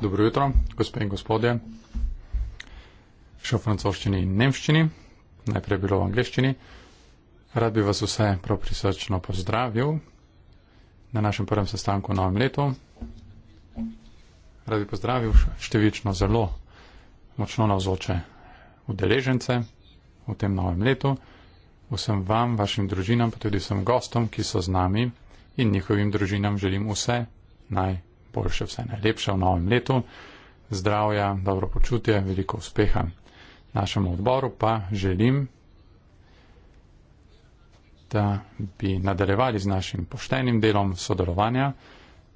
Dobro jutro, gospe in gospodje. Še v francoščini in nemščini, najprej bilo v angliščini. Rad bi vas vse prav prisrčno pozdravil na našem prvem sestanku v novem letu. Rad bi pozdravil številčno zelo močno navzoče udeležence v tem novem letu, vsem vam, vašim družinam, pa tudi vsem gostom, ki so z nami in njihovim družinam želim vse naj najboljše, vse najlepše v novem letu, zdravja, dobro počutje, veliko uspeha. Našemu odboru pa želim, da bi nadaljevali z našim poštenim delom sodelovanja,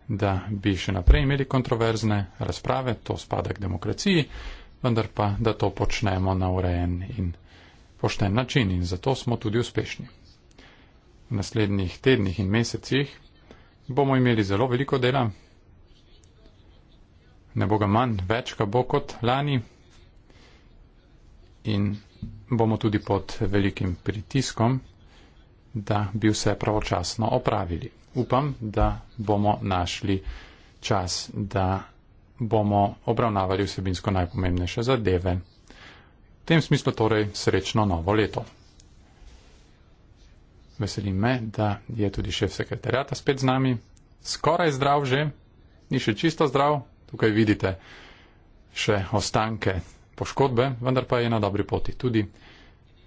da bi še naprej imeli kontroverzne razprave, to spada k demokraciji, vendar pa, da to počnemo na urejen in pošten način in zato smo tudi uspešni. V naslednjih tednih in mesecih bomo imeli zelo veliko dela, ne bo ga manj, več ga bo kot lani in bomo tudi pod velikim pritiskom, da bi vse pravočasno opravili. Upam, da bomo našli čas, da bomo obravnavali vsebinsko najpomembnejše zadeve. V tem smislu torej srečno novo leto. Veseli me, da je tudi šef sekretarjata spet z nami. Skoraj zdrav že, ni še čisto zdrav, Tukaj vidite še ostanke poškodbe, vendar pa je na dobri poti tudi.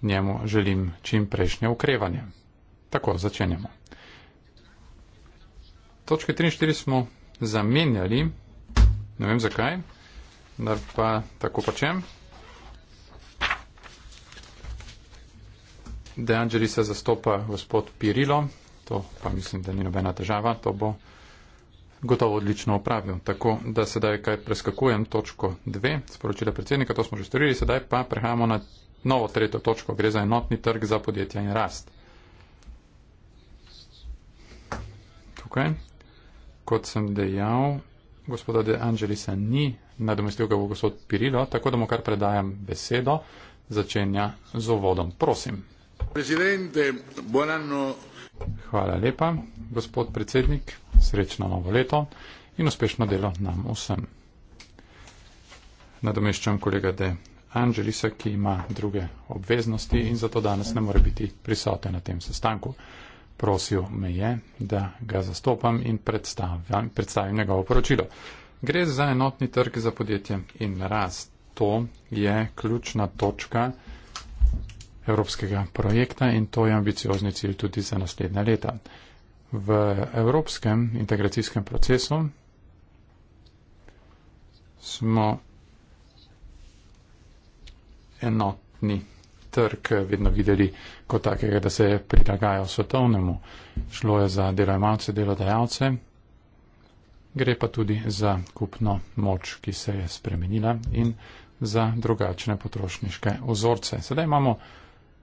Njemu želim čim prejšnje ukrevanje. Tako, začenjamo. Točke 3 in 4 smo zamenjali, ne vem zakaj, vendar pa tako počem. De Angelisa zastopa gospod Pirilo, to pa mislim, da ni nobena težava, to bo gotovo odlično opravil. Tako da sedaj kaj preskakujem točko 2, sporočila predsednika, to smo že storili, sedaj pa prehajamo na novo tretjo točko, gre za enotni trg za podjetja in rast. Tukaj, kot sem dejal, gospoda De Angelisa ni, nadomestil ga bo gospod Pirilo, tako da mu kar predajam besedo, začenja z uvodom. Prosim. Presidente, buon anno Hvala lepa, gospod predsednik. Srečno novo leto in uspešno delo nam vsem. Nadomeščam kolega De Angelisa, ki ima druge obveznosti in zato danes ne more biti prisoten na tem sestanku. Prosil me je, da ga zastopam in predstavim, predstavim njegovo poročilo. Gre za enotni trg za podjetje in rast. To je ključna točka evropskega projekta in to je ambiciozni cilj tudi za naslednja leta. V evropskem integracijskem procesu smo enotni trg vedno videli kot takega, da se prilagajo svetovnemu. Šlo je za delojemalce, delodajalce, gre pa tudi za kupno moč, ki se je spremenila in za drugačne potrošniške ozorce. Sedaj imamo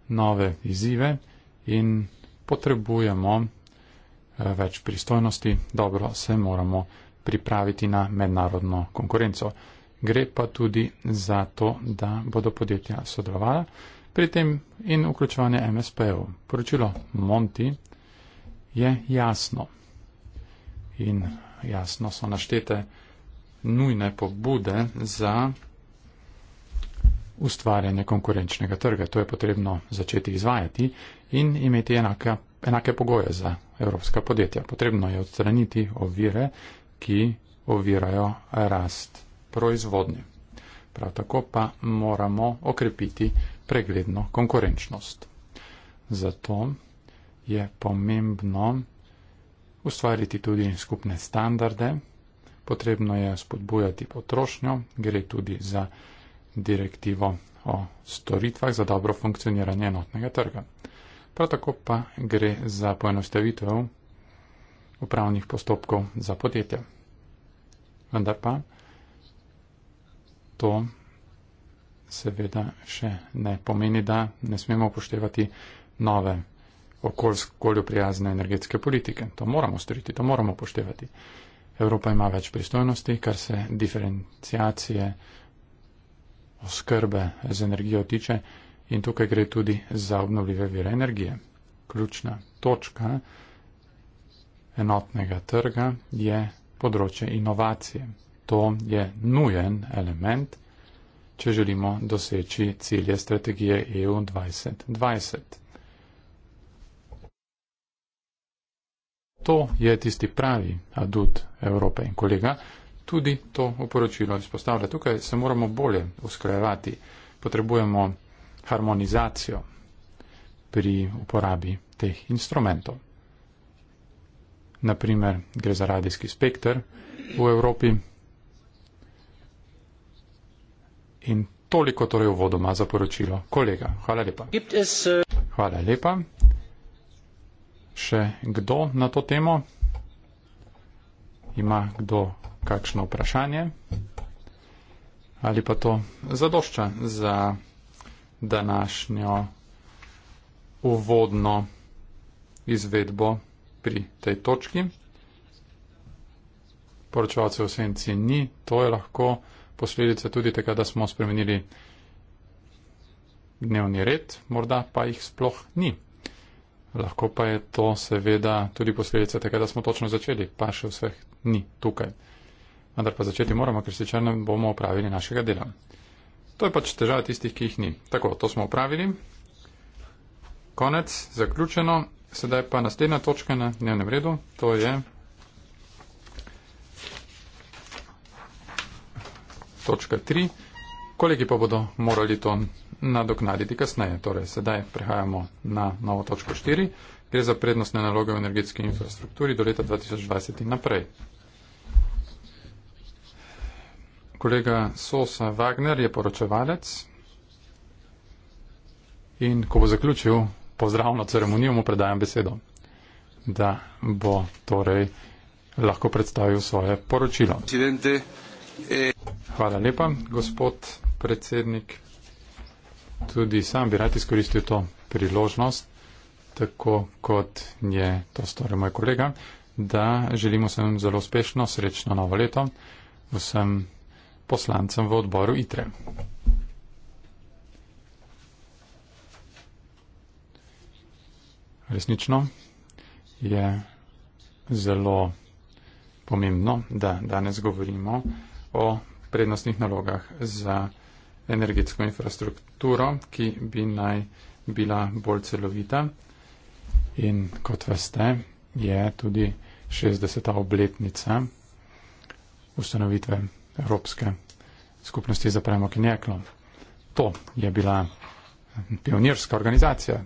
nove izzive in potrebujemo eh, več pristojnosti, dobro se moramo pripraviti na mednarodno konkurenco. Gre pa tudi za to, da bodo podjetja sodelovala pri tem in vključevanje MSP-ev. Poročilo Monti je jasno in jasno so naštete nujne pobude za ustvarjanje konkurenčnega trga. To je potrebno začeti izvajati in imeti enake, enake pogoje za evropska podjetja. Potrebno je odstraniti ovire, ki ovirajo rast proizvodnje. Prav tako pa moramo okrepiti pregledno konkurenčnost. Zato je pomembno ustvariti tudi skupne standarde, potrebno je spodbujati potrošnjo, gre tudi za direktivo o storitvah za dobro funkcioniranje enotnega trga. Prav tako pa gre za poenostavitev upravnih postopkov za podjetja. Vendar pa to seveda še ne pomeni, da ne smemo upoštevati nove okoljsko prijazne energetske politike. To moramo storiti, to moramo upoštevati. Evropa ima več pristojnosti, kar se diferencijacije oskrbe z energijo tiče in tukaj gre tudi za obnovljive vire energije. Ključna točka enotnega trga je področje inovacije. To je nujen element, če želimo doseči cilje strategije EU 2020. To je tisti pravi adut Evrope in kolega tudi to oporočilo izpostavlja. Tukaj se moramo bolje usklajevati, potrebujemo harmonizacijo pri uporabi teh instrumentov. Naprimer, gre za radijski spektr v Evropi. In toliko torej uvodoma za poročilo. Kolega, hvala lepa. Äh, hvala lepa. Še kdo na to temo? Ima kdo kakšno vprašanje ali pa to zadošča za današnjo uvodno izvedbo pri tej točki. Poročevalce v senci ni, to je lahko posledica tudi tega, da smo spremenili dnevni red, morda pa jih sploh ni. Lahko pa je to seveda tudi posledica tega, da smo točno začeli, pa še vseh ni tukaj vendar pa začeti moramo, ker sicer ne bomo opravili našega dela. To je pač težava tistih, ki jih ni. Tako, to smo opravili. Konec, zaključeno. Sedaj pa naslednja točka na dnevnem redu. To je točka 3. Kolegi pa bodo morali to nadoknaditi kasneje. Torej, sedaj prehajamo na novo točko 4. Gre za prednostne naloge v energetski infrastrukturi do leta 2020 in naprej. Kolega Sosa Wagner je poročevalec in ko bo zaključil pozdravno ceremonijo, mu predajam besedo, da bo torej lahko predstavil svoje poročilo. Eh. Hvala lepa, gospod predsednik. Tudi sam bi rad izkoristil to priložnost, tako kot je to storil moj kolega, da želimo vsem zelo uspešno, srečno novo leto, vsem poslancem v odboru ITRE. Resnično je zelo pomembno, da danes govorimo o prednostnih nalogah za energetsko infrastrukturo, ki bi naj bila bolj celovita. In kot veste, je tudi 60. obletnica ustanovitve Evropske skupnosti za premoknjeklo. To je bila pionirska organizacija.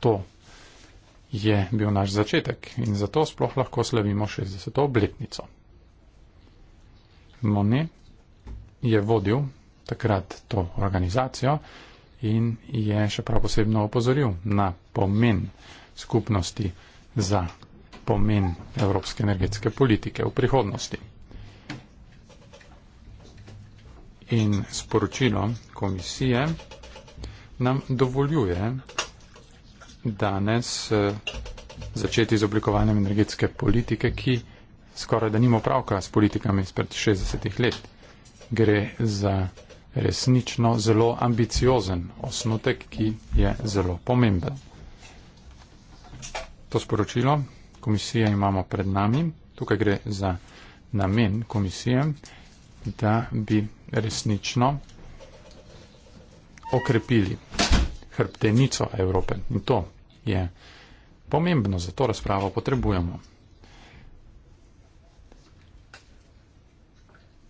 To je bil naš začetek in zato sploh lahko slavimo 60. obletnico. Moni je vodil takrat to organizacijo in je še prav posebno opozoril na pomen skupnosti za pomen evropske energetske politike v prihodnosti. in sporočilo komisije nam dovoljuje danes eh, začeti z oblikovanjem energetske politike, ki skoraj da nima pravka s politikami izpred 60 let. Gre za resnično zelo ambiciozen osnutek, ki je zelo pomemben. To sporočilo komisije imamo pred nami. Tukaj gre za namen komisije, da bi resnično okrepili hrbtenico Evrope. In to je pomembno, za to razpravo potrebujemo.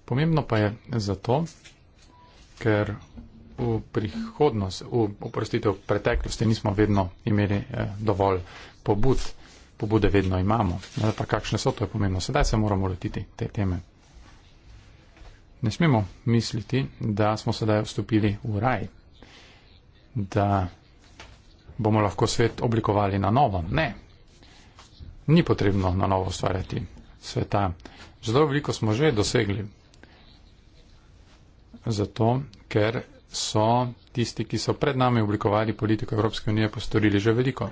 Pomembno pa je zato, ker v prihodnosti, v, oprostite, v preteklosti nismo vedno imeli eh, dovolj pobud, pobude vedno imamo. Ne, pa kakšne so, to je pomembno. Sedaj se moramo lotiti te teme. Ne smemo misliti, da smo sedaj vstopili v raj, da bomo lahko svet oblikovali na novo. Ne, ni potrebno na novo ustvarjati sveta. Zelo veliko smo že dosegli. Zato, ker so tisti, ki so pred nami oblikovali politiko Evropske unije, postorili že veliko.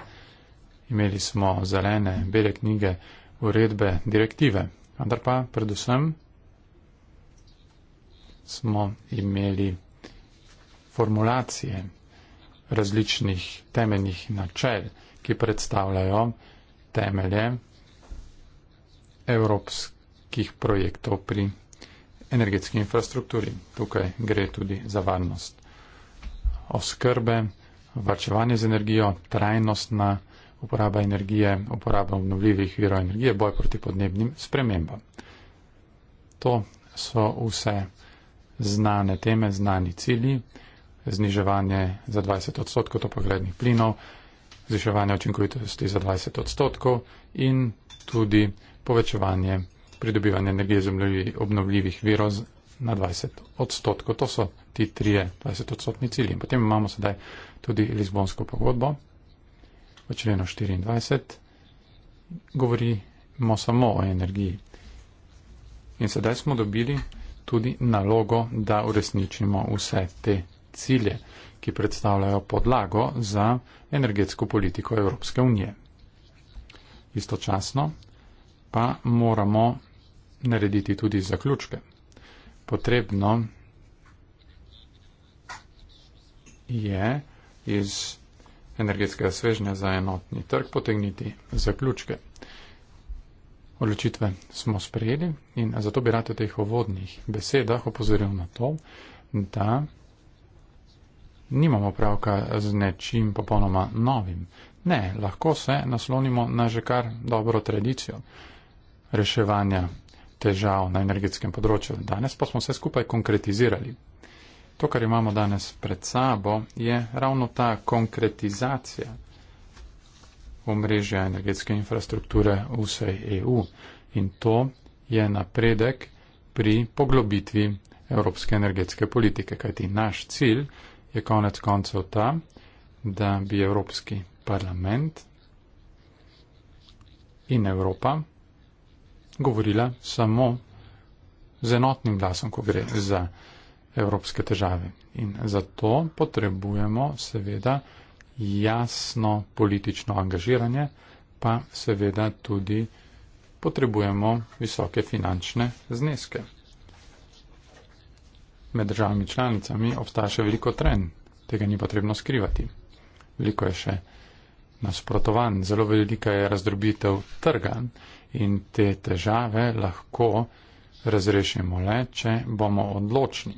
Imeli smo zelene, bele knjige, uredbe, direktive. Vendar pa predvsem smo imeli formulacije različnih temeljnih načel, ki predstavljajo temelje evropskih projektov pri energetski infrastrukturi. Tukaj gre tudi za varnost oskrbe, varčevanje z energijo, trajnostna uporaba energije, uporaba obnovljivih virov energije, boj proti podnebnim spremembam. To so vse znane teme, znani cilji, zniževanje za 20 odstotkov topogrednih plinov, zviševanje učinkovitosti za 20 odstotkov in tudi povečevanje pridobivanja energije iz obnovljivih virov na 20 odstotkov. To so ti trije 20 odstotni cilji. In potem imamo sedaj tudi Lizbonsko pogodbo v členu 24. Govorimo samo o energiji. In sedaj smo dobili tudi nalogo, da uresničimo vse te cilje, ki predstavljajo podlago za energetsko politiko Evropske unije. Istočasno pa moramo narediti tudi zaključke. Potrebno je iz energetskega svežnja za enotni trg potegniti zaključke. Odločitve smo sprejeli in zato bi rad v teh uvodnih besedah opozoril na to, da nimamo pravka z nečim popolnoma novim. Ne, lahko se naslonimo na že kar dobro tradicijo reševanja težav na energetskem področju. Danes pa smo vse skupaj konkretizirali. To, kar imamo danes pred sabo, je ravno ta konkretizacija omrežja energetske infrastrukture v vsej EU. In to je napredek pri poglobitvi evropske energetske politike, kajti naš cilj je konec koncev ta, da bi Evropski parlament in Evropa govorila samo z enotnim glasom, ko gre za evropske težave. In zato potrebujemo seveda jasno politično angažiranje, pa seveda tudi potrebujemo visoke finančne zneske. Med državami članicami obstaja še veliko tren, tega ni potrebno skrivati. Veliko je še nasprotovanj, zelo velika je razdrobitev trga in te težave lahko razrešimo le, če bomo odločni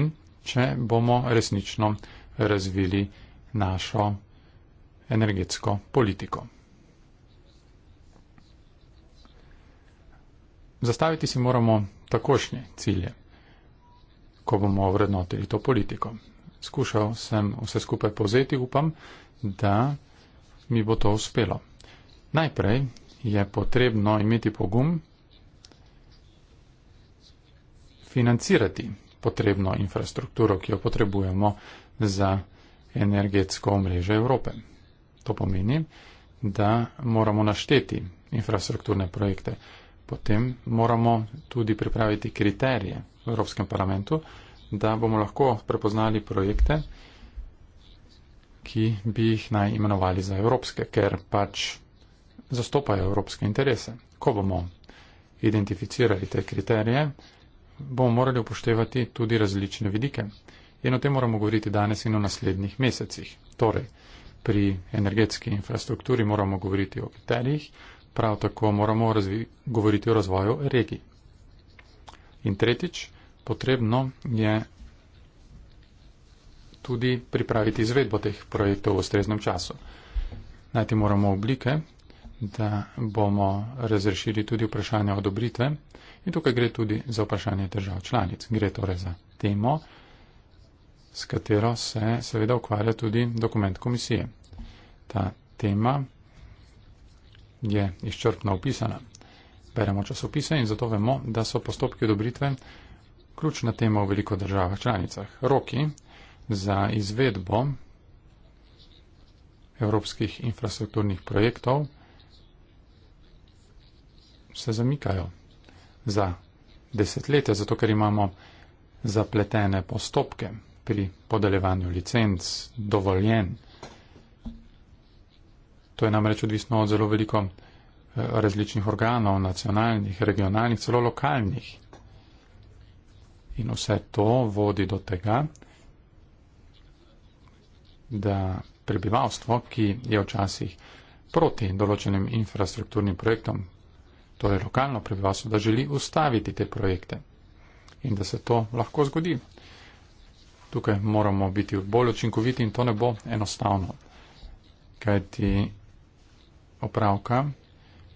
in če bomo resnično razvili našo energetsko politiko. Zastaviti si moramo takošnje cilje, ko bomo vrednotili to politiko. Skušal sem vse skupaj povzeti, upam, da mi bo to uspelo. Najprej je potrebno imeti pogum financirati potrebno infrastrukturo, ki jo potrebujemo za energetsko omrežje Evrope. To pomeni, da moramo našteti infrastrukturne projekte. Potem moramo tudi pripraviti kriterije v Evropskem parlamentu, da bomo lahko prepoznali projekte, ki bi jih naj imenovali za evropske, ker pač zastopajo evropske interese. Ko bomo identificirali te kriterije, bomo morali upoštevati tudi različne vidike in o tem moramo govoriti danes in v naslednjih mesecih. Torej, pri energetski infrastrukturi moramo govoriti o kriterijih, prav tako moramo govoriti o razvoju regij. In tretjič, potrebno je tudi pripraviti izvedbo teh projektov v ustreznem času. Najti moramo oblike, da bomo razrešili tudi vprašanje odobritve in tukaj gre tudi za vprašanje držav članic. Gre torej za temo, s katero se seveda ukvarja tudi dokument komisije. Ta tema je izčrpno opisana. Beremo časopise in zato vemo, da so postopki odobritve ključna tema v veliko državah članicah. Roki za izvedbo evropskih infrastrukturnih projektov se zamikajo za desetletja, zato ker imamo zapletene postopke pri podeljevanju licenc, dovoljen. To je namreč odvisno od zelo veliko eh, različnih organov, nacionalnih, regionalnih, celo lokalnih. In vse to vodi do tega, da prebivalstvo, ki je včasih proti določenim infrastrukturnim projektom, torej lokalno prebivalstvo, da želi ustaviti te projekte in da se to lahko zgodi tukaj moramo biti bolj učinkoviti in to ne bo enostavno, kajti opravka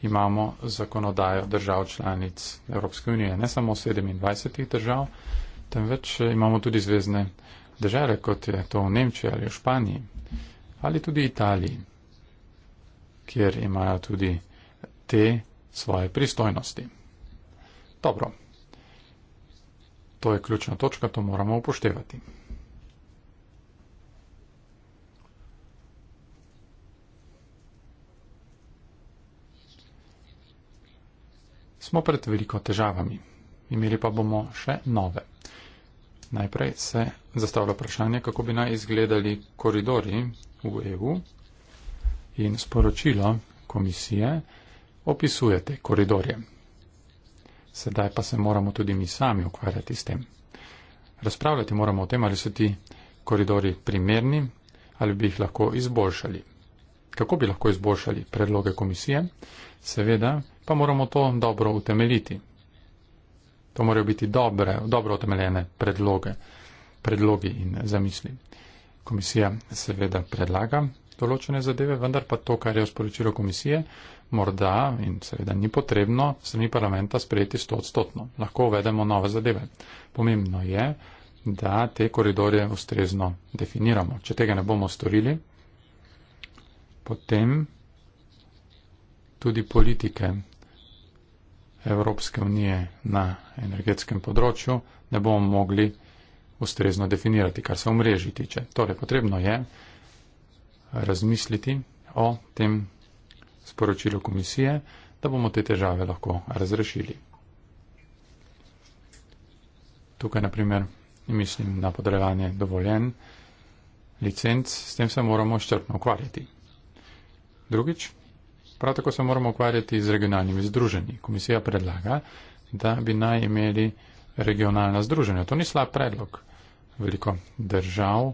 imamo zakonodajo držav članic Evropske unije, ne samo 27 držav, temveč imamo tudi zvezdne države, kot je to v Nemčiji ali v Španiji ali tudi Italiji, kjer imajo tudi te svoje pristojnosti. Dobro. To je ključna točka, to moramo upoštevati. smo pred veliko težavami. Imeli pa bomo še nove. Najprej se zastavlja vprašanje, kako bi naj izgledali koridori v EU in sporočilo komisije opisuje te koridorje. Sedaj pa se moramo tudi mi sami ukvarjati s tem. Razpravljati moramo o tem, ali so ti koridori primerni ali bi jih lahko izboljšali. Kako bi lahko izboljšali predloge komisije? Seveda pa moramo to dobro utemeljiti. To morajo biti dobre, dobro utemeljene predloge, predlogi in zamisli. Komisija seveda predlaga določene zadeve, vendar pa to, kar je osporočilo komisije, morda in seveda ni potrebno strani parlamenta sprejeti 100 odstotno. Lahko uvedemo nove zadeve. Pomembno je, da te koridorje ustrezno definiramo. Če tega ne bomo storili, potem tudi politike Evropske unije na energetskem področju ne bomo mogli ustrezno definirati, kar se v mreži tiče. Torej, potrebno je razmisliti o tem sporočilu komisije, da bomo te težave lahko razrešili. Tukaj, na primer, mislim na podarevanje dovoljen licenc, s tem se moramo štrpno ukvarjati. Drugič, Prav tako se moramo ukvarjati z regionalnimi združenji. Komisija predlaga, da bi naj imeli regionalna združenja. To ni slab predlog. Veliko držav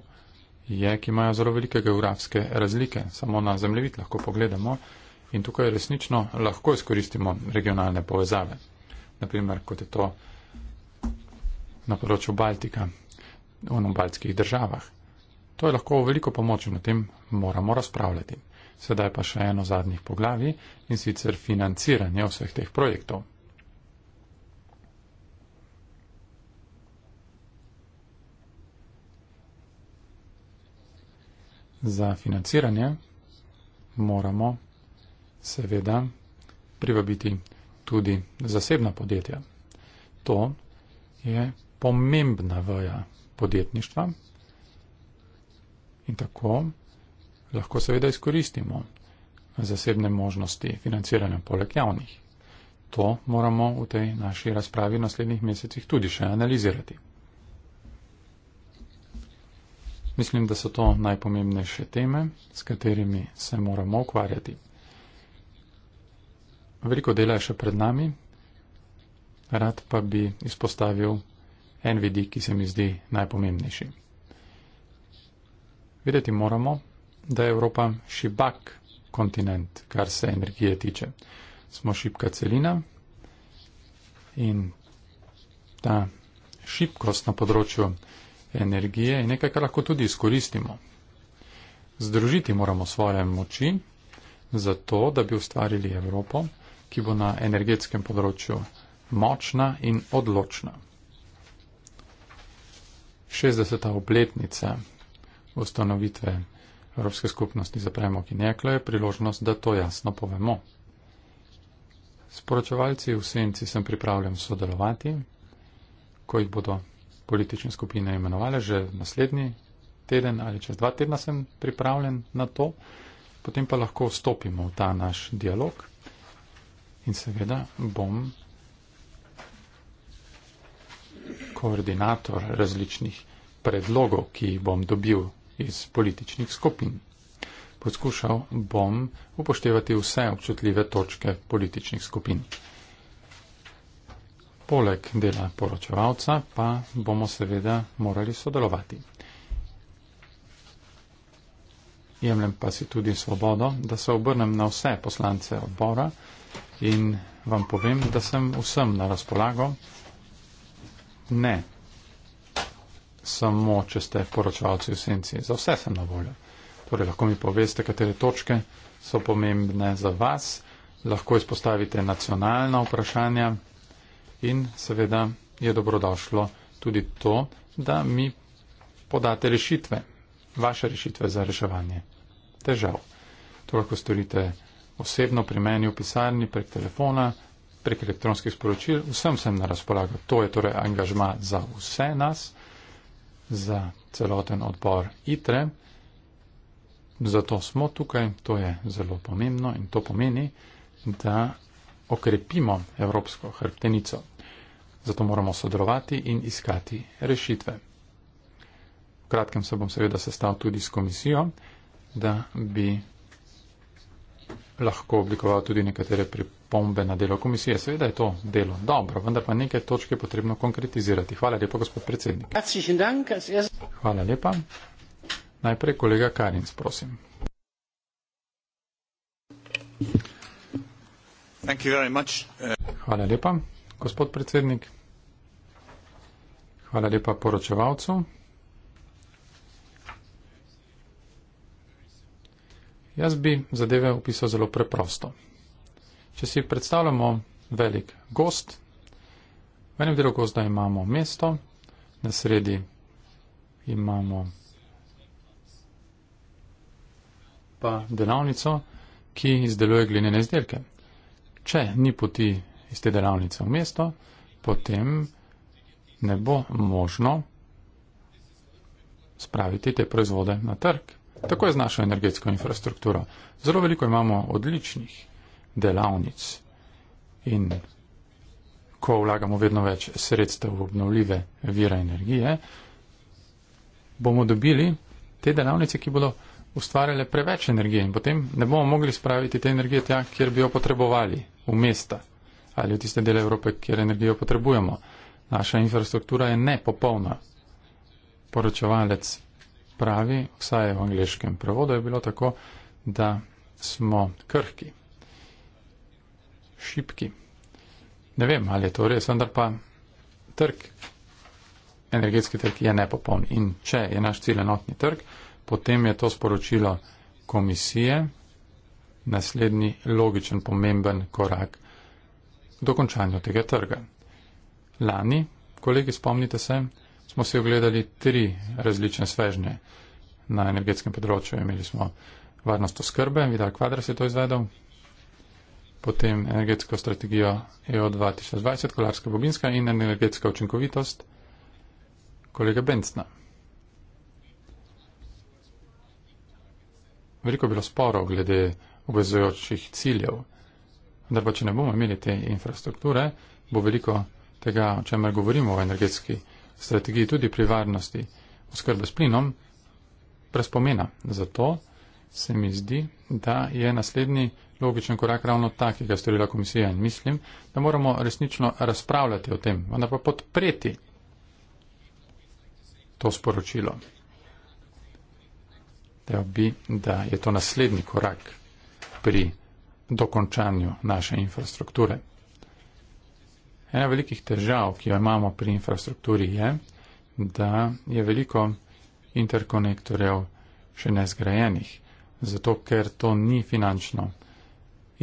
je, ki imajo zelo velike geografske razlike. Samo na zemljevid lahko pogledamo in tukaj resnično lahko izkoristimo regionalne povezave. Naprimer, kot je to na področju Baltika, v baltskih državah. To je lahko veliko pomoč in o tem moramo razpravljati. Sedaj pa še eno zadnjih poglavi in sicer financiranje vseh teh projektov. Za financiranje moramo seveda privabiti tudi zasebna podjetja. To je pomembna vaja podjetništva in tako lahko seveda izkoristimo zasebne možnosti financiranja poleg javnih. To moramo v tej naši razpravi v naslednjih mesecih tudi še analizirati. Mislim, da so to najpomembnejše teme, s katerimi se moramo ukvarjati. Veliko dela je še pred nami, rad pa bi izpostavil en vidik, ki se mi zdi najpomembnejši. Videti moramo, da je Evropa šibak kontinent, kar se energije tiče. Smo šibka celina in ta šibkost na področju energije je nekaj, kar lahko tudi izkoristimo. Združiti moramo svoje moči za to, da bi ustvarili Evropo, ki bo na energetskem področju močna in odločna. 60. obletnica ustanovitve Evropske skupnosti za premo Kineklo je priložnost, da to jasno povemo. Sporočevalci v senci sem pripravljen sodelovati, ko jih bodo politične skupine imenovali že naslednji teden ali čez dva tedna sem pripravljen na to, potem pa lahko vstopimo v ta naš dialog in seveda bom koordinator različnih predlogov, ki jih bom dobil iz političnih skupin. Poskušal bom upoštevati vse občutljive točke političnih skupin. Poleg dela poročevalca pa bomo seveda morali sodelovati. Jemljem pa si tudi svobodo, da se obrnem na vse poslance odbora in vam povem, da sem vsem na razpolago. Ne samo, če ste poročevalci v senci. Za vse sem na voljo. Torej, lahko mi poveste, katere točke so pomembne za vas, lahko izpostavite nacionalna vprašanja in seveda je dobrodošlo tudi to, da mi podate rešitve, vaše rešitve za reševanje težav. To lahko storite osebno pri meni v pisarni, prek telefona, prek elektronskih sporočil, vsem sem na razpolago. To je torej angažma za vse nas za celoten odbor ITRE. Zato smo tukaj, to je zelo pomembno in to pomeni, da okrepimo evropsko hrbtenico. Zato moramo sodelovati in iskati rešitve. V kratkem se bom seveda sestal tudi s komisijo, da bi lahko oblikoval tudi nekatere pripombe na delo komisije. Seveda je to delo dobro, vendar pa nekaj točk je potrebno konkretizirati. Hvala lepa, gospod predsednik. Hvala lepa. Najprej kolega Karinc, prosim. Hvala lepa, gospod predsednik. Hvala lepa poročevalcu. Jaz bi zadeve opisal zelo preprosto. Če si predstavljamo velik gost, v enem delu gozda imamo mesto, na sredi imamo pa delavnico, ki izdeluje glinene izdelke. Če ni poti iz te delavnice v mesto, potem ne bo možno spraviti te proizvode na trg tako je z našo energetsko infrastrukturo. Zelo veliko imamo odličnih delavnic in ko vlagamo vedno več sredstev v obnovljive vire energije, bomo dobili te delavnice, ki bodo ustvarjale preveč energije in potem ne bomo mogli spraviti te energije tja, kjer bi jo potrebovali, v mesta ali v tiste dele Evrope, kjer energijo potrebujemo. Naša infrastruktura je nepopolna. Poročevalec pravi, vsaj v angliškem prevodu je bilo tako, da smo krhki, šipki. Ne vem, ali je to res, vendar pa trg, energetski trg je nepopoln. In če je naš cilj enotni trg, potem je to sporočilo komisije naslednji logičen pomemben korak dokončanju tega trga. Lani, kolegi, spomnite se, smo si ogledali tri različne svežnje na energetskem področju. Imeli smo varnost oskrbe, Vidal Kvadras je to izvedel, potem energetsko strategijo EO 2020, kolarska bobinska in energetska učinkovitost kolega Bencna. Veliko je bilo sporov glede obvezujočih ciljev, vendar pa če ne bomo imeli te infrastrukture, bo veliko tega, o čemer govorimo v energetski strategiji, strategiji tudi pri varnosti oskrbe s plinom, brez pomena. Zato se mi zdi, da je naslednji logičen korak ravno ta, ki ga je storila komisija in mislim, da moramo resnično razpravljati o tem, vendar pa podpreti to sporočilo. Da bi, da je to naslednji korak pri dokončanju naše infrastrukture. Ena velikih težav, ki jo imamo pri infrastrukturi, je, da je veliko interkonektorjev še nezgrajenih, zato ker to ni finančno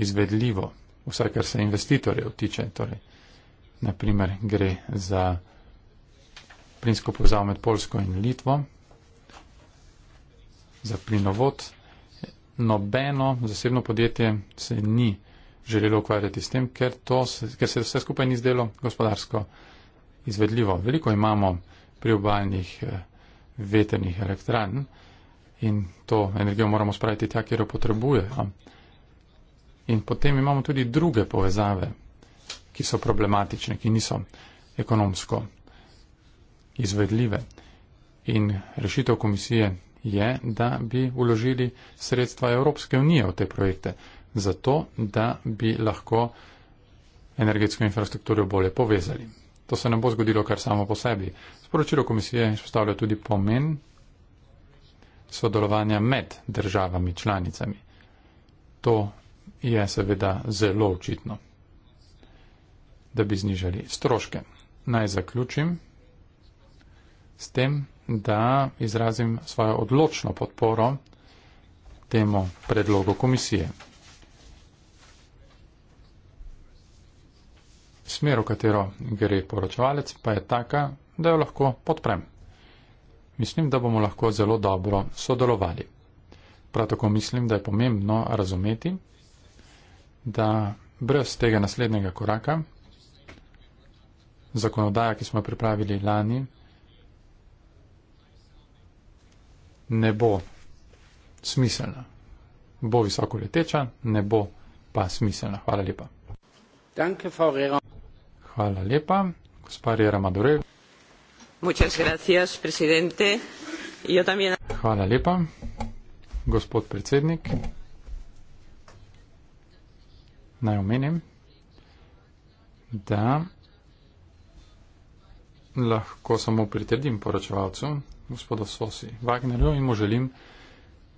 izvedljivo, vsaj kar se investitorjev tiče. Torej, naprimer, gre za plinsko povezavo med Polsko in Litvo, za plinovod. Nobeno zasebno podjetje se ni želelo ukvarjati s tem, ker, to, ker se vse skupaj ni zdelo gospodarsko izvedljivo. Veliko imamo priobaljnih eh, veternih elektran in to energijo moramo spraviti tja, kjer jo potrebujejo. In potem imamo tudi druge povezave, ki so problematične, ki niso ekonomsko izvedljive. In rešitev komisije je, da bi uložili sredstva Evropske unije v te projekte zato, da bi lahko energetsko infrastrukturo bolje povezali. To se ne bo zgodilo kar samo po sebi. Sporočilo komisije izpostavlja tudi pomen sodelovanja med državami članicami. To je seveda zelo očitno, da bi znižali stroške. Naj zaključim s tem, da izrazim svojo odločno podporo temu predlogu komisije. Smer, v katero gre poročevalec, pa je taka, da jo lahko podprem. Mislim, da bomo lahko zelo dobro sodelovali. Prav tako mislim, da je pomembno razumeti, da brez tega naslednjega koraka zakonodaja, ki smo jo pripravili lani, ne bo smiselna. Bo visoko leteča, ne bo pa smiselna. Hvala lepa. Danke, Hvala lepa. Gospari Ramadurev. Muchas gracias, presidente. Yo también. Hvala lepa. Gospod predsednik. Naj omenim, da lahko samo pritrdim poročevalcu, gospodu Sosi Wagnerju in mu želim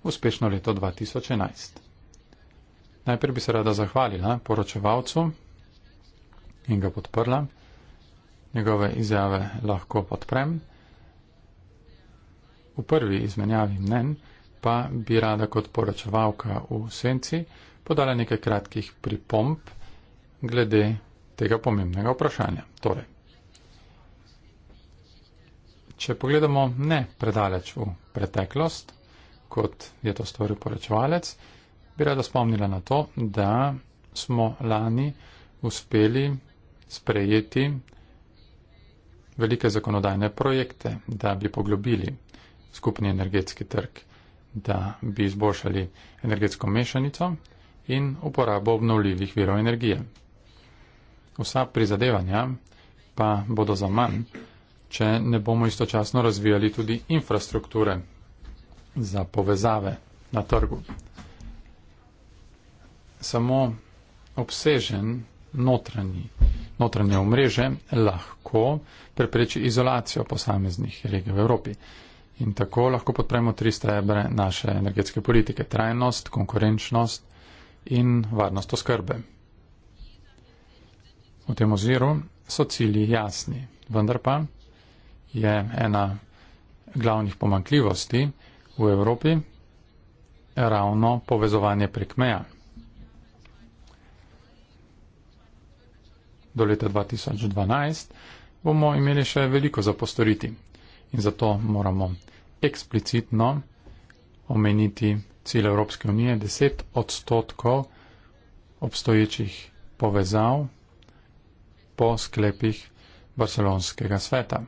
uspešno leto 2011. Najprej bi se rada zahvalila poročevalcu, in ga podprla. Njegove izjave lahko podprem. V prvi izmenjavi mnen pa bi rada kot poročevalka v senci podala nekaj kratkih pripomp glede tega pomembnega vprašanja. Torej, če pogledamo ne predaleč v preteklost, kot je to storil poročevalec, bi rada spomnila na to, da smo lani uspeli sprejeti velike zakonodajne projekte, da bi poglobili skupni energetski trg, da bi izboljšali energetsko mešanico in uporabo obnovljivih virov energije. Vsa prizadevanja pa bodo za manj, če ne bomo istočasno razvijali tudi infrastrukture za povezave na trgu. Samo obsežen notranji notranje omreže lahko prepreči izolacijo posameznih regij v Evropi. In tako lahko podpremo tri stebre naše energetske politike - trajnost, konkurenčnost in varnost oskrbe. V tem oziru so cilji jasni, vendar pa je ena glavnih pomankljivosti v Evropi ravno povezovanje prek meja. do leta 2012, bomo imeli še veliko za postoriti. In zato moramo eksplicitno omeniti cilj Evropske unije 10 odstotkov obstoječih povezav po sklepih Barcelonskega sveta.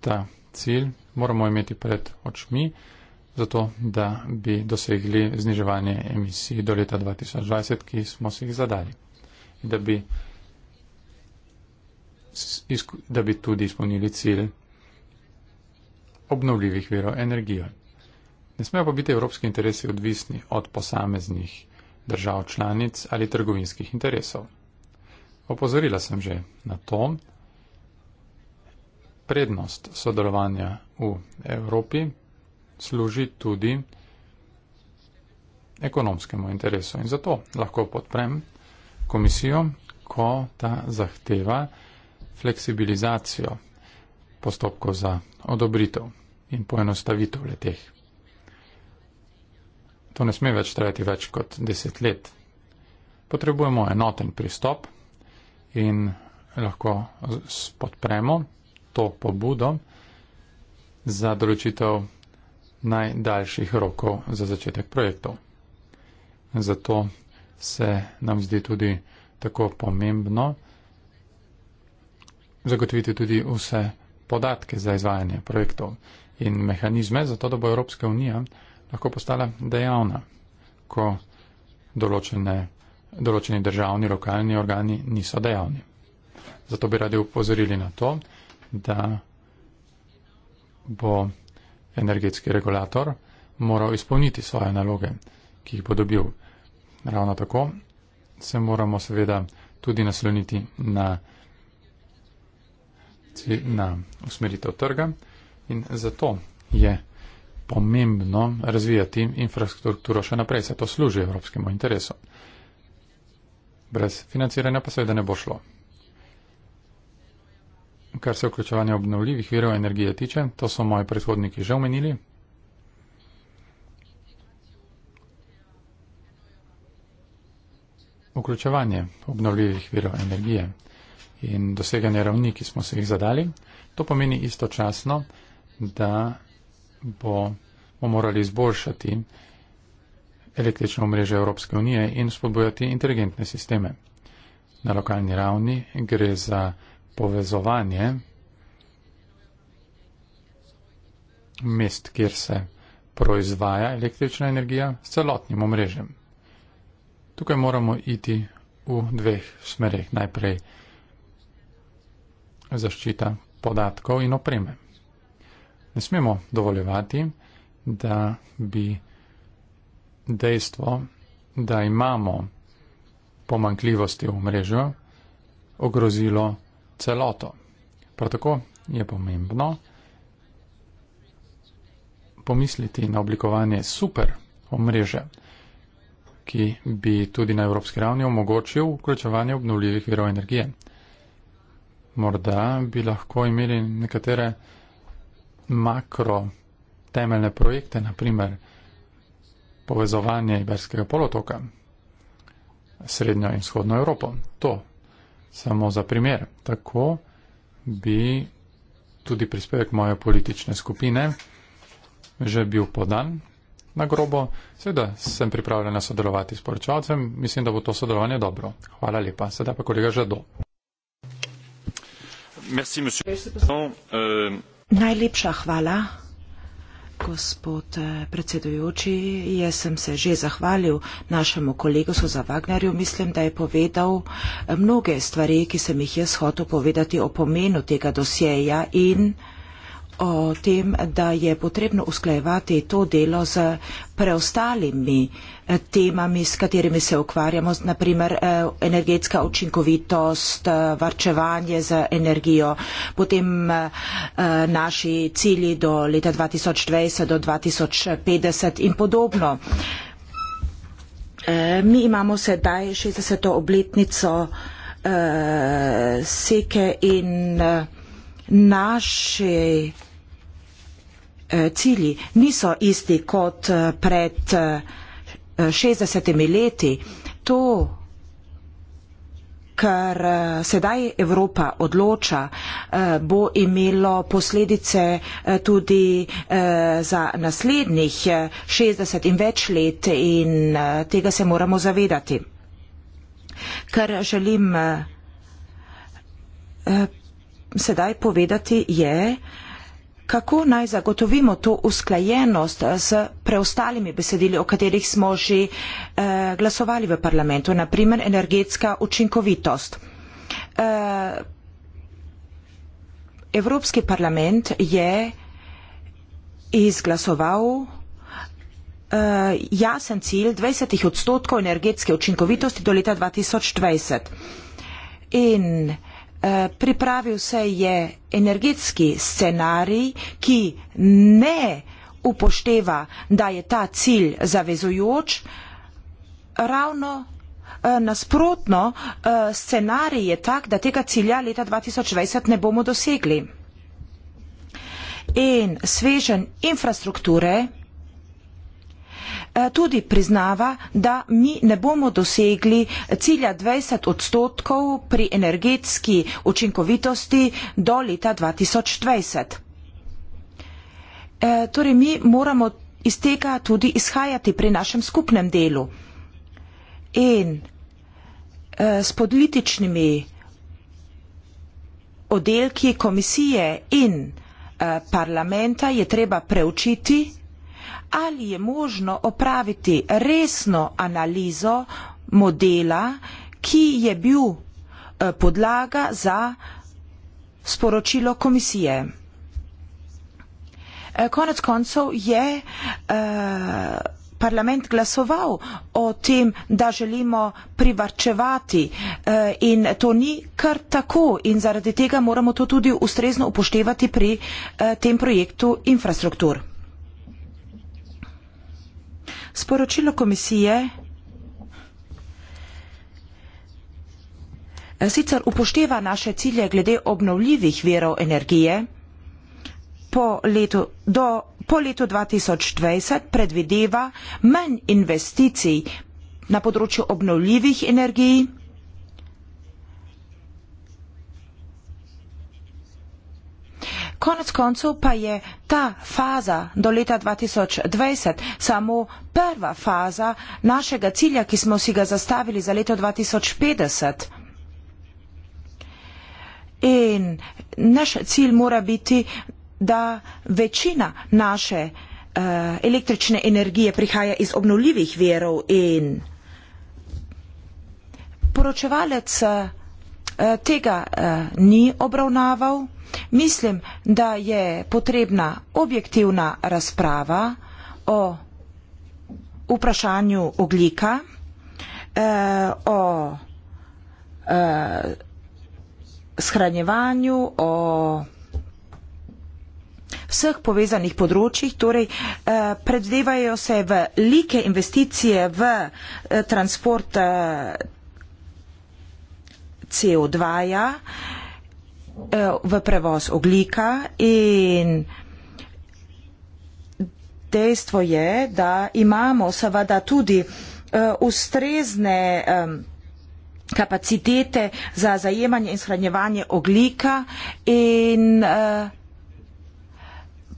Ta cilj moramo imeti pred očmi, zato da bi dosegli zniževanje emisij do leta 2020, ki smo si jih zadali. In da bi da bi tudi izpolnili cilj obnovljivih verov energije. Ne smejo pa biti evropski interesi odvisni od posameznih držav članic ali trgovinskih interesov. Opozorila sem že na to. Prednost sodelovanja v Evropi služi tudi ekonomskemu interesu in zato lahko podprem komisijo, ko ta zahteva fleksibilizacijo postopkov za odobritev in poenostavitev leteh. To ne sme več trajati več kot deset let. Potrebujemo enoten pristop in lahko podpremo to pobudo za določitev najdaljših rokov za začetek projektov. Zato se nam zdi tudi tako pomembno, zagotoviti tudi vse podatke za izvajanje projektov in mehanizme, zato da bo Evropska unija lahko postala dejavna, ko določene, določeni državni, lokalni organi niso dejavni. Zato bi radi upozorili na to, da bo energetski regulator moral izpolniti svoje naloge, ki jih bo dobil. Ravno tako se moramo seveda tudi nasloniti na na usmeritev trga in zato je pomembno razvijati infrastrukturo še naprej, se to služi evropskemu interesu. Brez financiranja pa seveda ne bo šlo. Kar se vključevanja obnovljivih virov energije tiče, to so moji predhodniki že omenili. Vključevanje obnovljivih virov energije in doseganje ravni, ki smo se jih zadali. To pomeni istočasno, da bo, bomo morali izboljšati električno mreže Evropske unije in spodbojati inteligentne sisteme. Na lokalni ravni gre za povezovanje mest, kjer se proizvaja električna energija s celotnim omrežjem. Tukaj moramo iti v dveh smerih. Najprej zaščita podatkov in opreme. Ne smemo dovoljevati, da bi dejstvo, da imamo pomankljivosti v mrežu, ogrozilo celoto. Prav tako je pomembno pomisliti na oblikovanje super omreže, ki bi tudi na evropski ravni omogočil vključevanje obnovljivih virov energije morda bi lahko imeli nekatere makro temeljne projekte, naprimer povezovanje Iberskega polotoka, srednjo in vzhodno Evropo. To samo za primer. Tako bi tudi prispevek moje politične skupine že bil podan na grobo. Seveda sem pripravljena sodelovati s poročevalcem. Mislim, da bo to sodelovanje dobro. Hvala lepa. Sedaj pa kolega Žado. Euh, Najlepša hvala, gospod eh, predsedujoči. Jaz sem se že zahvalil našemu kolegu Soza Wagnerju. Mislim, da je povedal eh, mnoge stvari, ki sem jih jaz hotel povedati o pomenu tega dosjeja in o tem, da je potrebno usklajevati to delo z preostalimi eh, temami, s katerimi se ukvarjamo, naprimer eh, energetska učinkovitost, eh, varčevanje z energijo, potem naši cilji do leta 2020, do 2050 in podobno. Mi imamo sedaj 60. obletnico seke in naši Eh, cilji niso isti kot eh, pred 60 eh, leti. To, kar sedaj Evropa odloča, bo imelo posledice tudi za naslednjih 60 in več let in tega se moramo zavedati. Kar želim sedaj povedati je, kako naj zagotovimo to usklajenost s preostalimi besedili, o katerih smo že eh, glasovali v parlamentu, naprimer energetska učinkovitost. Eh, Evropski parlament je izglasoval eh, jasen cilj 20 odstotkov energetske učinkovitosti do leta 2020. In Eh, pripravil se je energetski scenarij, ki ne upošteva, da je ta cilj zavezujoč, ravno eh, nasprotno eh, scenarij je tak, da tega cilja leta 2020 ne bomo dosegli. In svežen infrastrukture Eh, tudi priznava, da mi ne bomo dosegli cilja 20 odstotkov pri energetski učinkovitosti do leta 2020. Eh, torej mi moramo iz tega tudi izhajati pri našem skupnem delu in eh, s političnimi oddelki komisije in parlamenta je treba preučiti, ali je možno opraviti resno analizo modela, ki je bil eh, podlaga za sporočilo komisije. Eh, konec koncev je eh, parlament glasoval o tem, da želimo privarčevati in to ni kar tako in zaradi tega moramo to tudi ustrezno upoštevati pri tem projektu infrastruktur. Sporočilo komisije eh, sicer upošteva naše cilje glede obnovljivih verov energije. Po letu, do, po letu 2020 predvideva manj investicij na področju obnovljivih energij. Konec koncu pa je ta faza do leta 2020 samo prva faza našega cilja, ki smo si ga zastavili za leto 2050. In naš cilj mora biti, da večina naše uh, električne energije prihaja iz obnovljivih verov in poročevalec uh, tega uh, ni obravnaval. Mislim, da je potrebna objektivna razprava o vprašanju oglika, eh, o eh, shranjevanju, o vseh povezanih področjih, torej eh, predvevajo se velike investicije v eh, transport eh, CO2-ja. Eh, Eh, v prevoz oglika in dejstvo je, da imamo seveda tudi eh, ustrezne kapacitete za zajemanje in shranjevanje oglika in eh,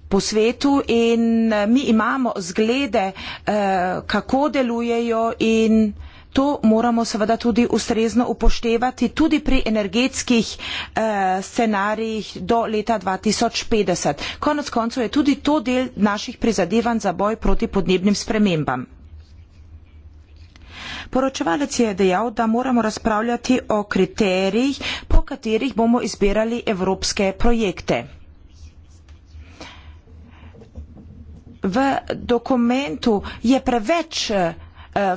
po svetu in mi imamo zglede, kako delujejo in kako delujejo. To moramo seveda tudi ustrezno upoštevati tudi pri energetskih eh, scenarijih do leta 2050. Konec koncev je tudi to del naših prizadevanj za boj proti podnebnim spremembam. Poročevalec je dejal, da moramo razpravljati o kriterijih, po katerih bomo izbirali evropske projekte. V dokumentu je preveč eh, Eh,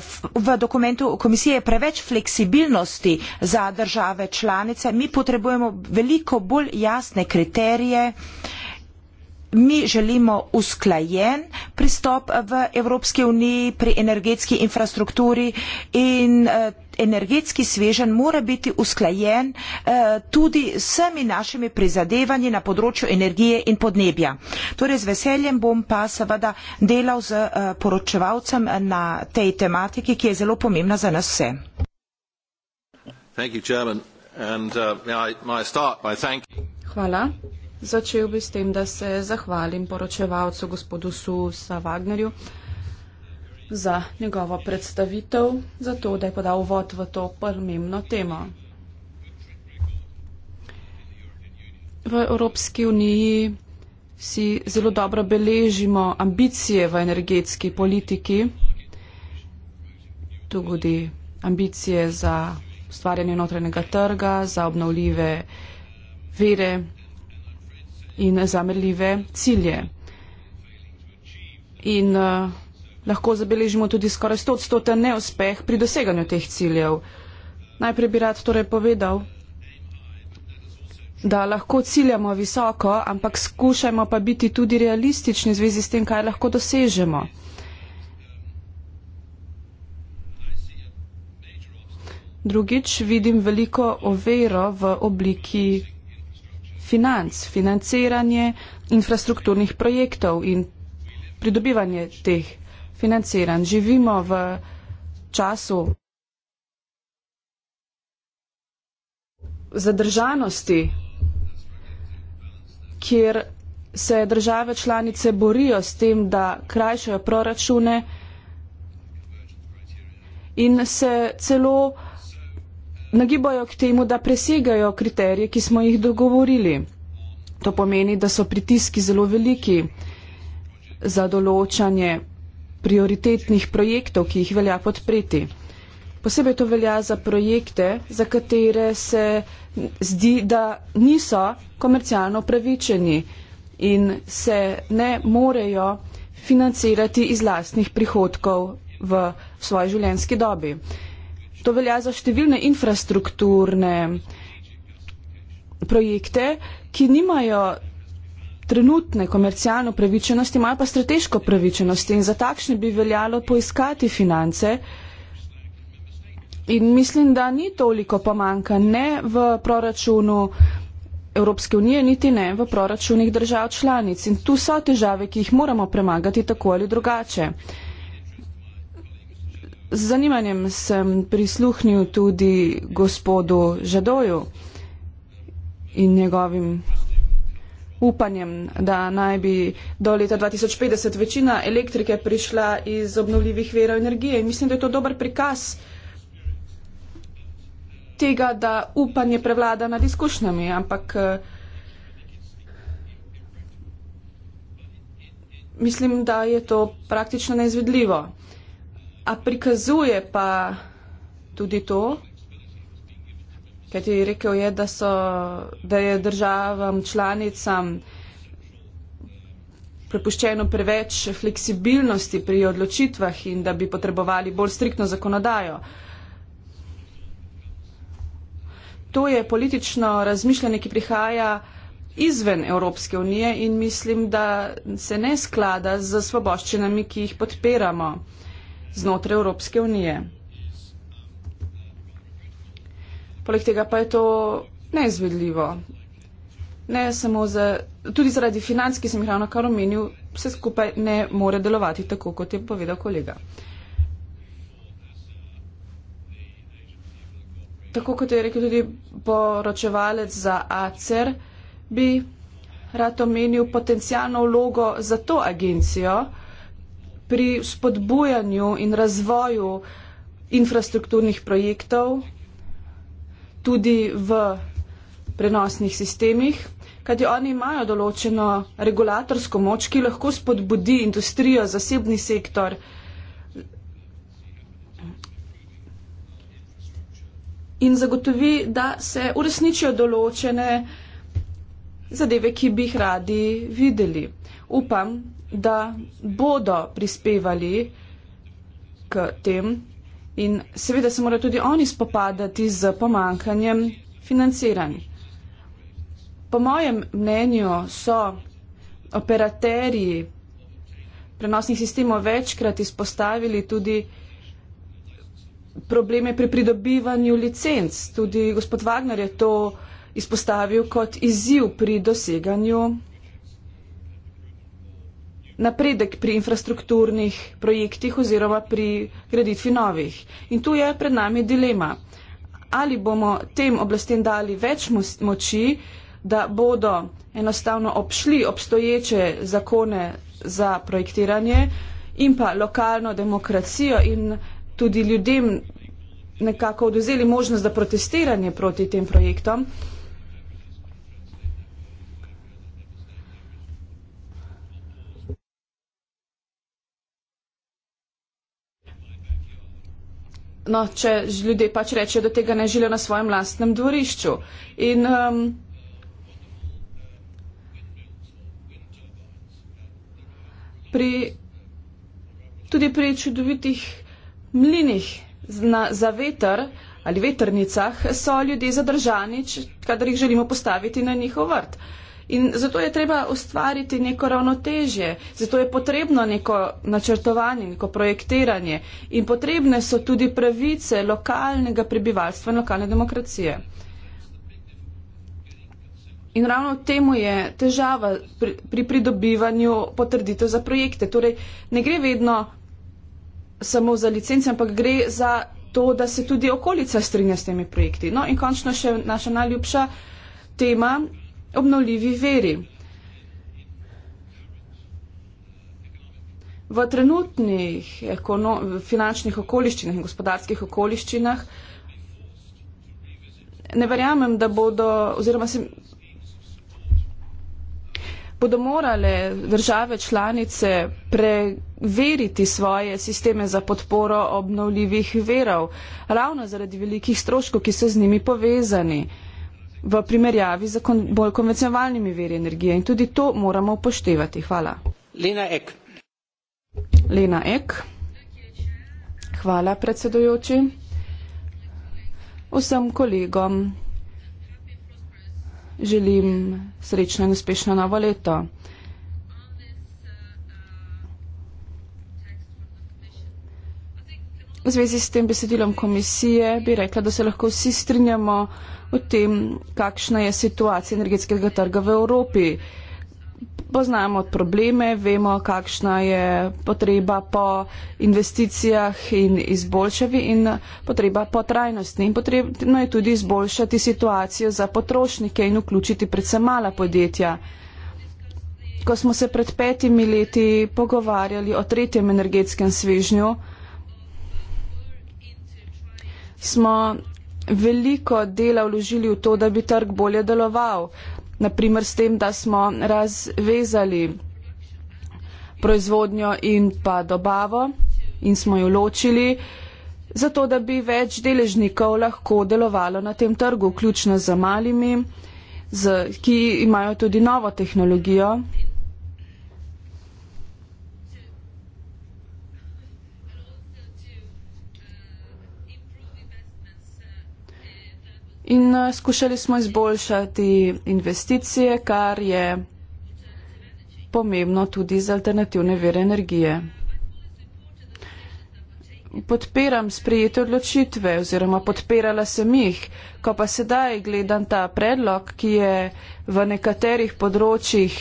v dokumentu komisije je preveč fleksibilnosti za države članice. Mi potrebujemo veliko bolj jasne kriterije, uh, mi želimo usklajen pristop v Evropski uniji pri energetski infrastrukturi in eh, energetski svežen mora biti usklajen eh, tudi s vsemi našimi prizadevanji na področju energije in podnebja. Torej z veseljem bom pa seveda delal z eh, poročevalcem na tej tematiki, ki je zelo pomembna za nas vse. Uh, Hvala. Začel bi s tem, da se zahvalim poročevalcu gospodu Susa Wagnerju za njegovo predstavitev, za to, da je podal vod v to pomembno temo. V Evropski uniji si zelo dobro beležimo ambicije v energetski politiki, tudi ambicije za ustvarjanje notranjega trga, za obnovljive vire in zamerljive cilje. In eh, lahko zabeležimo tudi skoraj 100 odstoten neuspeh pri doseganju teh ciljev. Najprej bi rad torej povedal, da lahko ciljamo visoko, ampak skušajmo pa biti tudi realistični v zvezi s tem, kaj lahko dosežemo. Drugič, vidim veliko overo v obliki financ, financiranje infrastrukturnih projektov in pridobivanje teh financiranj. Živimo v času zadržanosti, kjer se države članice borijo s tem, da krajšajo proračune in se celo nagibajo k temu, da presegajo kriterije, ki smo jih dogovorili. To pomeni, da so pritiski zelo veliki za določanje prioritetnih projektov, ki jih velja podpreti. Posebej to velja za projekte, za katere se zdi, da niso komercialno pravičeni in se ne morejo financirati iz lastnih prihodkov v svoji življenjski dobi. Uh, To velja za številne infrastrukturne projekte, ki nimajo trenutne komercialne upravičenosti, imajo pa strateško upravičenosti in za takšne bi veljalo poiskati finance. In mislim, da ni toliko pomanka ne v proračunu Evropske unije, niti ne v proračunih držav članic. In tu so težave, ki jih moramo premagati tako ali drugače. Z zanimanjem sem prisluhnil tudi gospodu Žadoju in njegovim upanjem, da naj bi do leta 2050 večina elektrike prišla iz obnovljivih verov energije. In mislim, da je to dober prikaz tega, da upanje prevlada nad izkušnjami, ampak eh, mislim, da je to praktično neizvedljivo a prikazuje pa tudi to, kaj ti je rekel, je, da, so, da je državam članicam prepuščeno preveč fleksibilnosti pri odločitvah in da bi potrebovali bolj striktno zakonodajo. To je politično razmišljanje, ki prihaja izven Evropske unije in mislim, da se ne sklada z svoboščinami, ki jih podpiramo znotraj Evropske unije. Poleg tega pa je to neizvedljivo. Ne samo za, tudi zaradi financ, ki sem jih ravno kar omenil, vse skupaj ne more delovati tako, kot je povedal kolega. Tako kot je rekel tudi poročevalec za ACER, bi rad omenil potencijalno vlogo za to agencijo, pri spodbujanju in razvoju infrastrukturnih projektov tudi v prenosnih sistemih, kajti oni imajo določeno regulatorsko moč, ki lahko spodbudi industrijo, zasebni sektor. In zagotovi, da se uresničijo določene zadeve, ki bi jih radi videli. Upam, da bodo prispevali k tem in seveda se morajo tudi oni spopadati z pomankanjem financiranj. Po mojem mnenju so operaterji prenosnih sistemov večkrat izpostavili tudi probleme pri pridobivanju licenc. Tudi gospod Wagner je to izpostavil kot izziv pri doseganju napredek pri infrastrukturnih projektih oziroma pri graditvi novih. In tu je pred nami dilema. Ali bomo tem oblastem dali več moči, da bodo enostavno obšli obstoječe zakone za projektiranje in pa lokalno demokracijo in tudi ljudem nekako oduzeli možnost za protestiranje proti tem projektom. no, če ljudje pač rečejo, da tega ne želijo na svojem lastnem dvorišču. In, um, pri, tudi pri čudovitih mlinih na, za veter ali veternicah so ljudje zadržani, kadar jih želimo postaviti na njihov vrt. Uh, In zato je treba ustvariti neko ravnotežje, zato je potrebno neko načrtovanje, neko projektiranje in potrebne so tudi pravice lokalnega prebivalstva in lokalne demokracije. In ravno temu je težava pri, pri pridobivanju potrditev za projekte. Torej, ne gre vedno samo za licence, ampak gre za to, da se tudi okolica strinja s temi projekti. No in končno še naša najljubša tema obnovljivi veri. V trenutnih finančnih okoliščinah in gospodarskih okoliščinah ne verjamem, da bodo oziroma se bodo morale države članice preveriti svoje sisteme za podporo obnovljivih verov, ravno zaradi velikih stroškov, ki so z njimi povezani. Uh, v primerjavi z kon bolj konvencionalnimi veri energije. In tudi to moramo upoštevati. Hvala. Lena Ek. Lena Ek. Hvala, predsedujoči. Vsem kolegom želim srečno in uspešno novo leto. V zvezi s tem besedilom komisije bi rekla, da se lahko vsi strinjamo, o tem, kakšna je situacija energetskega trga v Evropi. Poznamo probleme, vemo, kakšna je potreba po investicijah in izboljšavi in potreba po trajnosti. In potrebno je tudi izboljšati situacijo za potrošnike in vključiti predvsem mala podjetja. Ko smo se pred petimi leti pogovarjali o tretjem energetskem svežnju, smo veliko dela vložili v to, da bi trg bolje deloval. Naprimer s tem, da smo razvezali proizvodnjo in pa dobavo in smo jo ločili, zato da bi več deležnikov lahko delovalo na tem trgu, vključno z malimi, z, ki imajo tudi novo tehnologijo in uh, skušali smo izboljšati investicije, kar je pomembno tudi za alternativne vere energije. Podpiram sprejete odločitve oziroma podpirala sem jih, ko pa sedaj gledam ta predlog, ki je v nekaterih področjih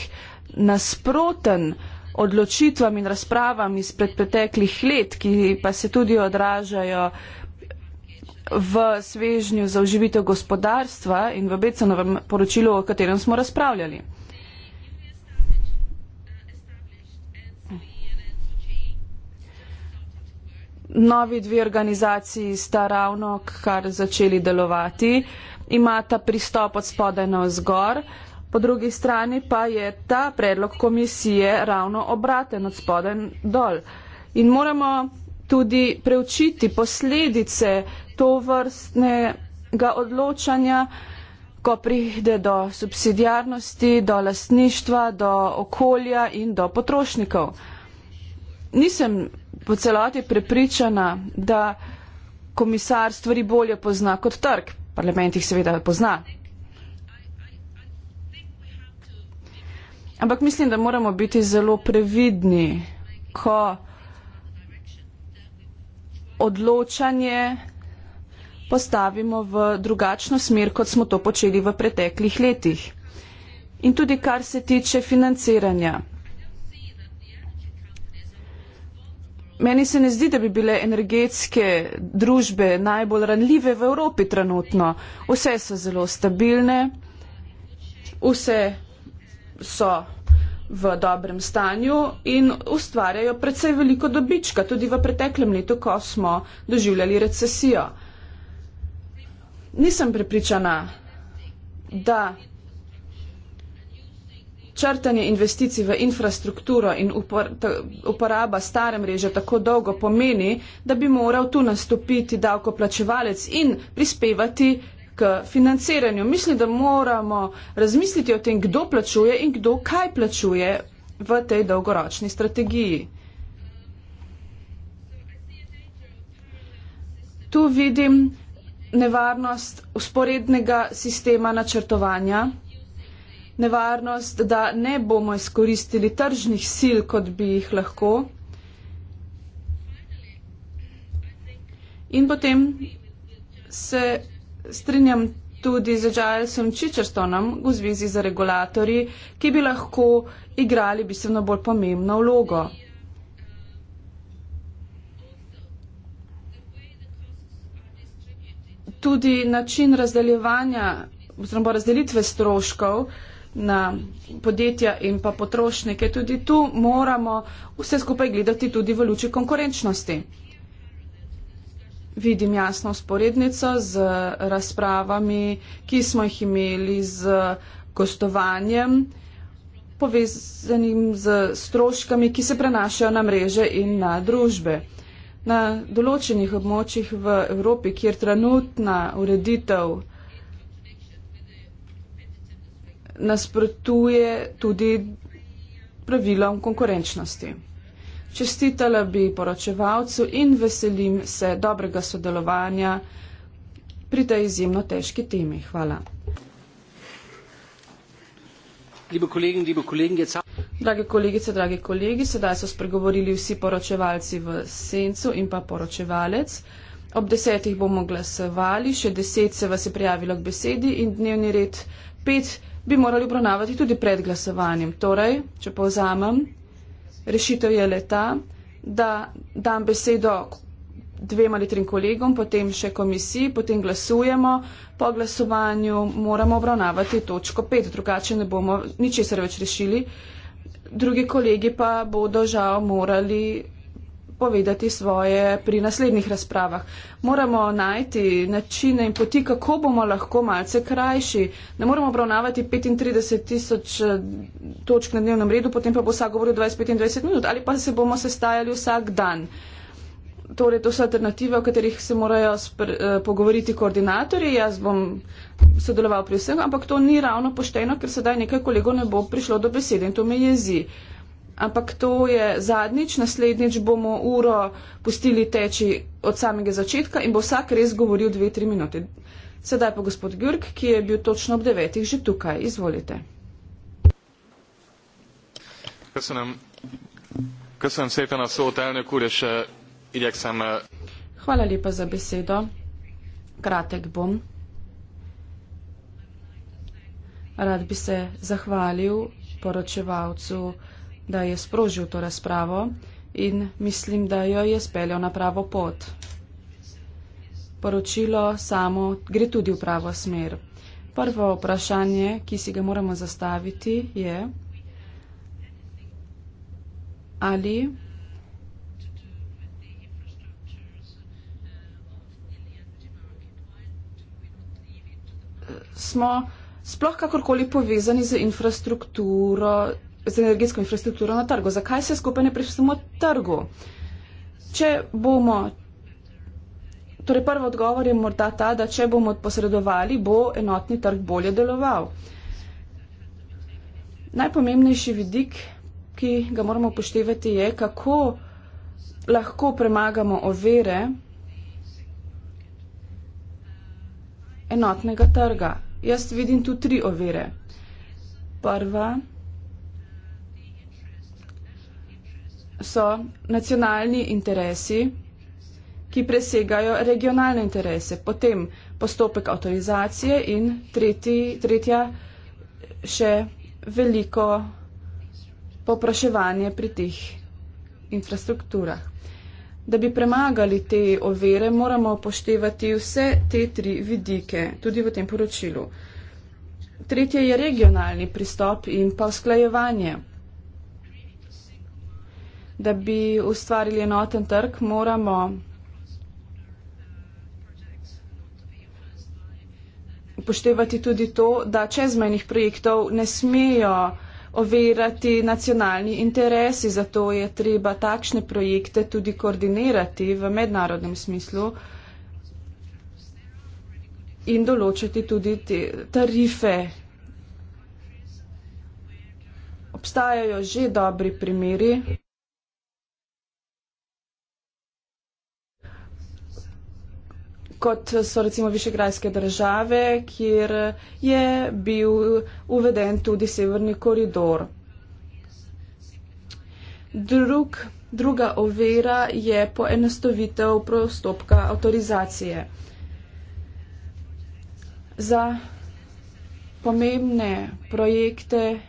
nasproten odločitvam in razpravam iz predpreteklih let, ki pa se tudi odražajo uh, v svežnju za oživitev gospodarstva in v Becenovem poročilu, o katerem smo razpravljali. Novi dve organizaciji sta ravno kar začeli delovati, imata pristop od spodaj na vzgor, po drugi strani pa je ta predlog komisije ravno obraten od spodaj dol. In moramo tudi preučiti posledice to vrstnega odločanja, ko pride do subsidijarnosti, do lastništva, do okolja in do potrošnikov. Nisem po celoti prepričana, da komisar stvari bolje pozna kot trg. Parlament jih seveda pozna. Ampak mislim, da moramo biti zelo previdni, ko odločanje postavimo v drugačno smer, kot smo to počeli v preteklih letih. In tudi kar se tiče financiranja. Meni se ne zdi, da bi bile energetske družbe najbolj ranljive v Evropi trenutno. Vse so zelo stabilne, vse so v dobrem stanju in ustvarjajo precej veliko dobička, tudi v preteklem letu, ko smo doživljali recesijo. Nisem prepričana, da črtanje investicij v infrastrukturo in upor, ta, uporaba stare mreže tako dolgo pomeni, da bi moral tu nastopiti davkoplačevalec in prispevati k financiranju. Mislim, da moramo razmisliti o tem, kdo plačuje in kdo kaj plačuje v tej dolgoročni strategiji. Tu vidim nevarnost usporednega sistema načrtovanja, nevarnost, da ne bomo izkoristili tržnih sil, kot bi jih lahko. In potem se strinjam tudi z Džajlsom Čičerstonom v zvezi z regulatorji, ki bi lahko igrali bistveno bolj pomembno vlogo. Tudi način razdeljevanja oziroma razdelitve stroškov na podjetja in pa potrošnike, tudi tu moramo vse skupaj gledati tudi v luči konkurenčnosti vidim jasno sporednico z razpravami, ki smo jih imeli z gostovanjem, povezanim z stroškami, ki se prenašajo na mreže in na družbe. Na določenih območjih v Evropi, kjer trenutna ureditev nasprotuje tudi pravilom konkurenčnosti. Čestitala bi poročevalcu in veselim se dobrega sodelovanja pri tej izjemno težki temi. Hvala. Drage kolegice, dragi kolegi, sedaj so spregovorili vsi poročevalci v sencu in pa poročevalec. Ob desetih bomo glasovali, še deset se vas je prijavilo k besedi in dnevni red pet bi morali obravnavati tudi pred glasovanjem. Torej, če povzamem. Rešitev je le ta, da dam besedo dvema ali trim kolegom, potem še komisiji, potem glasujemo. Po glasovanju moramo obravnavati točko 5, drugače ne bomo ničesar več rešili. Drugi kolegi pa bodo žal morali povedati svoje pri naslednjih razpravah. Moramo najti načine in poti, kako bomo lahko malce krajši. Ne moramo obravnavati 35 tisoč eh, točk na dnevnem redu, potem pa bo vsak govoril 25 minut ali pa se bomo sestajali vsak dan. Torej, to so alternative, o katerih se morajo spr, eh, pogovoriti koordinatorji. Jaz bom sodeloval pri vsem, ampak to ni ravno pošteno, ker sedaj nekaj kolegov ne bo prišlo do besede in to me jezi ampak to je zadnjič, naslednjič bomo uro pustili teči od samega začetka in bo vsak res govoril dve, tri minute. Sedaj pa gospod Gjurk, ki je bil točno ob devetih že tukaj. Izvolite. Köszönöm szépen a szót, elnök úr, és uh, igyekszem. Uh, Hvala lépa za beszédo. Krátek bom. Rád by se zahválil poročevalcu uh, da je sprožil to razpravo in mislim, da jo je speljal na pravo pot. Poročilo samo gre tudi v pravo smer. Prvo vprašanje, ki si ga moramo zastaviti, je, ali smo sploh kakorkoli povezani z infrastrukturo z energetsko infrastrukturo na trgu. Zakaj se skupaj ne pripisujemo trgu? Če bomo, torej prvo odgovor je morda ta, da če bomo posredovali, bo enotni trg bolje deloval. Najpomembnejši vidik, ki ga moramo upoštevati, je, kako lahko premagamo ovire enotnega trga. Jaz vidim tu tri ovire. Prva so nacionalni interesi, ki presegajo regionalne interese, potem postopek avtorizacije in tretji, tretja še veliko popraševanje pri teh infrastrukturah. Da bi premagali te ovire, moramo poštevati vse te tri vidike, tudi v tem poročilu. Tretje je regionalni pristop in pa usklajevanje da bi ustvarili enoten trg, moramo upoštevati tudi to, da čezmejnih projektov ne smejo ovirati nacionalni interesi, zato je treba takšne projekte tudi koordinirati v mednarodnem smislu in določiti tudi te tarife. Obstajajo že dobri primeri. kot so recimo višegrajske države, kjer je bil uveden tudi severni koridor. Drug, druga ovira je poenostavitev prostopka avtorizacije. Za pomembne projekte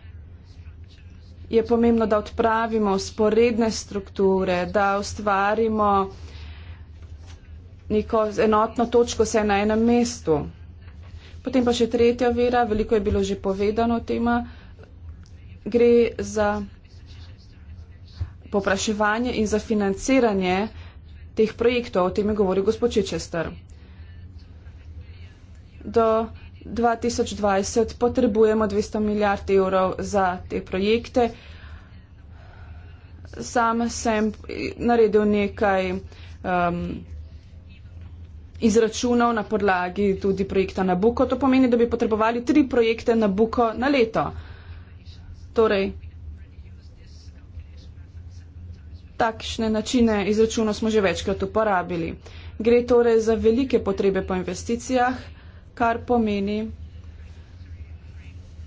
je pomembno, da odpravimo sporedne strukture, da ustvarimo neko enotno točko vse na enem mestu. Potem pa še tretja vera, veliko je bilo že povedano o tema, gre za popraševanje in za financiranje teh projektov, o tem je govoril gospod Čečester. Do 2020 potrebujemo 200 milijard evrov za te projekte. Sam sem naredil nekaj um, izračunal na podlagi tudi projekta Nabuko. To pomeni, da bi potrebovali tri projekte Nabuko na leto. Torej, takšne načine izračuna smo že večkrat uporabili. Gre torej za velike potrebe po investicijah, kar pomeni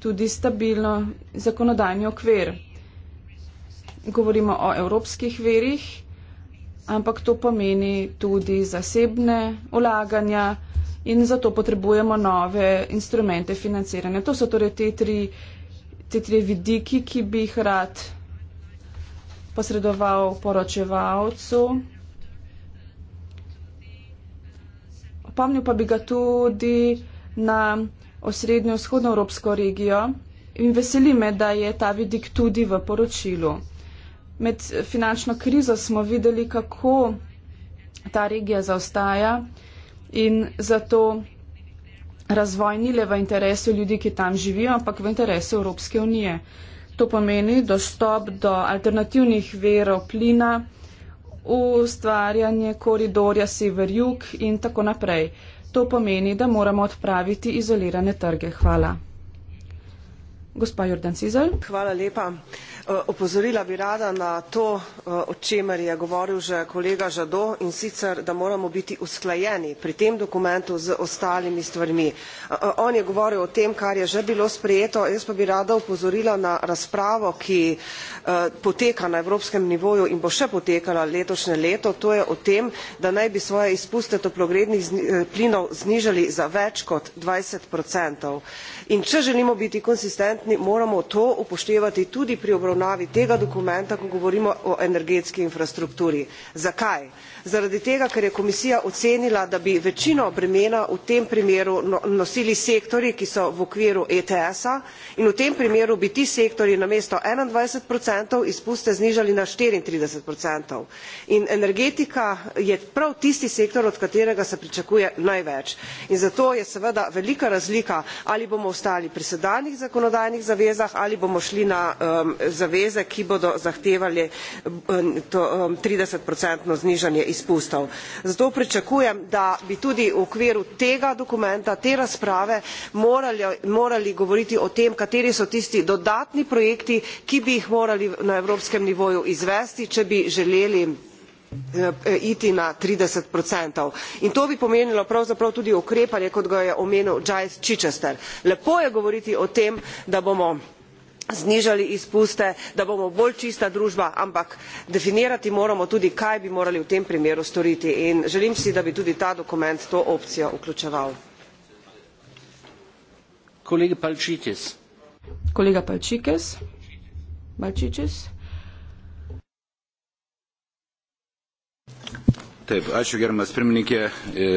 tudi stabilno zakonodajni okvir. Govorimo o evropskih verjih ampak to pomeni tudi zasebne ulaganja in zato potrebujemo nove instrumente financiranja. To so torej te tri, te tri vidiki, ki bi jih rad posredoval poročevalcu. Opomnil pa bi ga tudi na osrednjo vzhodnoevropsko regijo in veseli me, da je ta vidik tudi v poročilu. Med finančno krizo smo videli, kako ta regija zaostaja in zato razvoj ni le v interesu ljudi, ki tam živijo, ampak v interesu Evropske unije. To pomeni dostop do alternativnih verov plina, ustvarjanje koridorja sever-jug in tako naprej. To pomeni, da moramo odpraviti izolirane trge. Hvala. Gospa Jordan Cizel. Hvala lepa. Uh, Eh, opozorila bi rada na to, eh, o čemer je govoril že kolega Žado in sicer, da moramo biti usklajeni pri tem dokumentu z ostalimi stvarmi. Eh, on je govoril o tem, kar je že bilo sprejeto, jaz pa bi rada opozorila na razpravo, ki poteka na evropskem nivoju in bo še potekala letošnje leto, to je o tem, da naj bi svoje izpuste toplogrednih plinov znižali za več kot 20 odstotkov. In če želimo biti konsistentni, moramo to upoštevati tudi pri obravnavi obravnavi tega dokumenta, ko govorimo o energetski infrastrukturi. Zakaj? zaradi tega ker je komisija ocenila da bi večino bremena v tem primeru no, nosili sektorji ki so v okviru ets a in v tem primeru bi ti sektorji namesto enaindvajset izpuste znižali na štiriintrideset in energetika je prav tisti sektor od katerega se pričakuje največ in zato je seveda velika razlika ali bomo ostali pri sedanjih zakonodajnih zavezah ali bomo šli na um, zaveze ki bodo zahtevale um, to um, tridesetprocentno znižanje izpustov. Zato pričakujem, da bi tudi v okviru tega dokumenta, te razprave morali, morali govoriti o tem, kateri so tisti dodatni projekti, ki bi jih morali na evropskem nivoju izvesti, če bi želeli eh, iti na 30 In to bi pomenilo pravzaprav tudi ukrepanje, kot ga je omenil Giles Chichester. Lepo je govoriti o tem, da bomo znižali izpuste, da bomo bolj čista družba, ampak definirati moramo tudi, kaj bi morali v tem primeru storiti. In želim si, da bi tudi ta dokument to opcijo vključeval. Kolega Palčičis. Kolega Palčičis. Palčičis. Taip, ačiū gerbiamas pirmininkė. E,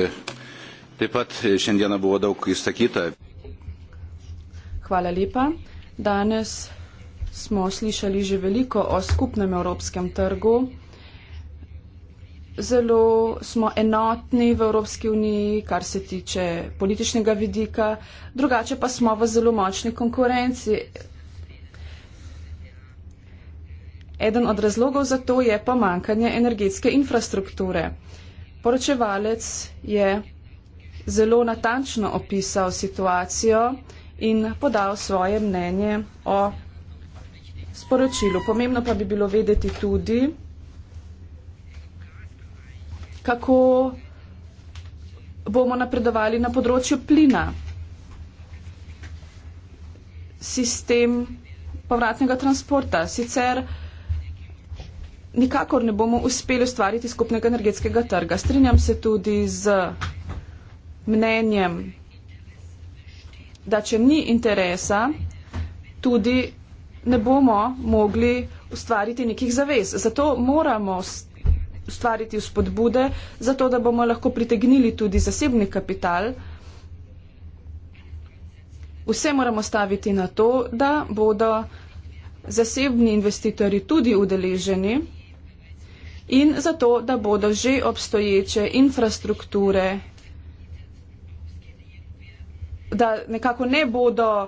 taip pat e, šiandieną buvo daug įsakyta. Hvala lepa. Danes smo slišali že veliko o skupnem evropskem trgu. Zelo smo enotni v Evropski uniji, kar se tiče političnega vidika, drugače pa smo v zelo močni konkurenci. Eden od razlogov za to je pomankanje energetske infrastrukture. Poročevalec je zelo natančno opisal situacijo in podal svoje mnenje o sporočilu. Pomembno pa bi bilo vedeti tudi, kako bomo napredovali na področju plina. Sistem povratnega transporta. Sicer nikakor ne bomo uspeli ustvariti skupnega energetskega trga. Strinjam se tudi z mnenjem da če ni interesa, tudi ne bomo mogli ustvariti nekih zavez. Zato moramo ustvariti vzpodbude, zato da bomo lahko pritegnili tudi zasebni kapital. Vse moramo staviti na to, da bodo zasebni investitorji tudi udeleženi in zato, da bodo že obstoječe infrastrukture da nekako ne bodo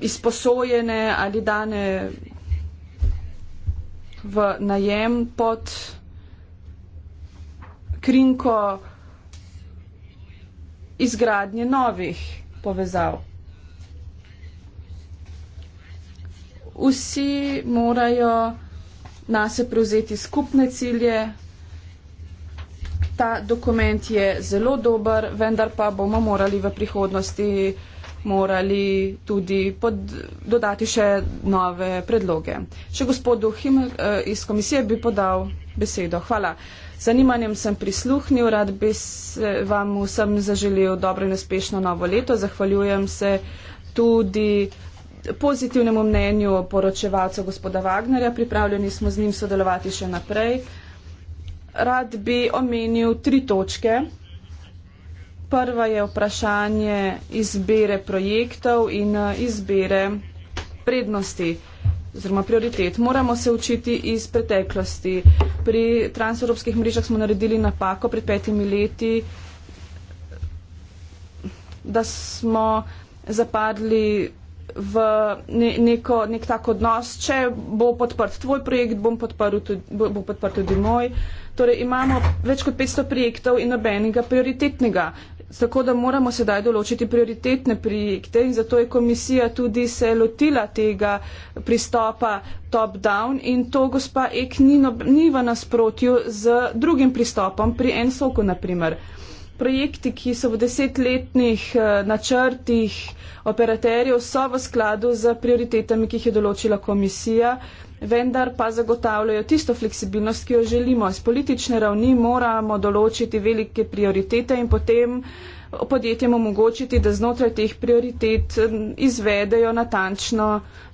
izposojene ali dane v najem pod krinko izgradnje novih povezav. Vsi morajo nase prevzeti skupne cilje, Ta dokument je zelo dober, vendar pa bomo morali v prihodnosti morali tudi pod, dodati še nove predloge. Še gospodu Him eh, iz komisije bi podal besedo. Hvala. Zanimanjem sem prisluhnil, rad bi se vam vsem zaželil dobro in uspešno novo leto. Zahvaljujem se tudi pozitivnemu mnenju poročevalca gospoda Wagnerja. Pripravljeni smo z njim sodelovati še naprej rad bi omenil tri točke. Prva je vprašanje izbire projektov in eh, izbire prednosti oziroma prioritet. Moramo se učiti iz preteklosti. Pri transevropskih mrežah smo naredili napako pred petimi leti, da smo zapadli v ne, neko, nek tak odnos, če bo podprt tvoj projekt, tudi, bo, bo podprt tudi moj. Torej imamo več kot 500 projektov in nobenega prioritetnega. Tako da moramo sedaj določiti prioritetne projekte in zato je komisija tudi se lotila tega pristopa top-down in to gospa Ek ni, no, ni v nasprotju z drugim pristopom pri Ensoku naprimer projekti, ki so v desetletnih eh, načrtih operaterjev, so v skladu z prioritetami, ki jih je določila komisija, vendar pa zagotavljajo tisto fleksibilnost, ki jo želimo. Z politične ravni moramo določiti velike prioritete in potem podjetjem omogočiti, da znotraj teh prioritet eh, izvedejo natančno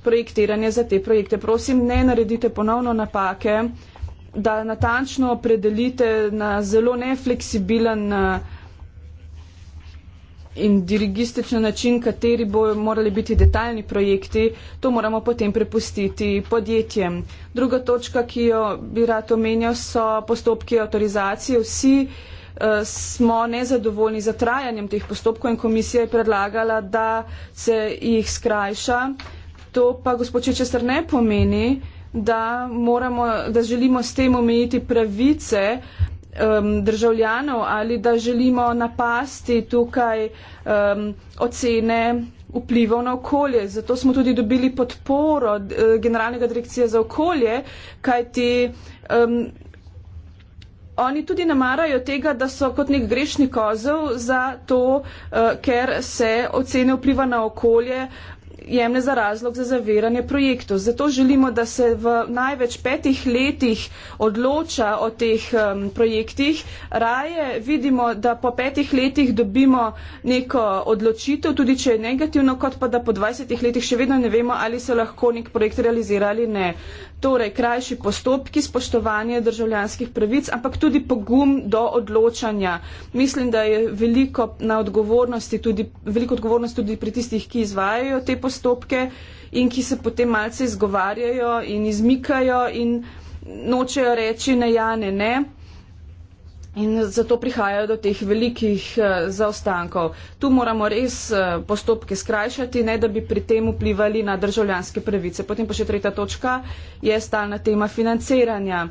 projektiranje za te projekte. Prosim, ne naredite ponovno napake da natančno opredelite na zelo nefleksibilen eh, in dirigističen način, kateri bojo morali biti detaljni projekti, to moramo potem prepustiti podjetjem. Druga točka, ki jo bi rad omenjal, so postopki avtorizacije. Vsi eh, smo nezadovoljni z trajanjem teh postopkov in komisija je predlagala, da se jih skrajša. To pa gospod Čečesar ne pomeni, da, moramo, da želimo s tem omejiti pravice um, državljanov ali da želimo napasti tukaj um, ocene vplivov na okolje. Zato smo tudi dobili podporo uh, Generalnega direkcije za okolje, kajti um, oni tudi namarajo tega, da so kot nek grešni kozel za to, uh, ker se ocene vpliva na okolje uh, jemlje za razlog za zaviranje projektov. Zato želimo, da se v največ petih letih odloča o teh um, projektih. Raje vidimo, da po petih letih dobimo neko odločitev, tudi če je negativno, kot pa da po 20 letih še vedno ne vemo, ali se lahko nek projekt realizira ali ne torej krajši postopki, spoštovanje državljanskih pravic, ampak tudi pogum do odločanja. Mislim, da je veliko, odgovornosti tudi, veliko odgovornost tudi pri tistih, ki izvajajo te postopke in ki se potem malce izgovarjajo in izmikajo in nočejo reči ne, ja, ne, ne in zato prihajajo do teh velikih eh, zaostankov. Tu moramo res eh, postopke skrajšati, ne da bi pri tem vplivali na državljanske pravice. Potem pa še tretja točka je stalna tema financiranja.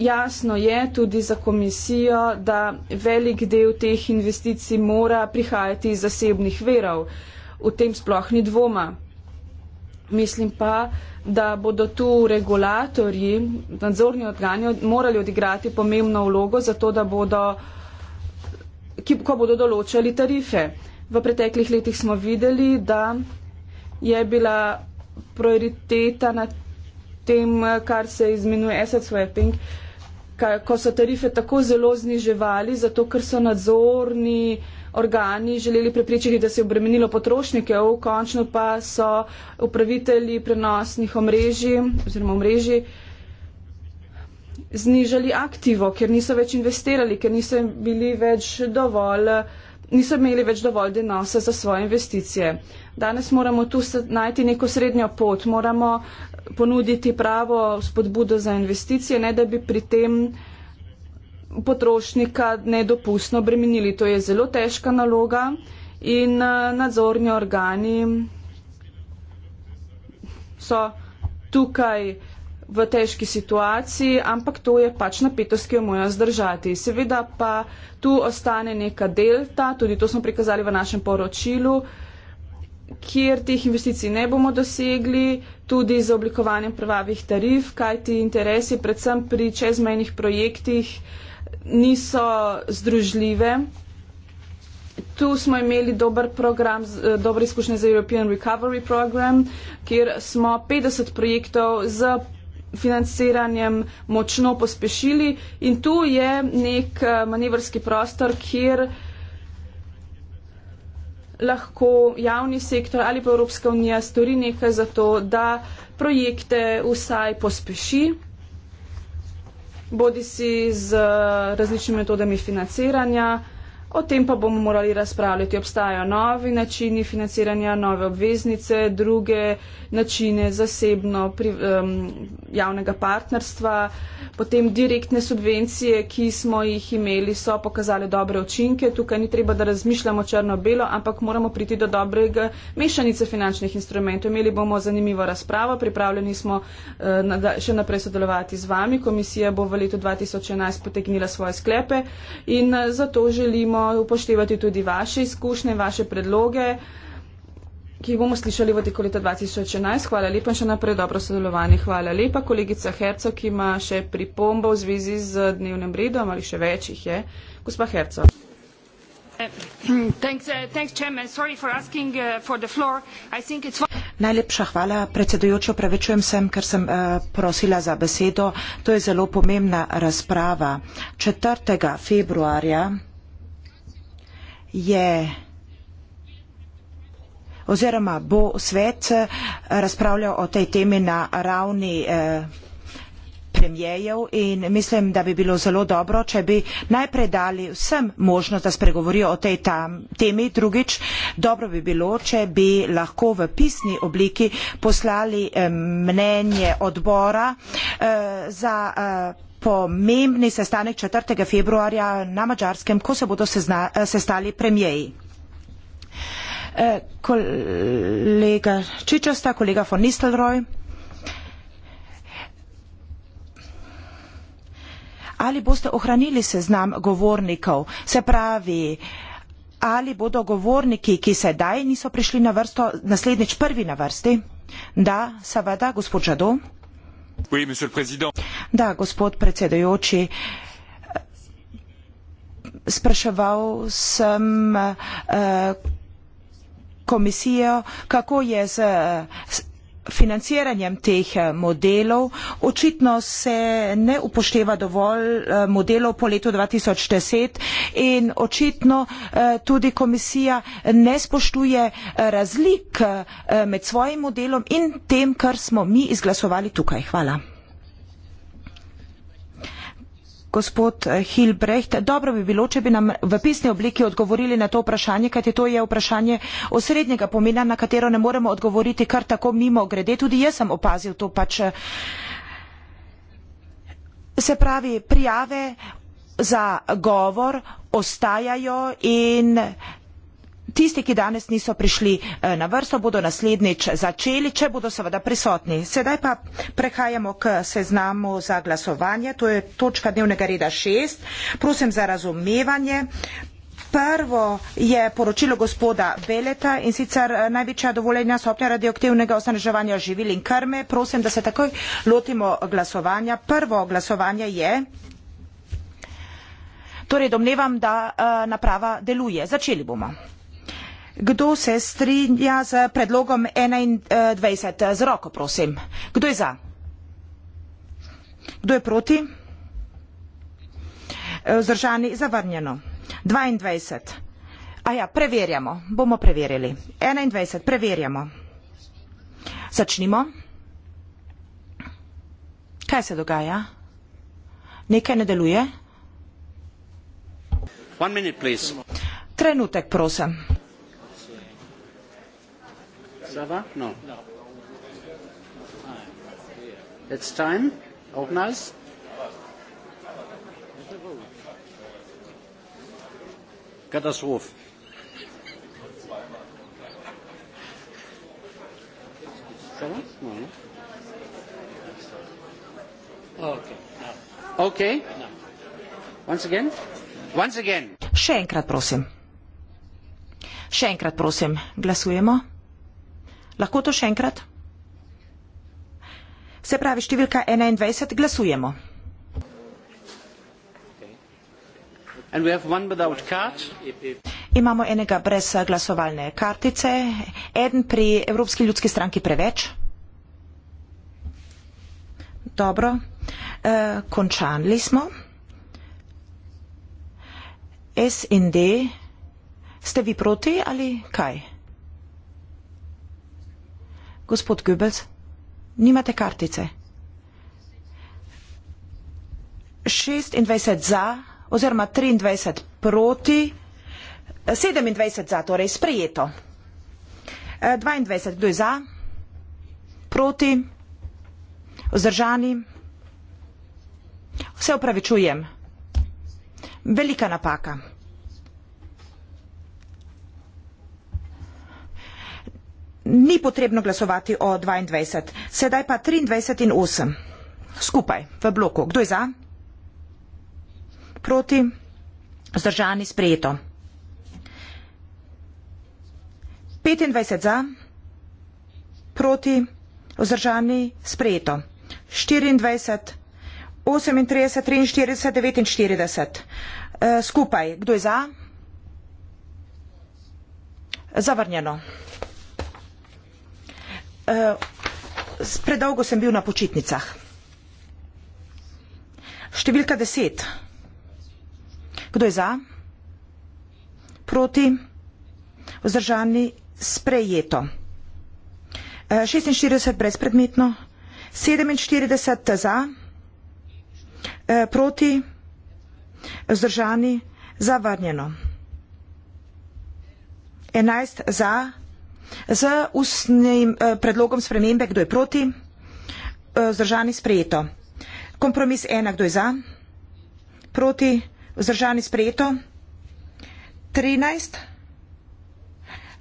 Jasno je tudi za komisijo, da velik del teh investicij mora prihajati iz zasebnih verov. V tem sploh ni dvoma. Mislim pa, da bodo tu regulatorji, nadzorni organi morali odigrati pomembno vlogo, zato da bodo, ki, ko bodo določali tarife. V preteklih letih smo videli, da je bila prioriteta na tem, kar se izmenuje asset swapping, ko so tarife tako zelo zniževali, zato ker so nadzorni, uh, organi želeli prepričati, da se je obremenilo potrošnikev, končno pa so upravitelji prenosnih omrežij oziroma omrežij znižali aktivo, ker niso več investirali, ker niso bili več dovolj niso imeli več dovolj denosa za svoje investicije. Danes moramo tu najti neko srednjo pot, moramo ponuditi pravo spodbudo za investicije, ne da bi pri tem uh, potrošnika nedopustno bremenili. To je zelo težka naloga in eh, nadzorni organi so tukaj v težki situaciji, ampak to je pač napetost, ki jo mojo zdržati. Seveda pa tu ostane neka delta, tudi to smo prikazali v našem poročilu, kjer teh investicij ne bomo dosegli, tudi z oblikovanjem pravavih tarif, kajti interesi predvsem pri čezmejnih projektih niso združljive. Tu smo imeli dober program, eh, dobre izkušnje za European Recovery Program, kjer smo 50 projektov z financiranjem močno pospešili in tu je nek eh, manevrski prostor, kjer lahko javni sektor ali pa Evropska unija stori nekaj za to, da projekte vsaj pospeši bodi si z različnimi metodami financiranja, O tem pa bomo morali razpravljati. Obstajajo novi načini financiranja, nove obveznice, druge načine zasebno pri, um, javnega partnerstva. Potem direktne subvencije, ki smo jih imeli, so pokazale dobre učinke. Tukaj ni treba, da razmišljamo črno-belo, ampak moramo priti do dobrega mešanice finančnih instrumentov. Imeli bomo zanimivo razpravo, pripravljeni smo uh, eh, nada, še naprej sodelovati z vami. Komisija bo v letu 2011 potegnila svoje sklepe in uh, zato želimo upoštevati tudi vaše izkušnje, vaše predloge, ki jih bomo slišali v teku leta 2011. Hvala lepa in še naprej dobro sodelovanje. Hvala lepa, kolegica Herco, ki ima še pripombo v zvezi z dnevnem redom ali še več jih je. Gospa Herco. Uh, uh, Najlepša hvala, predsedujočo, prevečujem sem, ker sem uh, prosila za besedo. To je zelo pomembna razprava. 4. februarja je oziroma bo svet eh, razpravljal o tej temi na ravni eh, premijejev in mislim, da bi bilo zelo dobro, če bi najprej dali vsem možnost, da spregovorijo o tej temi, drugič dobro bi bilo, če bi lahko v pisni obliki poslali eh, mnenje odbora za premijejev, pomembni sestanek 4. februarja na Mađarskem, ko se bodo sezna, sestali premijeji. Eh, kolega Čičasta, kolega von Nistelroj, ali boste ohranili seznam govornikov? Se pravi, ali bodo govorniki, ki sedaj niso prišli na vrsto, naslednjič prvi na vrsti? Da, seveda, gospod Žadov da gospod predsedujoči spraševal sem eh, komisijo kako je z, z financiranjem teh eh, modelov. Očitno se ne upošteva dovolj eh, modelov po letu 2010 in očitno eh, tudi komisija ne spoštuje razlik med svojim modelom in tem, kar smo mi izglasovali tukaj. Hvala. Gospod eh, Hilbrecht, dobro bi bilo, če bi nam v pisni obliki odgovorili na to vprašanje, kajti to je vprašanje osrednjega pomena, na katero ne moremo odgovoriti kar tako mimo grede. Tudi jaz sem opazil to pač. Eh, se pravi, prijave za govor ostajajo in tisti, ki danes niso prišli eh, na vrsto, bodo naslednjič začeli, če bodo seveda prisotni. Sedaj pa prehajamo k seznamu za glasovanje, to je točka dnevnega reda 6. Prosim za razumevanje. Prvo je poročilo gospoda Beleta in sicer eh, največja dovoljenja stopnja radioaktivnega osnaževanja živil in krme. Prosim, da se takoj lotimo glasovanja. Prvo glasovanje je. Torej domnevam, da uh, naprava deluje. Začeli bomo. Kdo se strinja z predlogom 21? Z roko, prosim. Kdo je za? Kdo je proti? Zdržani, zavrnjeno. 22. A ja, preverjamo. Bomo preverili. 21. Preverjamo. Začnimo. Kaj se dogaja? Nekaj ne deluje? Minute, Trenutek, prosim. Ça va Non. It's time. Organize. Katastrophe. No, no. Okay. Once again. Once again. Še enkrat prosim. Še enkrat prosim, glasujemo. Lahko to še enkrat? Se pravi, številka 21, glasujemo. Imamo enega brez glasovalne kartice, eden pri Evropski ljudski stranki preveč. Dobro, e, končali smo. SND, ste vi proti ali kaj? Gospod Goebbels, nimate kartice? 26 za oziroma 23 proti, 27 za, torej sprejeto. 22, eh, kdo je za, proti, vzdržani, vse upravičujem. Velika napaka. ni potrebno glasovati o 22. Sedaj pa 23 in 8. Skupaj, v bloku. Kdo je za? Proti? Zdržani sprejeto. 25 za? Proti? Zdržani sprejeto. 24, 38, 43, 49. Skupaj, kdo je za? Zavrnjeno uh, predolgo sem bil na počitnicah. Številka deset. Kdo je za? Proti? Vzdržani? Sprejeto. Uh, eh, 46 brezpredmetno. 47 za? Uh, proti? Vzdržani? Zavrnjeno. 11 za? Z ustnim eh, predlogom spremembe, kdo je proti, eh, vzdržani sprejeto. Kompromis ena, kdo je za, proti, vzdržani sprejeto, 13,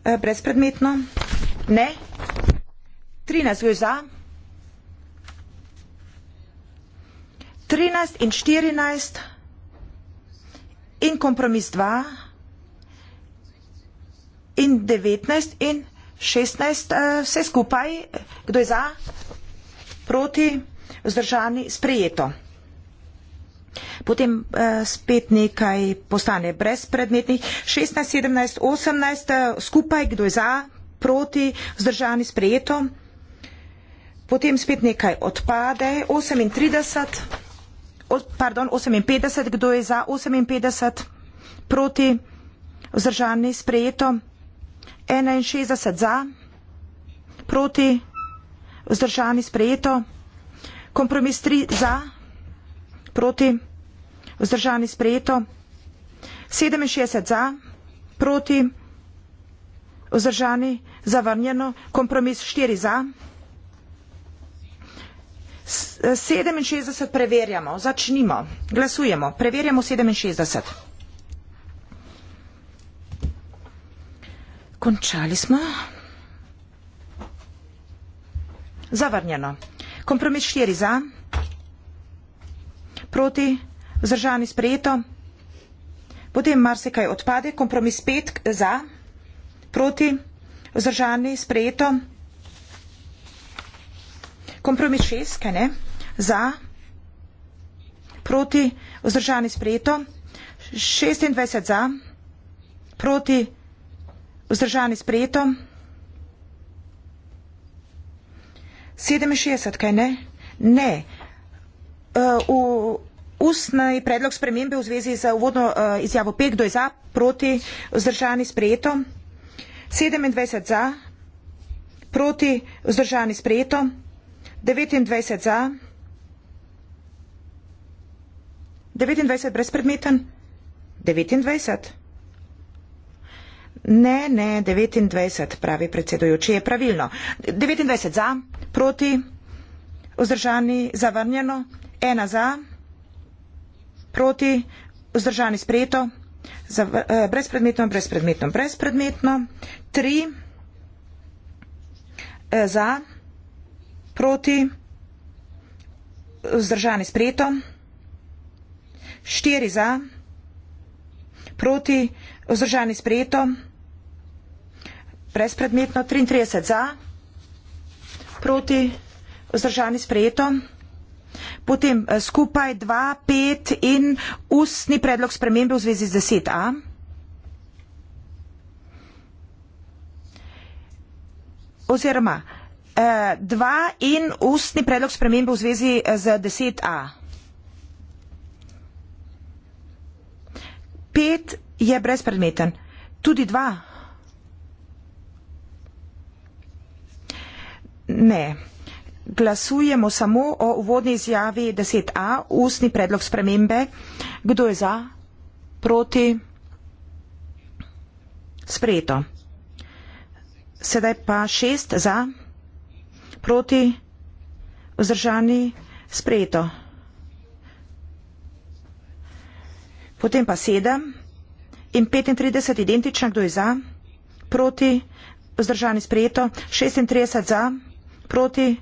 eh, brezpredmetno, ne, 13, kdo je za, 13 in 14 in kompromis 2 in 19 in 14. 16 eh, vse skupaj, kdo je za, proti, vzdržani, sprejeto. Potem eh, spet nekaj postane brezpredmetnih. 16, 17, 18 skupaj, kdo je za, proti, vzdržani, sprejeto. Potem spet nekaj odpade. 38, pardon, 58, kdo je za, 58, proti, vzdržani, sprejeto. 61 za, proti, vzdržani sprejeto, kompromis 3 za, proti, vzdržani sprejeto, 67 za, proti, vzdržani, zavrnjeno, kompromis 4 za. 67 preverjamo, začnimo, glasujemo, preverjamo 67. Končali smo. Zavrnjeno. Kompromis štiri za. Proti. Zdržani sprejeto. Potem marsikaj odpade. Kompromis pet za. Proti. Zdržani sprejeto. Kompromis šest, kaj ne? Za. Proti. Zdržani sprejeto. 26 za. Proti. Zdržani sprejeto. Vzdržani sprejeto. 67, kaj ne? Ne. E, v ustni predlog spremembe v zvezi z uvodno e, izjavo 5, kdo je za, proti, vzdržani sprejeto. 27 za, proti, vzdržani sprejeto. 29 za, 29 brezpredmeten, 29 za. Ne, ne, 29, pravi predsedujoči, je pravilno. 29 za, proti, vzdržani, zavrnjeno, ena za, proti, vzdržani, sprejeto, eh, brezpredmetno, brezpredmetno, brezpredmetno, tri eh, za, proti, vzdržani, sprejeto, štiri za, proti, vzdržani, sprejeto, brezpredmetno. 33 za, proti, vzdržani sprejeto. Potem eh, skupaj 2, 5 in ustni predlog spremembe v zvezi z 10a. Oziroma 2 eh, in ustni predlog spremembe v zvezi eh, z 10a. 5 je brezpredmeten. Tudi 2. Ne. Glasujemo samo o uvodni izjavi 10a, ustni predlog spremembe. Kdo je za? Proti? Sprejeto. Sedaj pa šest za, proti, vzdržani, sprejeto. Potem pa sedem in 35 identična, kdo je za, proti, vzdržani, sprejeto, 36 za proti,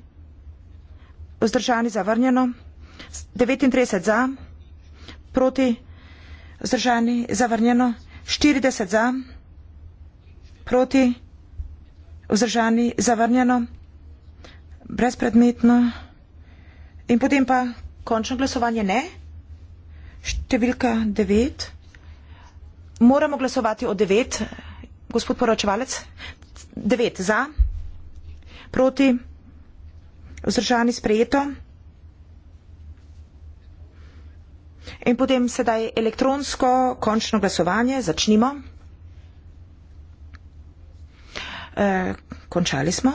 vzdržani zavrnjeno, 39 za, proti, vzdržani zavrnjeno, 40 za, proti, vzdržani zavrnjeno, brezpredmetno in potem pa končno glasovanje ne, številka 9. Moramo glasovati o 9, gospod poročevalec, 9 za, proti, vzdržani zavrnjeno, Vzdržani sprejeto. In potem sedaj elektronsko končno glasovanje. Začnimo. E, končali smo.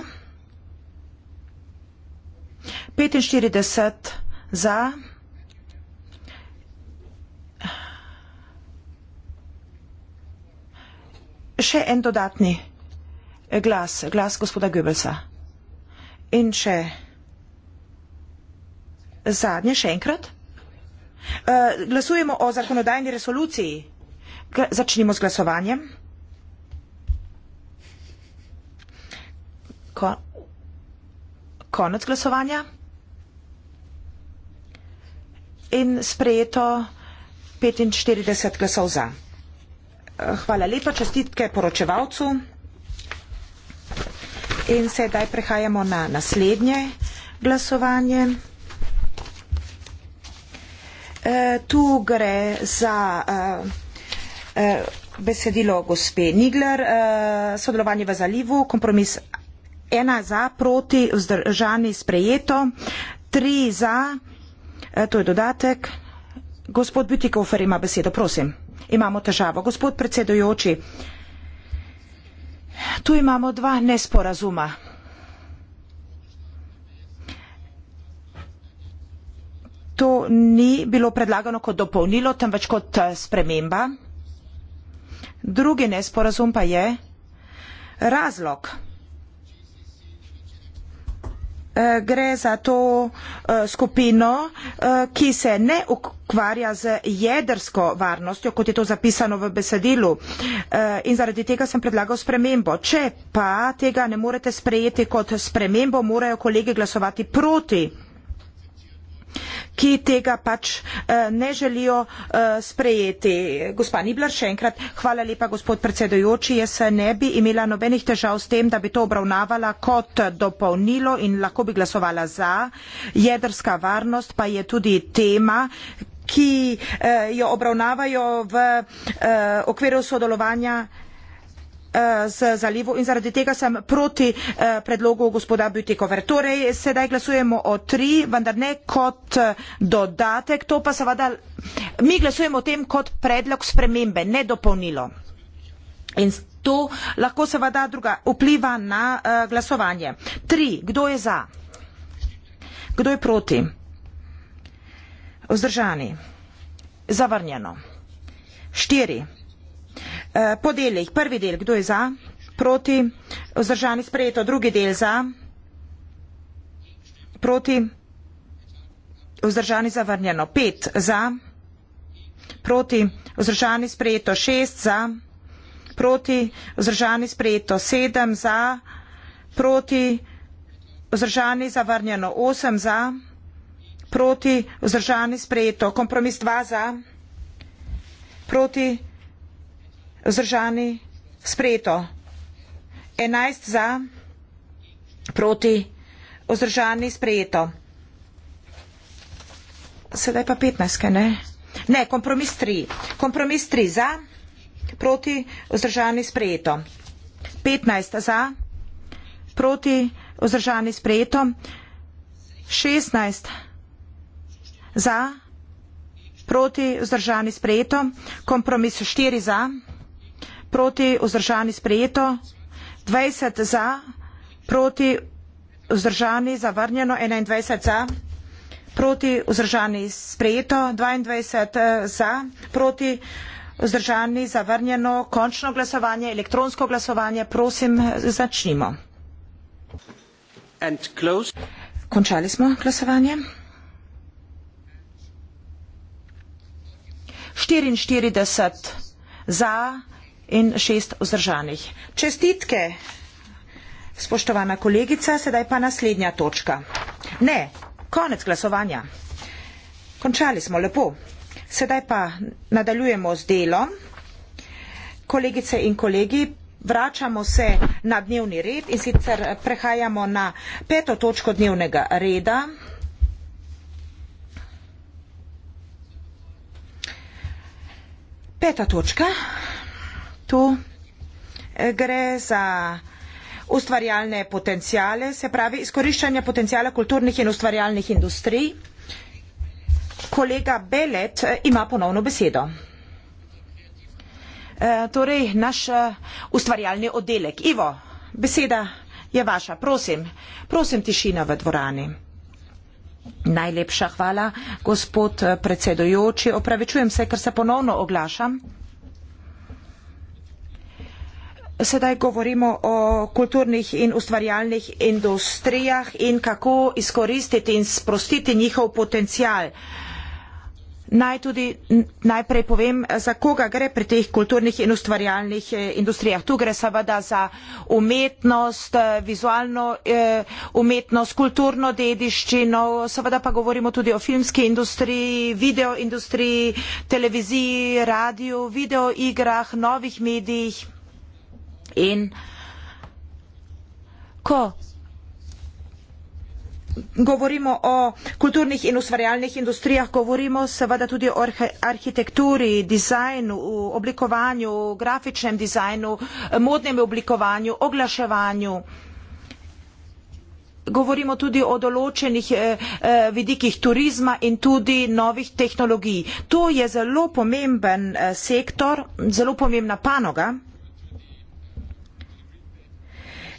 45 za. Še en dodatni glas, glas gospoda Goebbelsa. In še Zadnje, še enkrat. Eh, glasujemo o zakonodajni resoluciji. Začnimo z glasovanjem. Konec glasovanja. In sprejeto 45 glasov za. Eh, hvala lepa, čestitke poročevalcu. In sedaj prehajamo na naslednje glasovanje. Eh, tu gre za eh, eh, besedilo gospe Nigler, sodelovanje v zalivu, kompromis ena za, proti, vzdržani sprejeto, tri za, to je dodatek. Gospod Bütikofer ima besedo, prosim. Imamo težavo. Gospod predsedujoči, tu imamo dva nesporazuma. to ni bilo predlagano kot dopolnilo, temveč kot eh, sprememba. Drugi nesporazum pa je razlog. Eh, gre za to eh, skupino, ki se ne ukvarja z jedrsko varnostjo, kot je to zapisano v besedilu. In zaradi tega sem predlagal spremembo. Če pa tega ne morete sprejeti kot spremembo, morajo kolege glasovati proti ki tega pač eh, ne želijo eh, sprejeti. Gospa Nibler, še enkrat hvala lepa, gospod predsedojoči. Jaz ne bi imela nobenih težav s tem, da bi to obravnavala kot dopolnilo in lahko bi glasovala za. Jedrska varnost pa je tudi tema ki eh, jo obravnavajo v eh, okviru sodelovanja Eh, z zalivu in zaradi tega sem proti eh, predlogu gospoda Butikover. Torej, sedaj glasujemo o tri, vendar ne kot eh, dodatek, to pa seveda mi glasujemo o tem kot predlog spremembe, ne dopolnilo. In to lahko seveda druga vpliva na uh, glasovanje. Tri, kdo je za? Kdo je proti? Vzdržani. Zavrnjeno. Štiri. Eh, po delih. Prvi del, kdo je za, proti, vzdržani sprejeto, drugi del za, proti, vzdržani zavrnjeno, pet za, proti, vzdržani sprejeto, šest za, proti, vzdržani sprejeto, sedem za, proti, vzdržani zavrnjeno, osem za, proti, vzdržani sprejeto, kompromis dva za, proti, vzdržani sprejeto enajst za proti vzdržani sprejeto sedaj pa petnajstke ne ne kompromis tri kompromis tri za proti vzdržani sprejeto petnajst za proti vzdržani sprejeto šestnajst za proti vzdržani sprejeto kompromis štiri za proti vzdržani sprejeto, 20 za, proti vzdržani zavrnjeno, 21 za, proti vzdržani sprejeto, 22 eh, za, proti vzdržani zavrnjeno, končno glasovanje, elektronsko glasovanje, prosim, začnimo. Končali smo glasovanje. 44 za, in šest vzdržanih. Čestitke, spoštovana kolegica, sedaj pa naslednja točka. Ne, konec glasovanja. Končali smo lepo. Sedaj pa nadaljujemo z delom. Kolegice in kolegi, vračamo se na dnevni red in sicer prehajamo na peto točko dnevnega reda. Peta točka svetu. Eh, gre za ustvarjalne potencijale, se pravi izkoriščanje potencijala kulturnih in ustvarjalnih industrij. Kolega Belet eh, ima ponovno besedo. E, torej, naš ustvarjalni oddelek. Ivo, beseda je vaša. Prosim, prosim tišina v dvorani. Najlepša hvala, gospod predsedojoči. Opravičujem se, ker se ponovno oglašam. Sedaj govorimo o kulturnih in ustvarjalnih industrijah in kako izkoristiti in sprostiti njihov potencial. Naj tudi najprej povem, za koga gre pri teh kulturnih in ustvarjalnih eh, industrijah. Tu gre seveda za umetnost, eh, vizualno eh, umetnost, kulturno dediščino, seveda pa govorimo tudi o filmski industriji, videoindustriji, televiziji, radiju, videoigrah, novih medijih. In ko govorimo o kulturnih in ustvarjalnih industrijah, govorimo seveda tudi o arhitekturi, dizajnu, oblikovanju, grafičnem dizajnu, modnem oblikovanju, oglaševanju. Govorimo tudi o določenih eh, eh, vidikih turizma in tudi novih tehnologij. To je zelo pomemben eh, sektor, zelo pomembna panoga.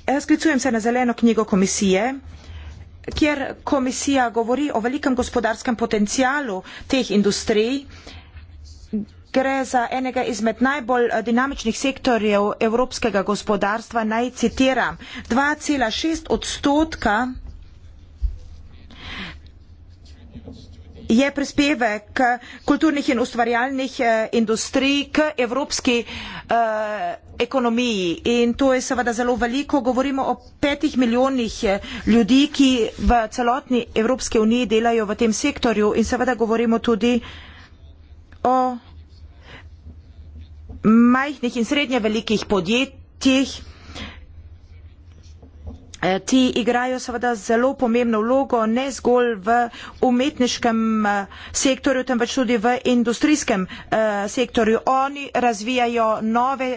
Eh, sklicujem se na zeleno knjigo komisije, kjer komisija govori o velikem gospodarskem potencialu teh industrij. Gre za enega izmed najbolj eh, dinamičnih sektorjev evropskega gospodarstva. Naj citiram, 2,6 odstotka je prispevek kulturnih in ustvarjalnih eh, industrij k evropski eh, ekonomiji. In to je seveda zelo veliko. Govorimo o petih milijonih eh, ljudi, ki v celotni Evropske unije delajo v tem sektorju in seveda govorimo tudi o majhnih in srednje velikih podjetjih Eh, ti igrajo seveda zelo pomembno vlogo ne zgolj v umetniškem eh, sektorju, temveč tudi v industrijskem eh, sektorju. Oni razvijajo nove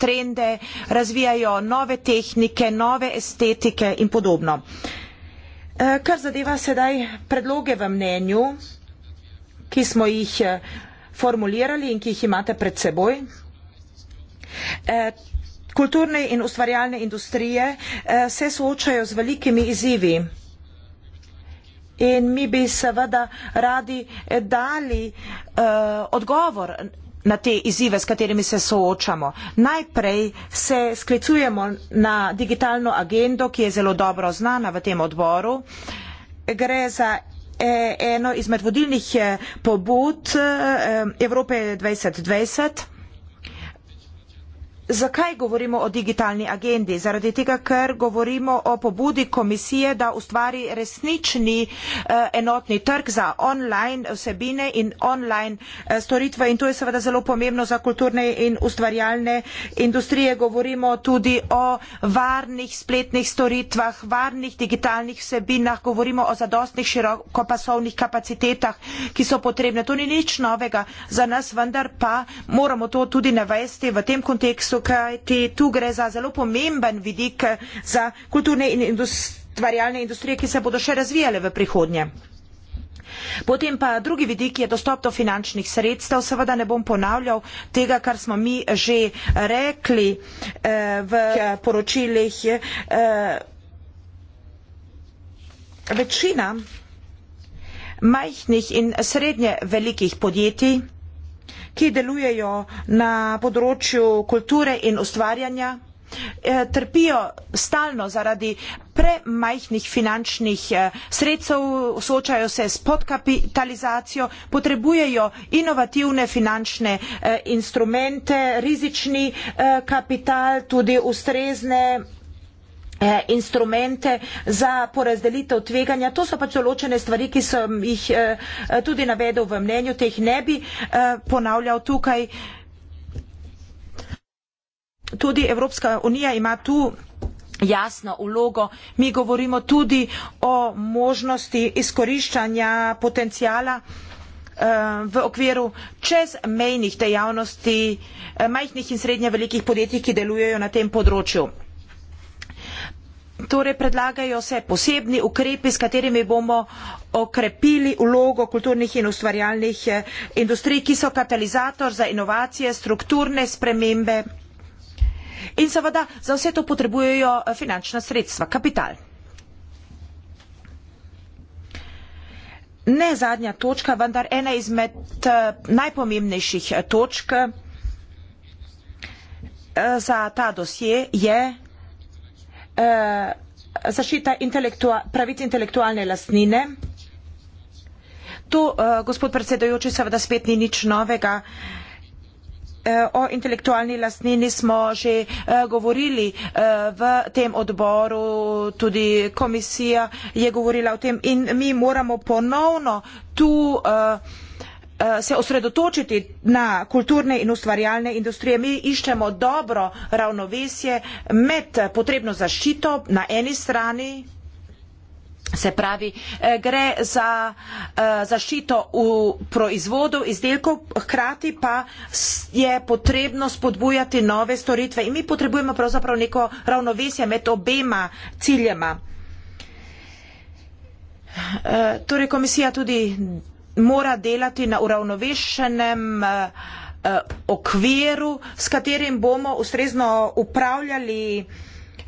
trende, razvijajo nove tehnike, nove estetike in podobno. Kar zadeva sedaj predloge v mnenju, ki smo jih formulirali in ki jih imate pred seboj. Kulturne in ustvarjalne industrije eh, se soočajo z velikimi izzivi. In mi bi seveda radi eh, dali uh, odgovor na te izzive, s katerimi se soočamo. Najprej se sklicujemo na digitalno agendo, ki je zelo dobro znana v tem odboru. Gre za eno izmed vodilnih pobud Evrope 2020 Zakaj govorimo o digitalni agendi? Zaradi tega, ker govorimo o pobudi komisije, da ustvari resnični eh, enotni trg za online vsebine in online eh, storitve in to je seveda zelo pomembno za kulturne in ustvarjalne industrije. Govorimo tudi o varnih spletnih storitvah, varnih digitalnih vsebinah, govorimo o zadostnih širokopasovnih kapacitetah, ki so potrebne. To ni nič novega za nas, vendar pa moramo to tudi navesti v tem kontekstu kontekstu, kajti tu gre za zelo pomemben vidik za kulturne in ustvarjalne industrije, ki se bodo še razvijale v prihodnje. Potem pa drugi vidik je dostop do finančnih sredstev. Seveda ne bom ponavljal tega, kar smo mi že rekli eh, v poročilih. Eh, večina majhnih in srednje velikih podjetij ki delujejo na področju kulture in ustvarjanja, eh, trpijo stalno zaradi premajhnih finančnih eh, sredstev, soočajo se s podkapitalizacijo, potrebujejo inovativne finančne eh, instrumente, rizični kapital, tudi ustrezne Eh, instrumente za porazdelitev tveganja. To so pač določene stvari, ki sem jih eh, eh, tudi navedel v mnenju, teh ne bi ponavljal tukaj. Tudi Evropska unija ima tu jasno ulogo. Mi govorimo tudi o možnosti izkoriščanja potencijala v okviru čezmejnih dejavnosti majhnih in srednje velikih podjetij, ki delujejo na tem področju torej predlagajo se posebni ukrepi, s katerimi bomo okrepili vlogo kulturnih in ustvarjalnih eh, industrij, ki so katalizator za inovacije, strukturne spremembe in seveda za vse to potrebujejo eh, finančna sredstva, kapital. Ne zadnja točka, vendar ena izmed eh, najpomembnejših točk za ta dosje je uh, zaščita intelektua pravic intelektualne lastnine. To, uh, eh, gospod predsedojoči, seveda spet ni nič novega. Eh, o intelektualni lastnini smo že govorili v tem odboru, tudi komisija je govorila o tem in mi moramo ponovno tu uh, Eh, se osredotočiti na kulturne in ustvarjalne industrije. Mi iščemo dobro ravnovesje med potrebno zaščito na eni strani, se pravi, eh, gre za eh, zaščito v proizvodu izdelkov, hkrati pa je potrebno spodbujati nove storitve in mi potrebujemo pravzaprav neko ravnovesje med obema ciljema. Torej komisija tudi mora delati na uravnovešenem eh, eh, okviru, s katerim bomo ustrezno upravljali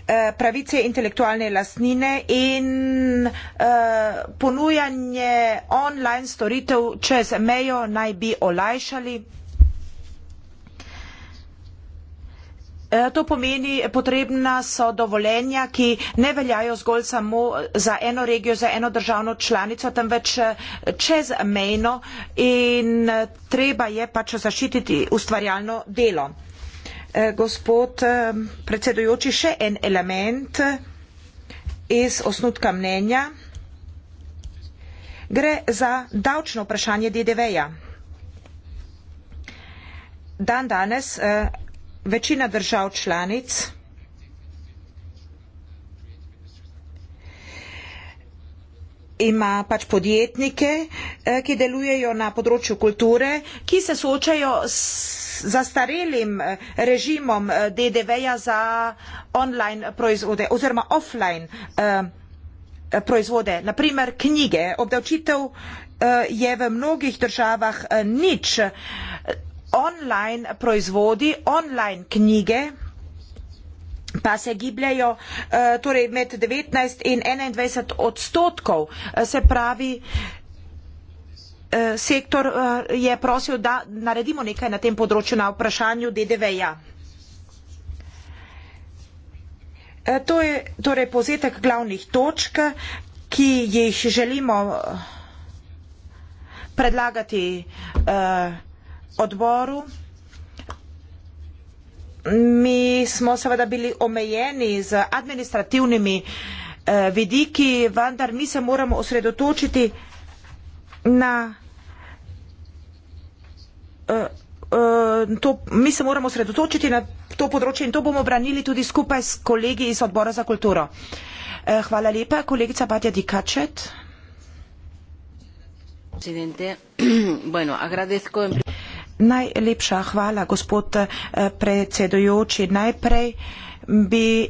eh, pravice intelektualne lastnine in ponujanje online storitev čez mejo naj bi olajšali. Eh, to pomeni, potrebna so dovoljenja, ki ne veljajo zgolj samo za eno regijo, za eno državno članico, temveč eh, čez mejno in eh, treba je pač zaščititi ustvarjalno delo. Gospod predsedujoči, še en element iz osnutka mnenja. Gre za davčno vprašanje DDV-ja. Dan danes večina držav članic ima pač podjetnike, eh, ki delujejo na področju kulture, ki se soočajo s zastarelim eh, režimom eh, DDV-ja za online proizvode oziroma offline proizvode, naprimer knjige. Obdavčitev je v mnogih državah nič online proizvodi, online knjige pa se gibljajo eh, torej med 19 in 21 odstotkov, eh, se pravi, eh, sektor je prosil, da naredimo nekaj na tem področju na vprašanju DDV-ja. To je torej pozetek glavnih točk, ki jih želimo predlagati vsega, odboru. Mi smo seveda bili omejeni z administrativnimi eh, vidiki, vendar mi se moramo osredotočiti na eh, eh, To, mi se moramo sredotočiti na to področje in to bomo branili tudi skupaj s kolegi iz odbora za kulturo. Hvala lepa, kolegica Batja Dikačet. Presidente, bueno, agradezco... Najlepša hvala, gospod eh, predsedujoči. Najprej bi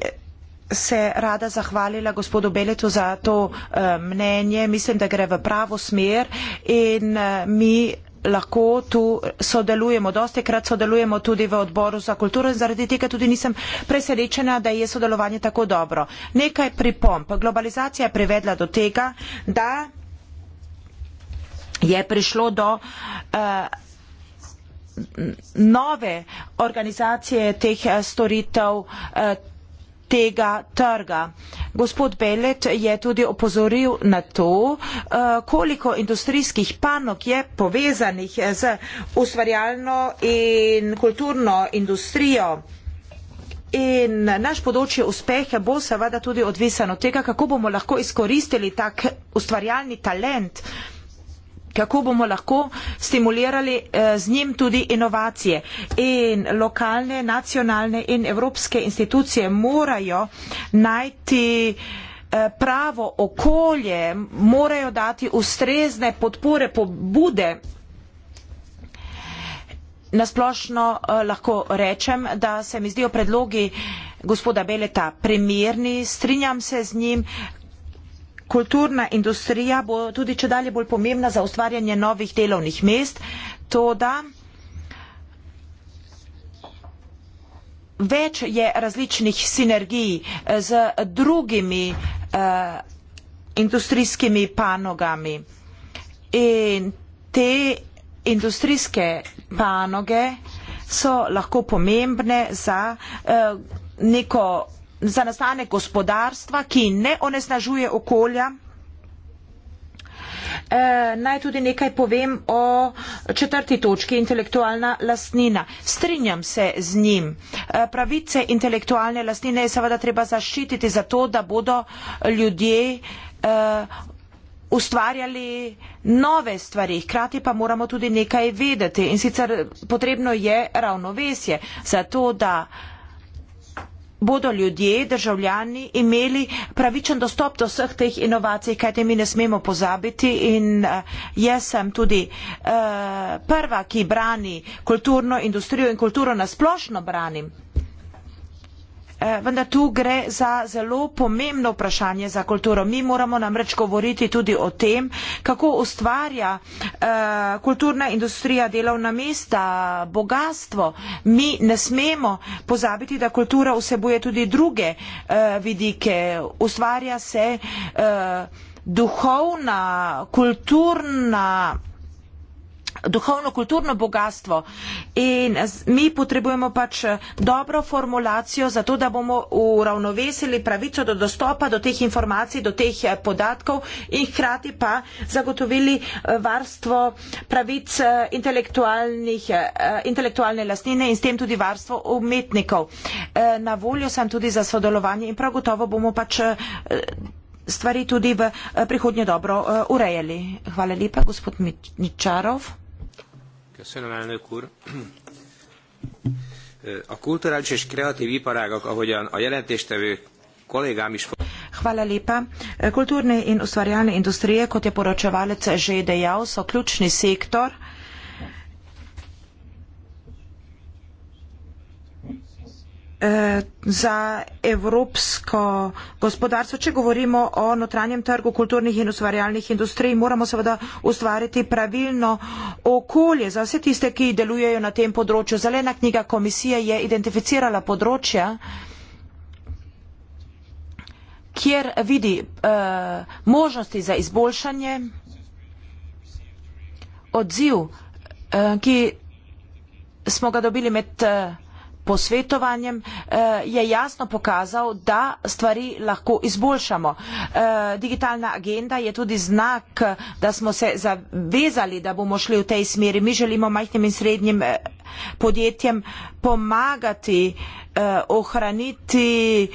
se rada zahvalila gospodu Beletu za to eh, mnenje. Mislim, da gre v pravo smer in eh, mi lahko tu sodelujemo. Dosti krat sodelujemo tudi v odboru za kulturo in zaradi tega tudi nisem presrečena, da je sodelovanje tako dobro. Nekaj pripomp. Globalizacija je privedla do tega, da je prišlo do uh, nove organizacije teh eh, storitev eh, tega trga. Gospod Belet je tudi opozoril na to, eh, koliko industrijskih panog je povezanih z ustvarjalno in kulturno industrijo. In naš področje uspeha bo seveda tudi odvisen od tega, kako bomo lahko izkoristili tak ustvarjalni talent kako bomo lahko stimulirali eh, z njim tudi inovacije. In lokalne, nacionalne in evropske institucije morajo najti eh, pravo okolje, morajo dati ustrezne podpore, pobude. Nasplošno eh, lahko rečem, da se mi zdijo predlogi gospoda Beleta primirni, strinjam se z njim, kulturna industrija bo tudi če dalje bolj pomembna za ustvarjanje novih delovnih mest, to da več je različnih sinergij eh, z drugimi eh, industrijskimi panogami in te industrijske panoge so lahko pomembne za eh, neko za nastanek gospodarstva, ki ne onesnažuje okolja. E, naj tudi nekaj povem o četrti točki, intelektualna lastnina. Strinjam se z njim. E, pravice intelektualne lastnine je seveda treba zaščititi zato, da bodo ljudje e, ustvarjali nove stvari. Hkrati pa moramo tudi nekaj vedeti in sicer potrebno je ravnovesje za to, da bodo ljudje, državljani imeli pravičen dostop do vseh teh inovacij, kajte mi ne smemo pozabiti in uh, jaz sem tudi uh, prva, ki brani kulturno industrijo in kulturo nasplošno branim. Eh, vendar tu gre za zelo pomembno vprašanje za kulturo. Mi moramo namreč govoriti tudi o tem, kako ustvarja eh, kulturna industrija delovna mesta, bogatstvo. Mi ne smemo pozabiti, da kultura vsebuje tudi druge eh, vidike. Ustvarja se duhovna, kulturna duhovno-kulturno bogatstvo in mi potrebujemo pač eh, dobro formulacijo za to, da bomo uravnovesili pravico do dostopa do teh informacij, do teh eh, podatkov in hkrati pa zagotovili eh, varstvo pravic intelektualne lastnine in s tem tudi varstvo umetnikov. Na voljo sem tudi za sodelovanje in prav gotovo bomo pač stvari tudi v prihodnje dobro urejali. Hvala lepa, gospod Ničarov a kulturális és kreatív iparágak, ahogyan a jelentéstevő kollégám is Hvala lepa. Kulturne in ustvarjalne industrije, kot je poročevalec že dejal, so ključni sektor, eh, za evropsko gospodarstvo. Če govorimo o notranjem trgu kulturnih in ustvarjalnih industrij, moramo seveda ustvariti pravilno okolje za vse tiste, ki delujejo na tem področju. Zelena knjiga komisije je identificirala področja kjer vidi uh, možnosti za izboljšanje, odziv, uh, ki smo ga dobili med uh, posvetovanjem eh, je jasno pokazal, da stvari lahko izboljšamo. Eh, digitalna agenda je tudi znak, da smo se zavezali, da bomo šli v tej smeri. Mi želimo majhnim in srednjim eh, podjetjem pomagati ohraniti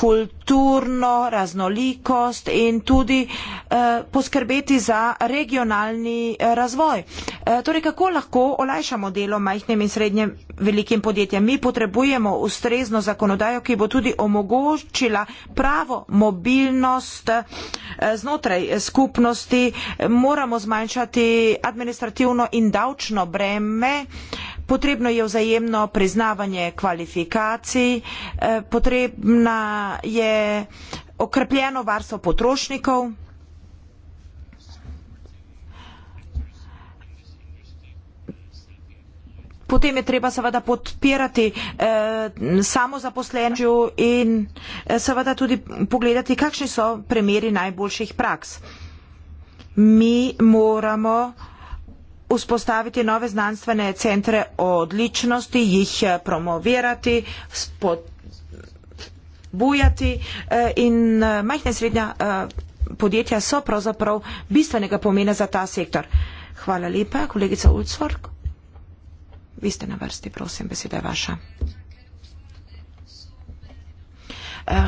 kulturno raznolikost in tudi eh, poskrbeti za regionalni eh, razvoj. Eh, torej, kako lahko olajšamo delo majhnim in srednjim velikim podjetjem? Mi potrebujemo ustrezno zakonodajo, ki bo tudi omogočila pravo mobilnost znotraj skupnosti. Moramo zmanjšati administrativno in davčno breme potrebno je vzajemno priznavanje kvalifikacij, eh, potrebna je okrepljeno varstvo potrošnikov. Potem je treba seveda podpirati eh, samozaposlenju in eh, seveda tudi pogledati, kakšni so primeri najboljših praks. Mi moramo eh, uspostaviti nove znanstvene centre odličnosti, jih eh, promovirati, spodbujati eh, in eh, majhne srednja podjetja so pravzaprav bistvenega pomena za ta sektor. Hvala lepa, kolegica Ulcvork. Vi ste na vrsti, prosim, beseda je vaša.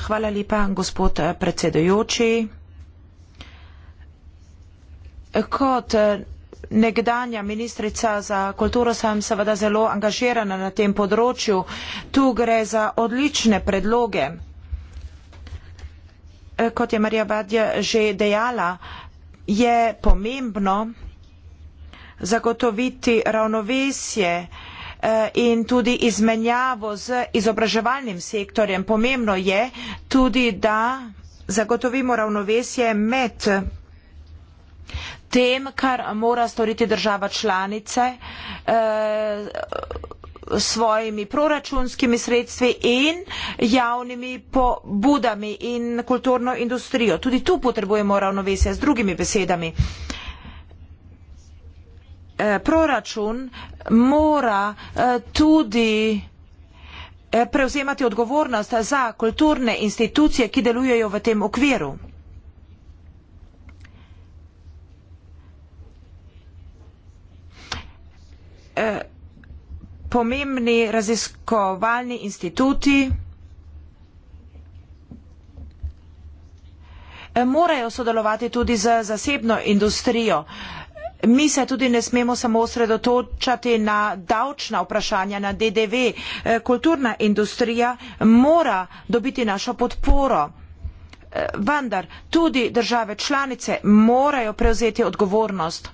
Hvala lepa, gospod predsedojoči. Kot nekdanja ministrica za kulturo sem seveda zelo angažirana na tem področju. Tu gre za odlične predloge. Eh, kot je Marija Badja že dejala, je pomembno zagotoviti ravnovesje eh, in tudi izmenjavo z izobraževalnim sektorjem. Pomembno je tudi, da zagotovimo ravnovesje med tem, kar mora storiti država članice eh, s svojimi proračunskimi sredstvi in javnimi pobudami in kulturno industrijo. Tudi tu potrebujemo ravnovesje z drugimi besedami. Eh, proračun mora eh, tudi prevzemati odgovornost za kulturne institucije, ki delujejo v tem okviru. Eh, pomembni raziskovalni instituti eh, morajo sodelovati tudi z zasebno industrijo. Mi se tudi ne smemo samo osredotočati na davčna vprašanja, na DDV. Eh, kulturna industrija mora dobiti našo podporo. Vendar tudi države članice morajo prevzeti odgovornost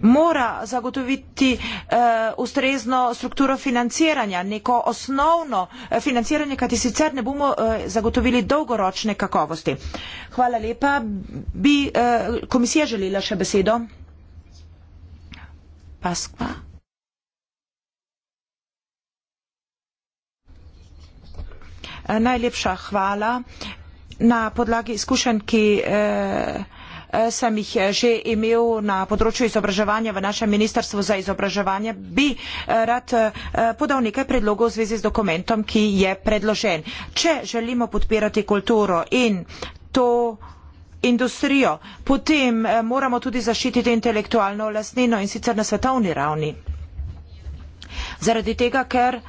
mora zagotoviti uh, ustrezno strukturo financiranja, neko osnovno eh, financiranje, kajti sicer ne bomo uh, zagotovili dolgoročne kakovosti. Hvala lepa. Bi uh, komisija želela še besedo? Paskva. Najlepša hvala. Na podlagi izkušenj, ki. Uh, Eh, sem jih eh, že imel na področju izobraževanja v našem ministrstvu za izobraževanje, bi eh, rad podal nekaj predlogov v zvezi z dokumentom, ki je predložen. Če želimo podpirati kulturo in to industrijo, potem moramo tudi zaščititi intelektualno lastnino in sicer na svetovni ravni. Zaradi tega, ker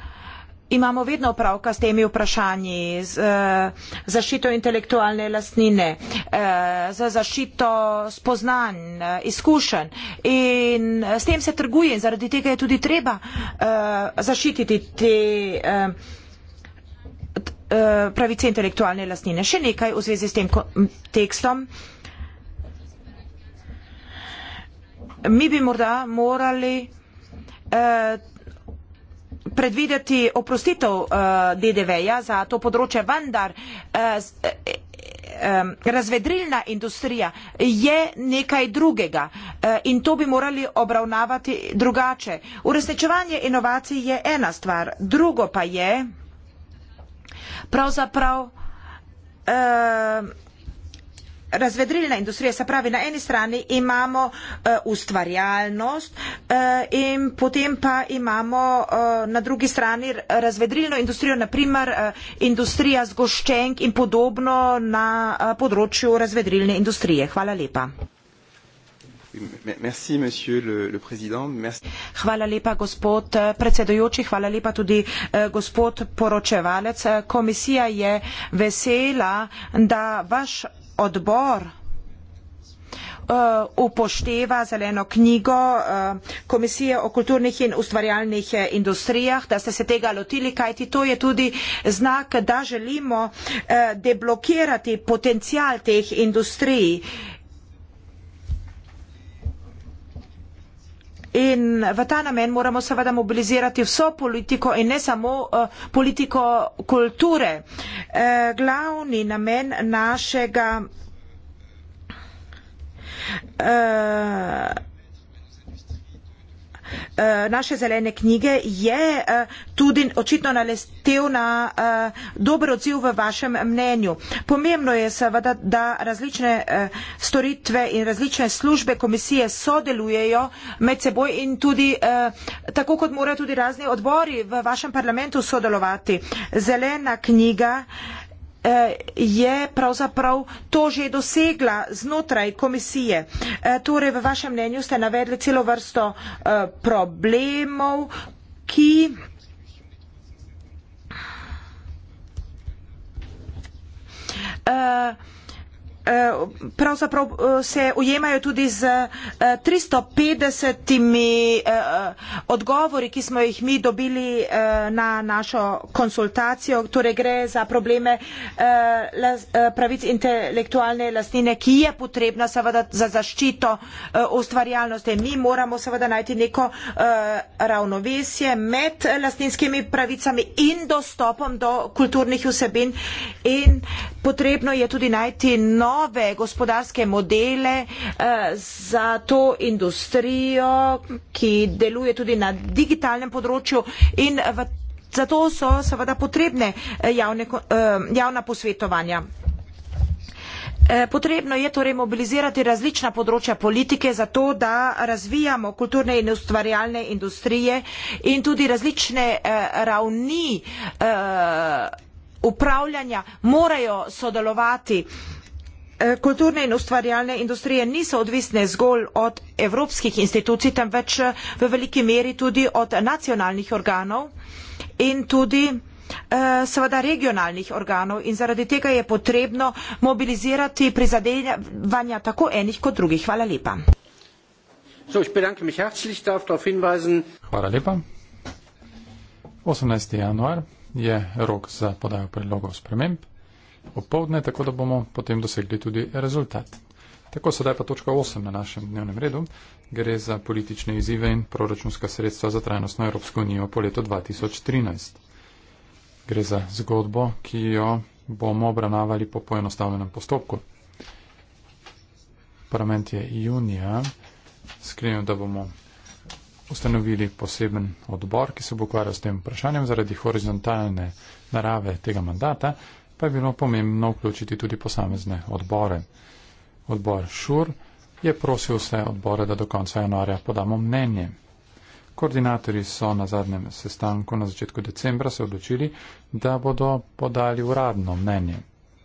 imamo vedno opravka s temi vprašanji, z eh, zaščito intelektualne lastnine, eh, z zaščito spoznanj, eh, izkušenj in s tem se trguje in zaradi tega je tudi treba zaščititi te pravice intelektualne lastnine. Še nekaj v zvezi s tem tekstom. Mi bi morda morali predvideti oprostitev uh, eh, DDV-ja za to področje, vendar uh, um, razvedrilna industrija je nekaj drugega uh, in to bi morali obravnavati drugače. Uresničevanje inovacij je ena stvar, drugo pa je pravzaprav uh, razvedrilna industrija, se pravi, na eni strani imamo uh, ustvarjalnost uh, in potem pa imamo uh, na drugi strani razvedrilno industrijo, naprimer uh, industrija zgoščenk in podobno na uh, področju razvedrilne industrije. Hvala lepa. Merci, le, le Merci. Hvala lepa, gospod predsedojoči, hvala lepa tudi gospod poročevalec. Komisija je vesela, da vaš odbor eh, upošteva zeleno knjigo eh, Komisije o kulturnih in ustvarjalnih eh, industrijah, da ste se tega lotili, kajti to je tudi znak, da želimo deblokirati potencial teh industrij. In v ta namen moramo seveda mobilizirati vso politiko in ne samo uh, politiko kulture. Uh, glavni namen našega. Uh, Eh, naše zelene knjige je eh, tudi očitno nalestev na eh, dober odziv v vašem mnenju. Pomembno je seveda, da različne storitve in različne službe komisije sodelujejo med seboj in tudi tako kot morajo tudi razni odbori v vašem parlamentu sodelovati. Zelena knjiga Eh, je pravzaprav to že dosegla znotraj komisije. Eh, torej, v vašem mnenju ste navedli celo vrsto eh, problemov, ki. Uh, Eh, pravzaprav eh, se ujemajo tudi z 350 eh, odgovori, ki smo jih mi dobili na našo konsultacijo, torej gre za probleme pravic intelektualne lastnine, ki je potrebna seveda za zaščito ustvarjalnosti. Mi moramo seveda najti neko ravnovesje med lastninskimi pravicami in dostopom do kulturnih vsebin in potrebno je tudi najti nov nove gospodarske modele eh, za to industrijo, ki deluje tudi na digitalnem področju in zato so seveda potrebne eh, javne, eh, javna posvetovanja. Potrebno je torej mobilizirati različna področja politike za to, da razvijamo kulturne in ustvarjalne industrije in tudi različne ravni upravljanja morajo sodelovati. Eh, kulturne in ustvarjalne industrije niso odvisne zgolj od evropskih institucij, temveč eh, v veliki meri tudi od nacionalnih organov in tudi eh, seveda regionalnih organov in zaradi tega je potrebno mobilizirati prizadevanja tako enih kot drugih. Hvala lepa. So, Hvala lepa. 18. januar je rok za podajo predlogov sprememb opovdne, tako da bomo potem dosegli tudi rezultat. Tako sedaj pa točka 8 na našem dnevnem redu. Gre za politične izzive in proračunska sredstva za trajnostno Evropsko unijo po letu 2013. Gre za zgodbo, ki jo bomo obravnavali po poenostavljenem postopku. Parlament je junija sklenil, da bomo ustanovili poseben odbor, ki se bo ukvarjal s tem vprašanjem zaradi horizontalne narave tega mandata pa je bilo pomembno vključiti tudi posamezne odbore. Odbor ŠUR je prosil vse odbore, da do konca januarja podamo mnenje. Koordinatorji so na zadnjem sestanku na začetku decembra se odločili, da bodo podali uradno mnenje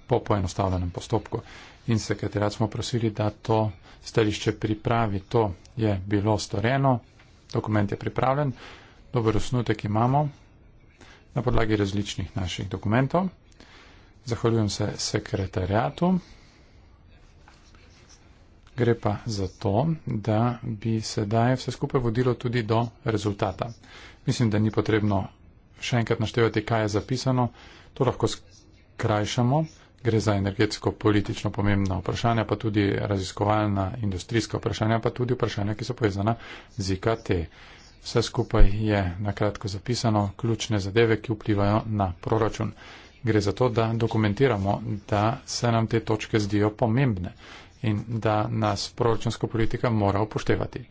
po poenostavljenem postopku in sekretarjat smo prosili, da to stališče pripravi. To je bilo storjeno, dokument je pripravljen, dober osnutek imamo na podlagi različnih naših dokumentov. Zahvaljujem se sekretarjatu. Gre pa za to, da bi sedaj vse skupaj vodilo tudi do rezultata. Mislim, da ni potrebno še enkrat naštevati, kaj je zapisano. To lahko skrajšamo. Gre za energetsko politično pomembna vprašanja, pa tudi raziskovalna industrijska vprašanja, pa tudi vprašanja, ki so povezana z IKT. Vse skupaj je nakratko zapisano ključne zadeve, ki vplivajo na proračun gre za to, da dokumentiramo, da se nam te točke zdijo pomembne in da nas proračunska politika mora upoštevati.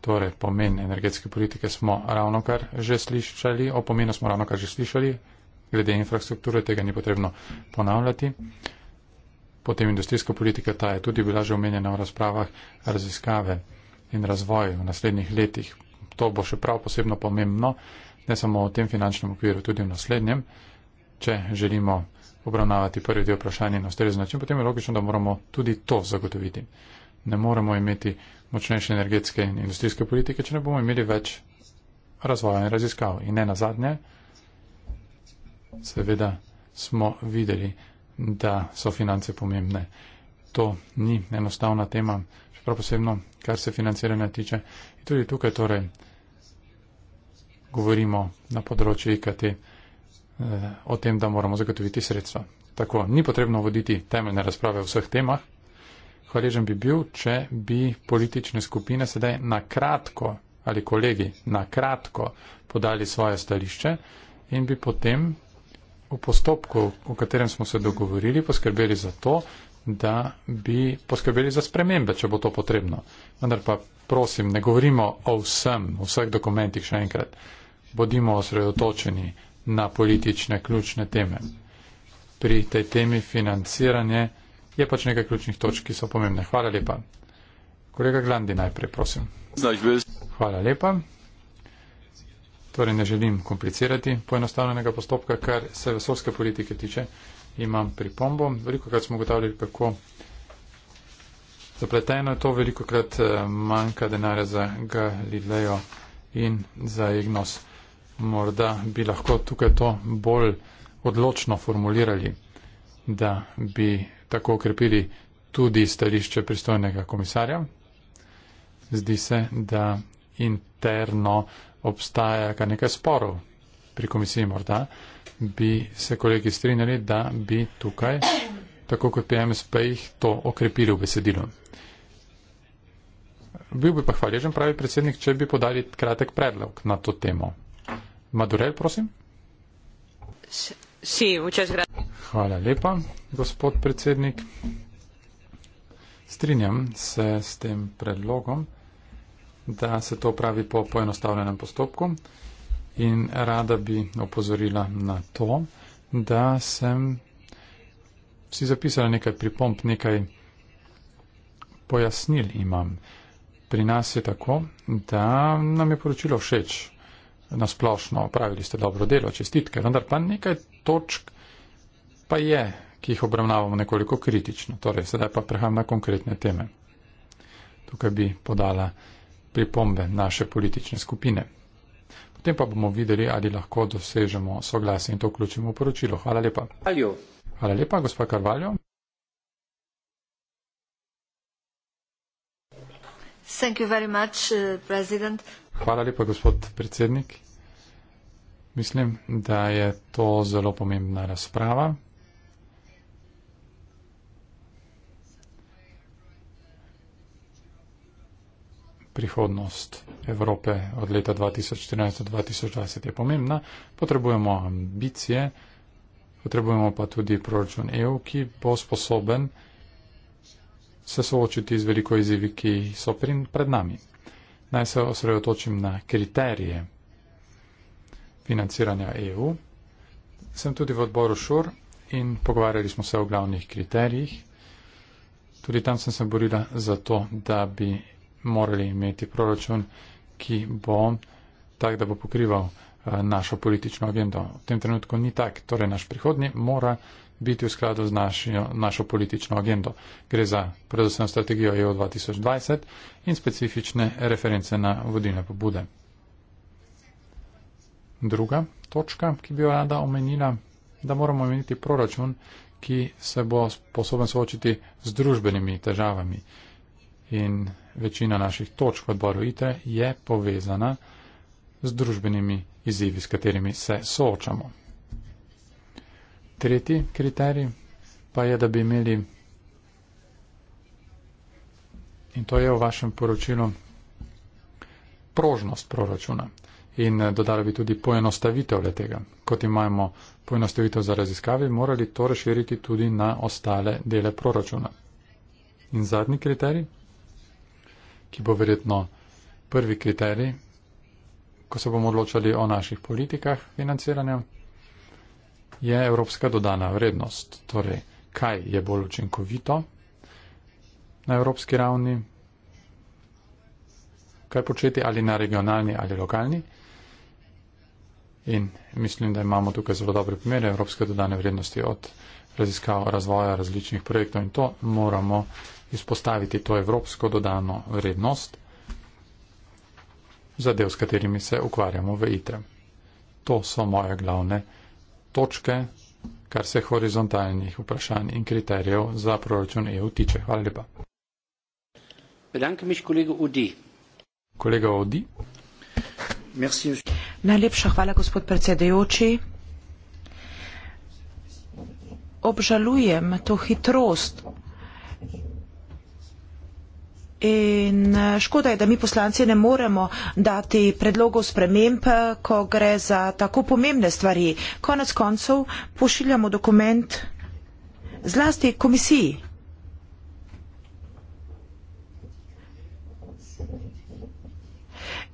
Torej, pomen energetske politike smo ravno kar že slišali, o pomenu smo ravno kar že slišali, glede infrastrukture tega ni potrebno ponavljati. Potem industrijska politika, ta je tudi bila že omenjena v razpravah raziskave in razvoj v naslednjih letih. To bo še prav posebno pomembno, ne samo v tem finančnem okviru, tudi v naslednjem če želimo obravnavati prvi del vprašanja na ustrezen način, potem je logično, da moramo tudi to zagotoviti. Ne moremo imeti močnejše energetske in industrijske politike, če ne bomo imeli več razvoja in raziskav. In ne na zadnje, seveda smo videli, da so finance pomembne. To ni enostavna tema, še prav posebno, kar se financiranja tiče. In tudi tukaj torej govorimo na področju IKT. Eh, o tem, da moramo zagotoviti sredstva. Tako, ni potrebno voditi temeljne razprave o vseh temah. Hvaležen bi bil, če bi politične skupine sedaj na kratko ali kolegi na kratko podali svoje stališče in bi potem v postopku, v katerem smo se dogovorili, poskrbeli za to, da bi poskrbeli za spremembe, če bo to potrebno. Vendar pa prosim, ne govorimo o vsem, o vseh dokumentih še enkrat. Bodimo osredotočeni na politične ključne teme. Pri tej temi financiranje je pač nekaj ključnih točk, ki so pomembne. Hvala lepa. Kolega Glandi najprej, prosim. Hvala lepa. Torej ne želim komplicirati poenostavljenega postopka, kar se vesolske politike tiče. Imam pripombo. Veliko krat smo ugotavljali, kako zapleteno je to, veliko krat eh, manjka denarja za Galilejo in za Ignos morda bi lahko tukaj to bolj odločno formulirali, da bi tako okrepili tudi stališče pristojnega komisarja. Zdi se, da interno obstaja kar nekaj sporov pri komisiji morda, bi se kolegi strinjali, da bi tukaj, tako kot PMS, pa jih to okrepili v besedilu. Bil bi pa hvaležen, pravi predsednik, če bi podali kratek predlog na to temo. Madurel, prosim. Si, Hvala lepa, gospod predsednik. Strinjam se s tem predlogom, da se to pravi po poenostavljenem postopku in rada bi opozorila na to, da sem si zapisala nekaj pripomp, nekaj pojasnil imam. Pri nas je tako, da nam je poročilo všeč nasplošno opravili ste dobro delo, čestitke, vendar pa nekaj točk pa je, ki jih obravnavamo nekoliko kritično. Torej, sedaj pa preham na konkretne teme. Tukaj bi podala pripombe naše politične skupine. Potem pa bomo videli, ali lahko dosežemo soglasje in to vključimo v poročilo. Hvala lepa. Aljo. Hvala lepa, gospa Karvaljo. Thank you very much, uh, President. Hvala lepa, gospod predsednik. Mislim, da je to zelo pomembna razprava. Prihodnost Evrope od leta 2014 do 2020 je pomembna. Potrebujemo ambicije, potrebujemo pa tudi proračun EU, ki bo sposoben se soočiti z veliko izzivi, ki so pred nami. Naj se osredotočim na kriterije financiranja EU. Sem tudi v odboru ŠUR in pogovarjali smo se o glavnih kriterijih. Tudi tam sem se borila za to, da bi morali imeti proračun, ki bo tak, da bo pokrival eh, našo politično agendo. V tem trenutku ni tak, torej naš prihodnji mora biti v skladu z našo, našo politično agendo. Gre za predvsem strategijo EU 2020 in specifične reference na vodilne pobude. Druga točka, ki bi jo rada omenila, da moramo omeniti proračun, ki se bo sposoben soočiti z družbenimi težavami. In večina naših točk v odboru ITE je povezana z družbenimi izzivi, s katerimi se soočamo. Tretji kriterij pa je, da bi imeli, in to je v vašem poročilu, prožnost proračuna. In eh, dodali bi tudi poenostavitev le tega. Kot imamo poenostavitev za raziskave, morali to razširiti tudi na ostale dele proračuna. In zadnji kriterij, ki bo verjetno prvi kriterij, ko se bomo odločali o naših politikah financiranja, je evropska dodana vrednost. Torej, kaj je bolj učinkovito na evropski ravni, kaj početi ali na regionalni ali lokalni. In mislim, da imamo tukaj zelo dobre primere evropske dodane vrednosti od raziskav razvoja različnih projektov in to moramo izpostaviti, to evropsko dodano vrednost za del, s katerimi se ukvarjamo v ITREM. To so moje glavne točke, kar se horizontalnih vprašanj in kriterijev za proračun EU tiče. Hvala lepa. Kolega Odi. Najlepša hvala, gospod predsedujoči. Obžalujem to hitrost, In eh, škoda je, da mi poslanci ne moremo dati predlogov sprememb, eh, ko gre za tako pomembne stvari. Konec koncev pošiljamo dokument zlasti komisiji.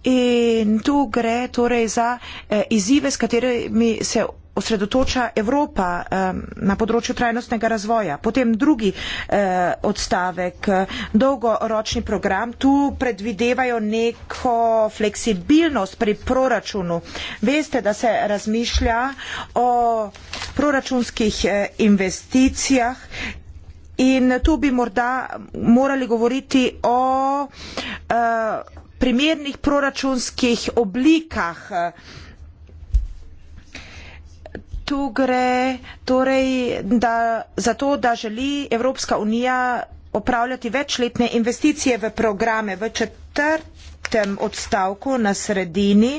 In tu gre torej za eh, izzive, s katerimi se osredotoča Evropa na področju trajnostnega razvoja. Potem drugi eh, odstavek, dolgoročni program, tu predvidevajo neko fleksibilnost pri proračunu. Veste, da se razmišlja o proračunskih eh, investicijah. In tu bi morda morali govoriti o uh, primernih proračunskih oblikah. Uh, tu gre torej da, za to, da želi Evropska unija opravljati večletne investicije v programe. V četrtem odstavku na sredini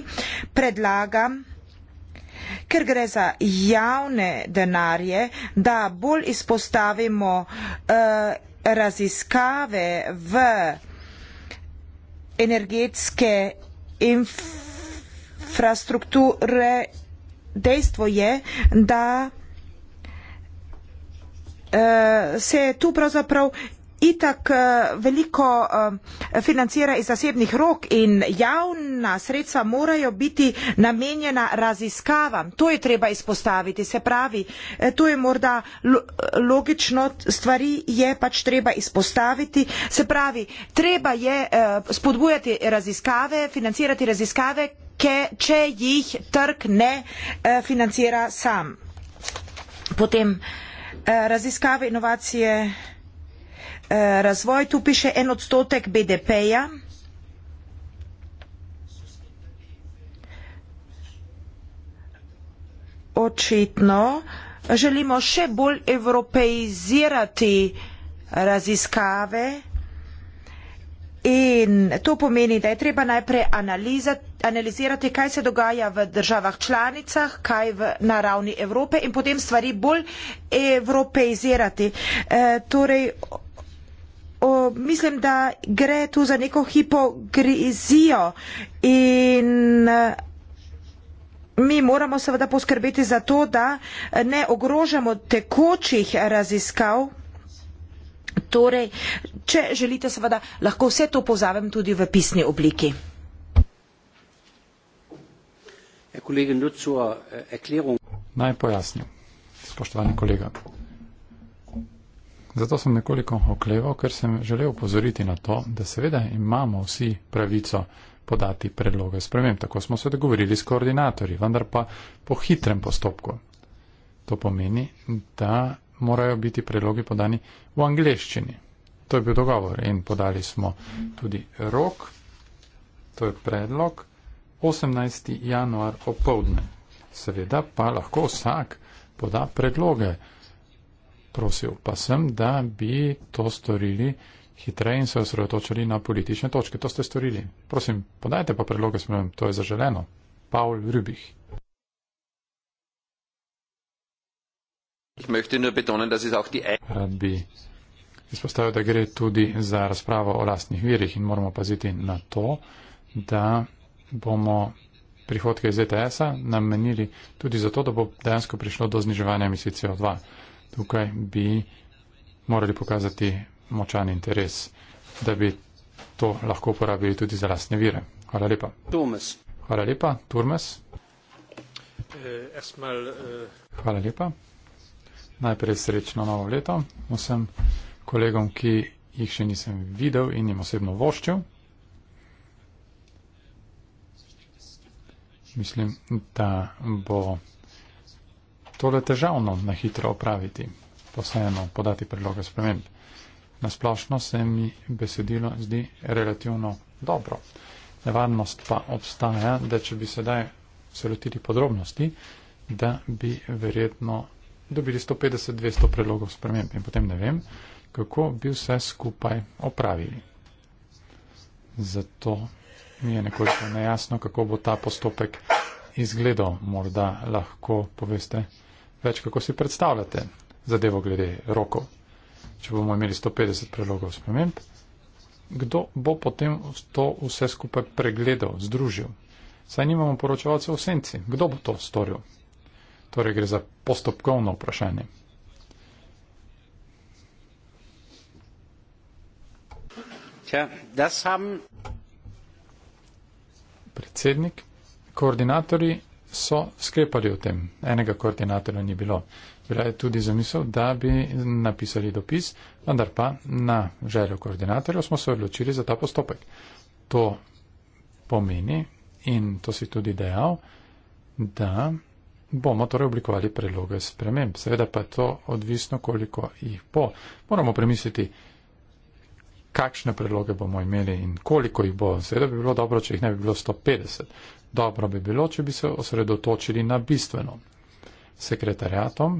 predlagam, ker gre za javne denarje, da bolj izpostavimo uh, raziskave v energetske infrastrukture dejstvo je, da uh, se je tu pravzaprav itak eh, veliko eh, financira iz zasebnih rok in javna sredstva morajo biti namenjena raziskavam. To je treba izpostaviti. Se pravi, eh, to je morda logično, stvari je pač treba izpostaviti. Se pravi, treba je spodbujati raziskave, financirati raziskave, če jih trg ne financira sam. Potem raziskave, inovacije. Eh, razvoj, tu piše en odstotek BDP-ja. Očitno želimo še bolj evropeizirati raziskave in to pomeni, da je treba najprej analizirati, kaj se dogaja v državah članicah, kaj v naravni Evrope in potem stvari bolj evropeizirati. Eh, torej, o, mislim, da gre tu za neko hipogrizijo in e, mi moramo seveda poskrbeti za to, da ne ogrožamo tekočih raziskav. Torej, če želite, seveda lahko vse to pozavem tudi v pisni obliki. Äh, Naj pojasnim, spoštovani kolega. Zato sem nekoliko okleval, ker sem želel upozoriti na to, da seveda imamo vsi pravico podati predloge sprememb. Tako smo se dogovorili s koordinatorji, vendar pa po hitrem postopku. To pomeni, da morajo biti predlogi podani v angleščini. To je bil dogovor in podali smo tudi rok, to je predlog, 18. januar opovdne. Seveda pa lahko vsak poda predloge prosil pa sem, da bi to storili hitreje in se osredotočili na politične točke. To ste storili. Prosim, podajte pa predloge, smem, to je zaželeno. Paul Rübih. Rad bi izpostavil, da gre tudi za razpravo o lastnih virih in moramo paziti na to, da bomo prihodke iz ETS-a namenili tudi za to, da bo dejansko prišlo do zniževanja emisij CO2 tukaj bi morali pokazati močan interes, da bi to lahko uporabili tudi za lastne vire. Hvala lepa. Turmes. Hvala lepa, Turmes. Eh, eh. Hvala lepa. Najprej srečno novo leto vsem kolegom, ki jih še nisem videl in jim osebno voščil. Mislim, da bo tole težavno na hitro opraviti, pa vseeno podati predloge sprememb. Nasplošno se mi besedilo zdi relativno dobro. Nevarnost pa obstaja, da če bi sedaj se lotili podrobnosti, da bi verjetno dobili 150-200 predlogov sprememb in potem ne vem, kako bi vse skupaj opravili. Zato mi je nekoliko nejasno, kako bo ta postopek izgledal, morda lahko poveste več, kako si predstavljate zadevo glede rokov. Če bomo imeli 150 predlogov sprememb, kdo bo potem to vse skupaj pregledal, združil? Saj nimamo poročevalce v senci. Kdo bo to storil? Torej gre za postopkovno vprašanje. Ja, das haben... Predsednik, koordinatorji so sklepali o tem. Enega koordinatorja ni bilo. Bila je tudi zamisel, da bi napisali dopis, vendar pa na željo koordinatorjev smo se odločili za ta postopek. To pomeni in to si tudi dejal, da bomo torej oblikovali predloge sprememb. Seveda pa je to odvisno, koliko jih bo. Moramo premisliti, kakšne predloge bomo imeli in koliko jih bo. Seveda bi bilo dobro, če jih ne bi bilo 150, Dobro bi bilo, če bi se osredotočili na bistveno. Sekretarjatom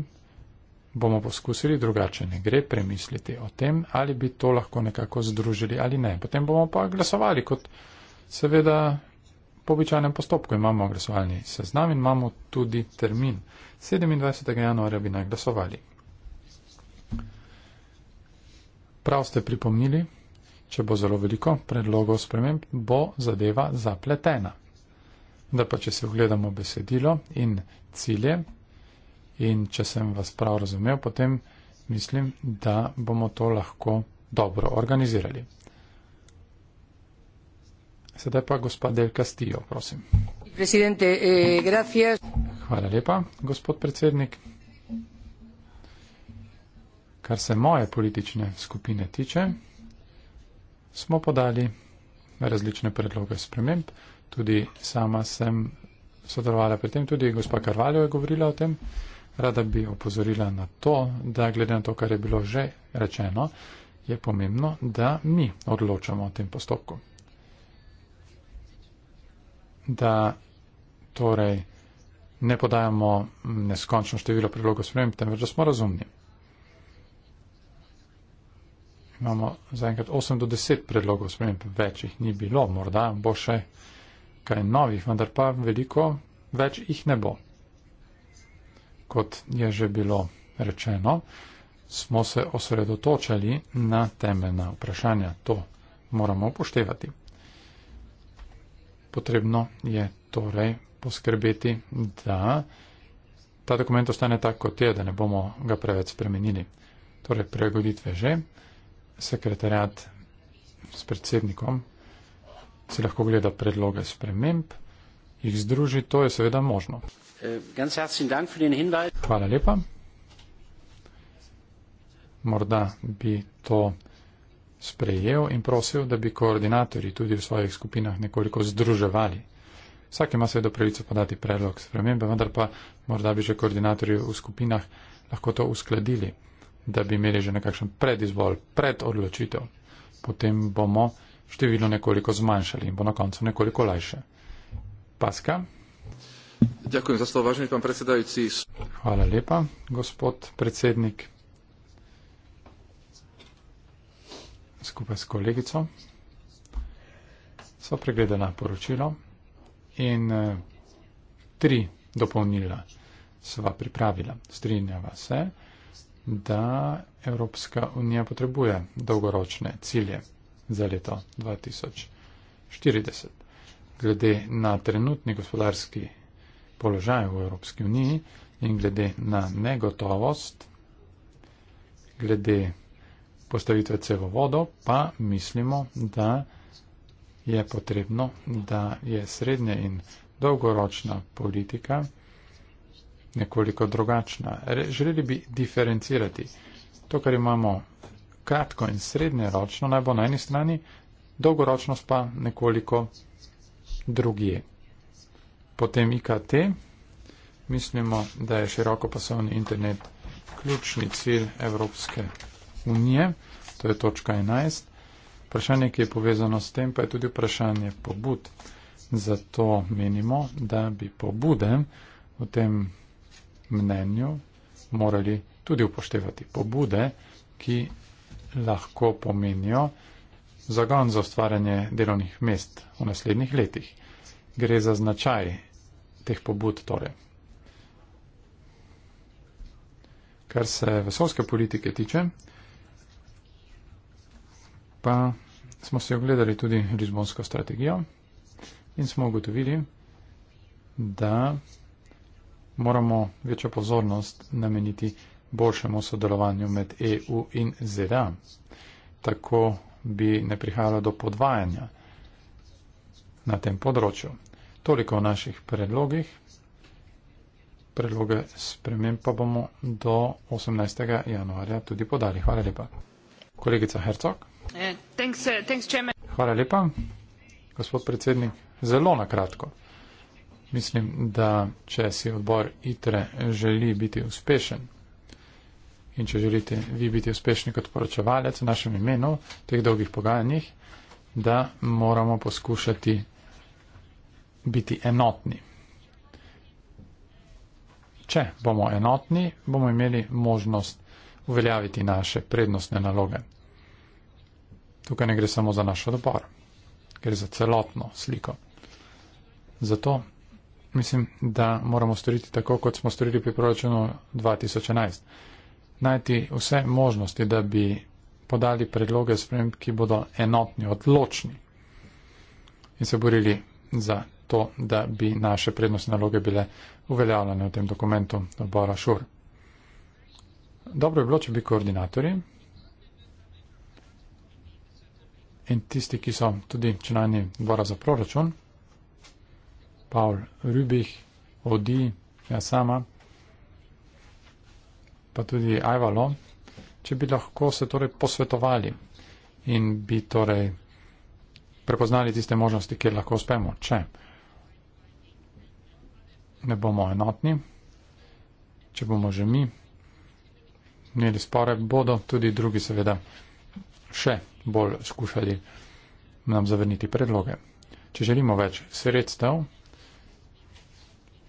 bomo poskusili drugače ne gre premisliti o tem, ali bi to lahko nekako združili ali ne. Potem bomo pa glasovali kot seveda po običajnem postopku. Imamo glasovalni seznam in imamo tudi termin. 27. januarja bi naj glasovali. Prav ste pripomnili, če bo zelo veliko predlogov sprememb, bo zadeva zapletena da pa če se ogledamo besedilo in cilje in če sem vas prav razumel, potem mislim, da bomo to lahko dobro organizirali. Sedaj pa gospa Del Castillo, prosim. Eh, Hvala lepa, gospod predsednik. Kar se moje politične skupine tiče, smo podali različne predloge sprememb tudi sama sem sodelovala pri tem, tudi gospa Karvaljo je govorila o tem. Rada bi opozorila na to, da glede na to, kar je bilo že rečeno, je pomembno, da mi odločamo o tem postopku. Da torej ne podajamo neskončno število prilogov sprememb, temveč da smo razumni. Imamo zaenkrat 8 do 10 predlogov sprememb, večjih ni bilo, morda bo še kaj novih, vendar pa veliko več jih ne bo. Kot je že bilo rečeno, smo se osredotočali na temeljna vprašanja. To moramo upoštevati. Potrebno je torej poskrbeti, da ta dokument ostane tak, kot je, da ne bomo ga preveč spremenili. Torej, prilagoditve že, sekretariat s predsednikom se lahko gleda predloge sprememb, jih združi, to je seveda možno. Eh, Hvala lepa. Morda bi to sprejel in prosil, da bi koordinatori tudi v svojih skupinah nekoliko združevali. Vsak ima seveda pravico podati predlog spremembe, vendar pa morda bi že koordinatorji v skupinah lahko to uskladili, da bi imeli že nekakšen predizvol, predodločitev. Potem bomo število nekoliko zmanjšali in bo na koncu nekoliko lažje. Paska. Ďakujem za slovo, vážený pán predsedajúci. Hvala lepa, gospod predsednik. Skupaj s kolegico so pregledala poročilo in eh, tri dopolnila sva pripravila. Strinjava se, da Evropska unija potrebuje dolgoročne cilje za leto 2040. Glede na trenutni gospodarski položaj v Evropski uniji in glede na negotovost, glede postavitve cevovodo, pa mislimo, da je potrebno, da je srednja in dolgoročna politika nekoliko drugačna. Re, želeli bi diferencirati to, kar imamo kratko in srednje ročno naj bo na eni strani, dolgoročnost pa nekoliko drugje. Potem IKT, mislimo, da je širokopasovni internet ključni cilj Evropske unije, to je točka 11. Vprašanje, ki je povezano s tem, pa je tudi vprašanje pobud. Zato menimo, da bi pobude v tem mnenju morali tudi upoštevati. Pobude, ki lahko pomenijo zagon za ustvarjanje delovnih mest v naslednjih letih. Gre za značaj teh pobud torej. Kar se vesolske politike tiče, pa smo si ogledali tudi Lizbonsko strategijo in smo ugotovili, da moramo večjo pozornost nameniti boljšemu sodelovanju med EU in ZDA. Tako bi ne prihajalo do podvajanja na tem področju. Toliko o naših predlogih. Predloge spremem pa bomo do 18. januarja tudi podali. Hvala lepa. Kolegica Hercog. Eh, eh, Hvala lepa, gospod predsednik. Zelo na kratko. Mislim, da če si odbor ITRE želi biti uspešen, in če želite vi biti uspešni kot poročevalec v našem imenu, teh dolgih pogajanjih, da moramo poskušati biti enotni. Če bomo enotni, bomo imeli možnost uveljaviti naše prednostne naloge. Tukaj ne gre samo za naš odbor, gre za celotno sliko. Zato mislim, da moramo storiti tako, kot smo storili pri proračunu 2011 najti vse možnosti, da bi podali predloge sprem, ki bodo enotni, odločni in se borili za to, da bi naše prednostne naloge bile uveljavljene v tem dokumentu odbora ŠUR. Dobro je bilo, če bi koordinatorji in tisti, ki so tudi članji odbora za proračun, Paul Rübih, Odi, jaz sama, pa tudi Ajvalo, če bi lahko se torej posvetovali in bi torej prepoznali tiste možnosti, kjer lahko uspemo. Če ne bomo enotni, če bomo že mi imeli spore, bodo tudi drugi seveda še bolj skušali nam zavrniti predloge. Če želimo več sredstev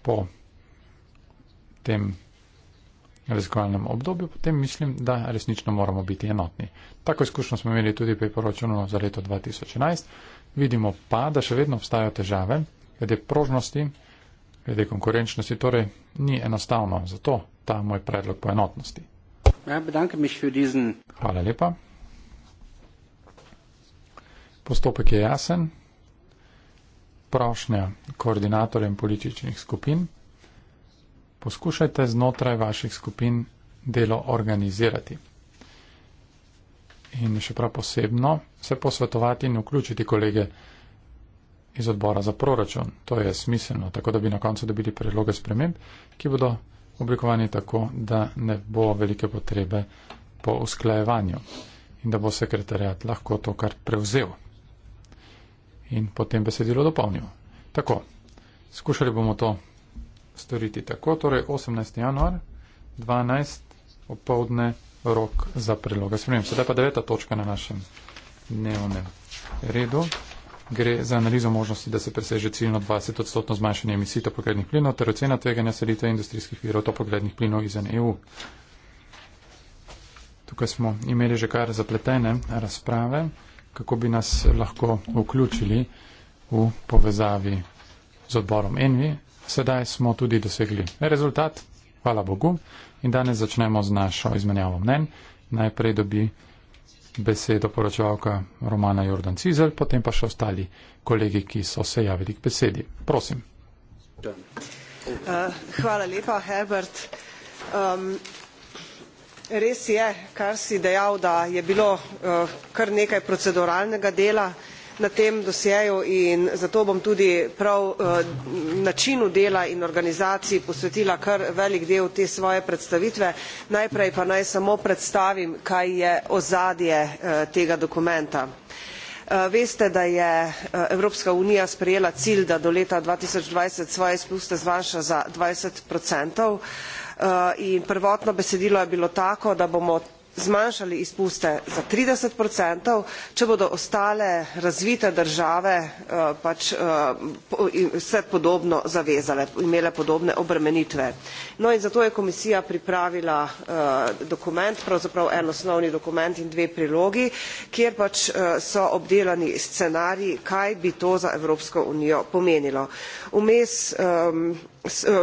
po tem raziskovalnem obdobju, potem mislim, da resnično moramo biti enotni. Tako izkušnjo smo imeli tudi pri poročunu za leto 2011. Vidimo pa, da še vedno obstajajo težave glede prožnosti, glede konkurenčnosti, torej ni enostavno. Zato ta moj predlog po enotnosti. Ja, Hvala lepa. Postopek je jasen. Prošnja koordinatorjem političnih skupin poskušajte znotraj vaših skupin delo organizirati. In še prav posebno se posvetovati in vključiti kolege iz odbora za proračun. To je smiselno, tako da bi na koncu dobili predloge sprememb, ki bodo oblikovani tako, da ne bo velike potrebe po usklajevanju in da bo sekretarjat lahko to kar prevzel in potem besedilo dopolnil. Tako, skušali bomo to storiti tako. Torej 18. januar, 12. opovdne rok za priloga. Spremem, sedaj pa deveta točka na našem dnevnem redu. Gre za analizo možnosti, da se preseže ciljno 20 odstotno zmanjšanje emisij topoglednih plinov ter ocena tveganja selitve industrijskih virov topoglednih plinov izven EU. Tukaj smo imeli že kar zapletene razprave, kako bi nas lahko vključili v povezavi z odborom Envi, Sedaj smo tudi dosegli rezultat, hvala Bogu, in danes začnemo z našo izmenjavo mnen. Najprej dobi besedo poročevalka Romana Jordan Cizel, potem pa še ostali kolegi, ki so se javili k besedi. Prosim. Uh, hvala lepa, Herbert. Um, res je, kar si dejal, da je bilo uh, kar nekaj proceduralnega dela na tem dosjeju in zato bom tudi prav eh, načinu dela in organizaciji posvetila kar velik del te svoje predstavitve. Najprej pa naj samo predstavim, kaj je ozadje eh, tega dokumenta. Eh, veste, da je Evropska unija sprejela cilj, da do leta 2020 svoje izpuste zvanjša za 20 odstotkov in prvotno besedilo je bilo tako, da bomo zmanjšali izpuste za trideset procent če bodo ostale razvite države eh, pač eh, se podobno zavezale imele podobne obremenitve no in zato je komisija pripravila eh, dokument pravzaprav en osnovni dokument in dve prilogi kjer pač so obdelani scenariji kaj bi to za evropsko unijo pomenilo vmes ehm,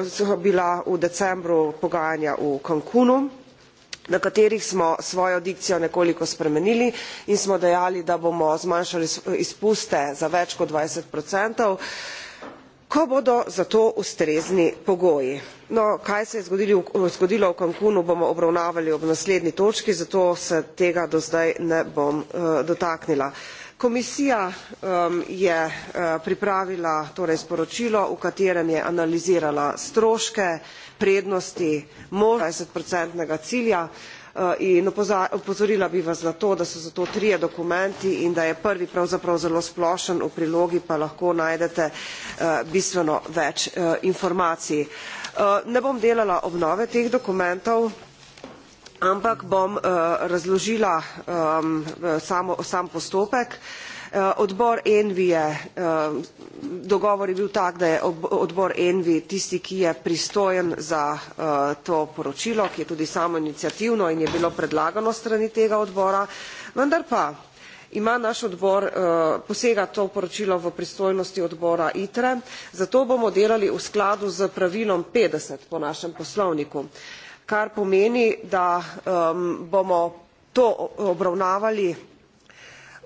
so bila v decembru pogajanja v cancunu na katerih smo svojo dikcijo nekoliko spremenili in smo dejali, da bomo zmanjšali izpuste za več kot 20 odstotkov, ko bodo za to ustrezni pogoji. No, kaj se je zgodilo v Cancunu, bomo obravnavali ob naslednji točki, zato se tega do zdaj ne bom uh, dotaknila komisija um, je uh, pripravila torej sporočilo v katerem je analizirala stroške prednosti dvajsetprocentnega cilja uh, in opozorila bi vas na to da so za to trije dokumenti in da je prvi pravzaprav zelo splošen v prilogi pa lahko najdete uh, bistveno več informacij. ne bom delala obnove teh dokumentov ampak bom eh, razložila samo, sam postopek. Eh, odbor Envi je, dogovor je bil tak, da je odbor Envi tisti, ki je pristojen za eh, to poročilo, ki je tudi samo inicijativno in je bilo predlagano strani tega odbora, vendar pa ima naš odbor, posega to poročilo v pristojnosti odbora ITRE, zato bomo delali v skladu z pravilom 50 po našem poslovniku kar pomeni, da um, bomo to obravnavali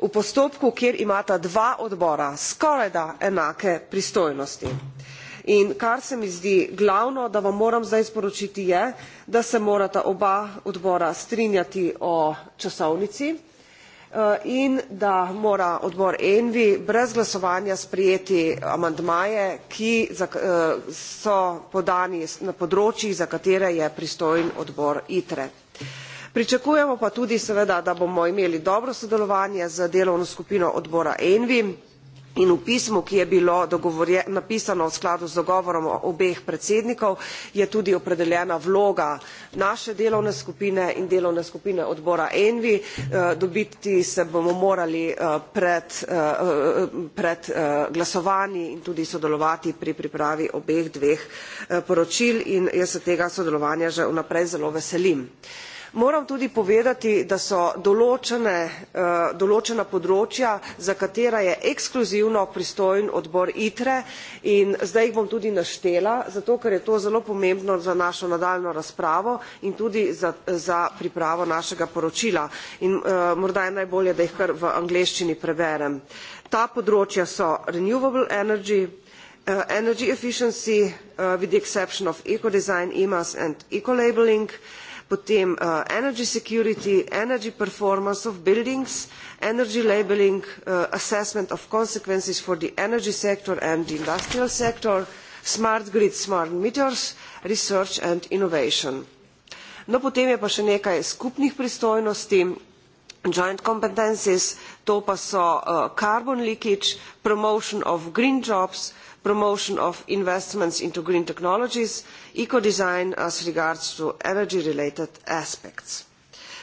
v postopku, kjer imata dva odbora skoraj da enake pristojnosti. In kar se mi zdi glavno, da vam moram zdaj sporočiti, je, da se morata oba odbora strinjati o časovnici, Eh, in da mora odbor Envi brez glasovanja sprejeti amandmaje, ki eh, so podani na področjih, za katere je pristojen odbor ITRE. Pričakujemo pa tudi seveda, da bomo imeli dobro sodelovanje z delovno skupino odbora Envi, In v pismu, ki je bilo napisano v skladu z dogovorom obeh predsednikov, je tudi opredeljena vloga naše delovne skupine in delovne skupine odbora Envi. Eh, dobiti se bomo morali eh, pred, eh, pred glasovanji in tudi sodelovati pri pripravi obeh dveh poročil in jaz se tega sodelovanja že vnaprej zelo veselim moram tudi povedati da so določene, eh, določena področja za katera je ekskluzivno pristojen odbor itre in zdaj jih bom tudi naštela zato ker je to zelo pomembno za našo nadaljnjo razpravo in tudi za, za pripravo našega poročila in eh, morda je najbolje da jih kar v angleščini preberem ta področja so renewable energy Uh, energy efficiency uh, with the exception of eco design, EMAS and eco labeling, uh, potem uh, energy security, energy performance of buildings, energy labeling, uh, assessment of consequences for the energy sector and the industrial sector, smart grid, smart meters, research and innovation. No, potem je pa še nekaj skupnih pristojnosti, joint competences, to pa so uh, carbon leakage, promotion of green jobs, promotion of investments into green technologies, eco design as regards to energy related aspects.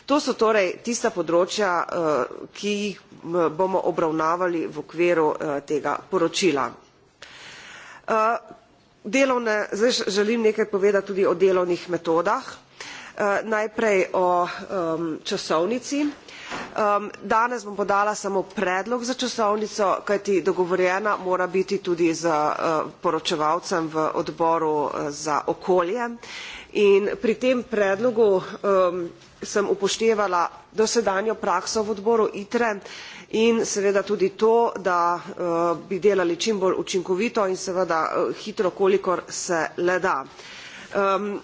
To so torej tista področja, eh, ki jih bomo obravnavali v okviru eh, tega poročila. Eh, delovne, zdaj želim nekaj povedati tudi o delovnih metodah. Najprej o časovnici. Um, danes bom podala samo predlog za časovnico, kajti dogovorjena mora biti tudi z uh, poročevalcem v odboru uh, za okolje. In pri tem predlogu um, sem upoštevala dosedanjo prakso v odboru ITRE in seveda tudi to, da uh, bi delali čim bolj učinkovito in seveda uh, hitro, kolikor se le da. Um,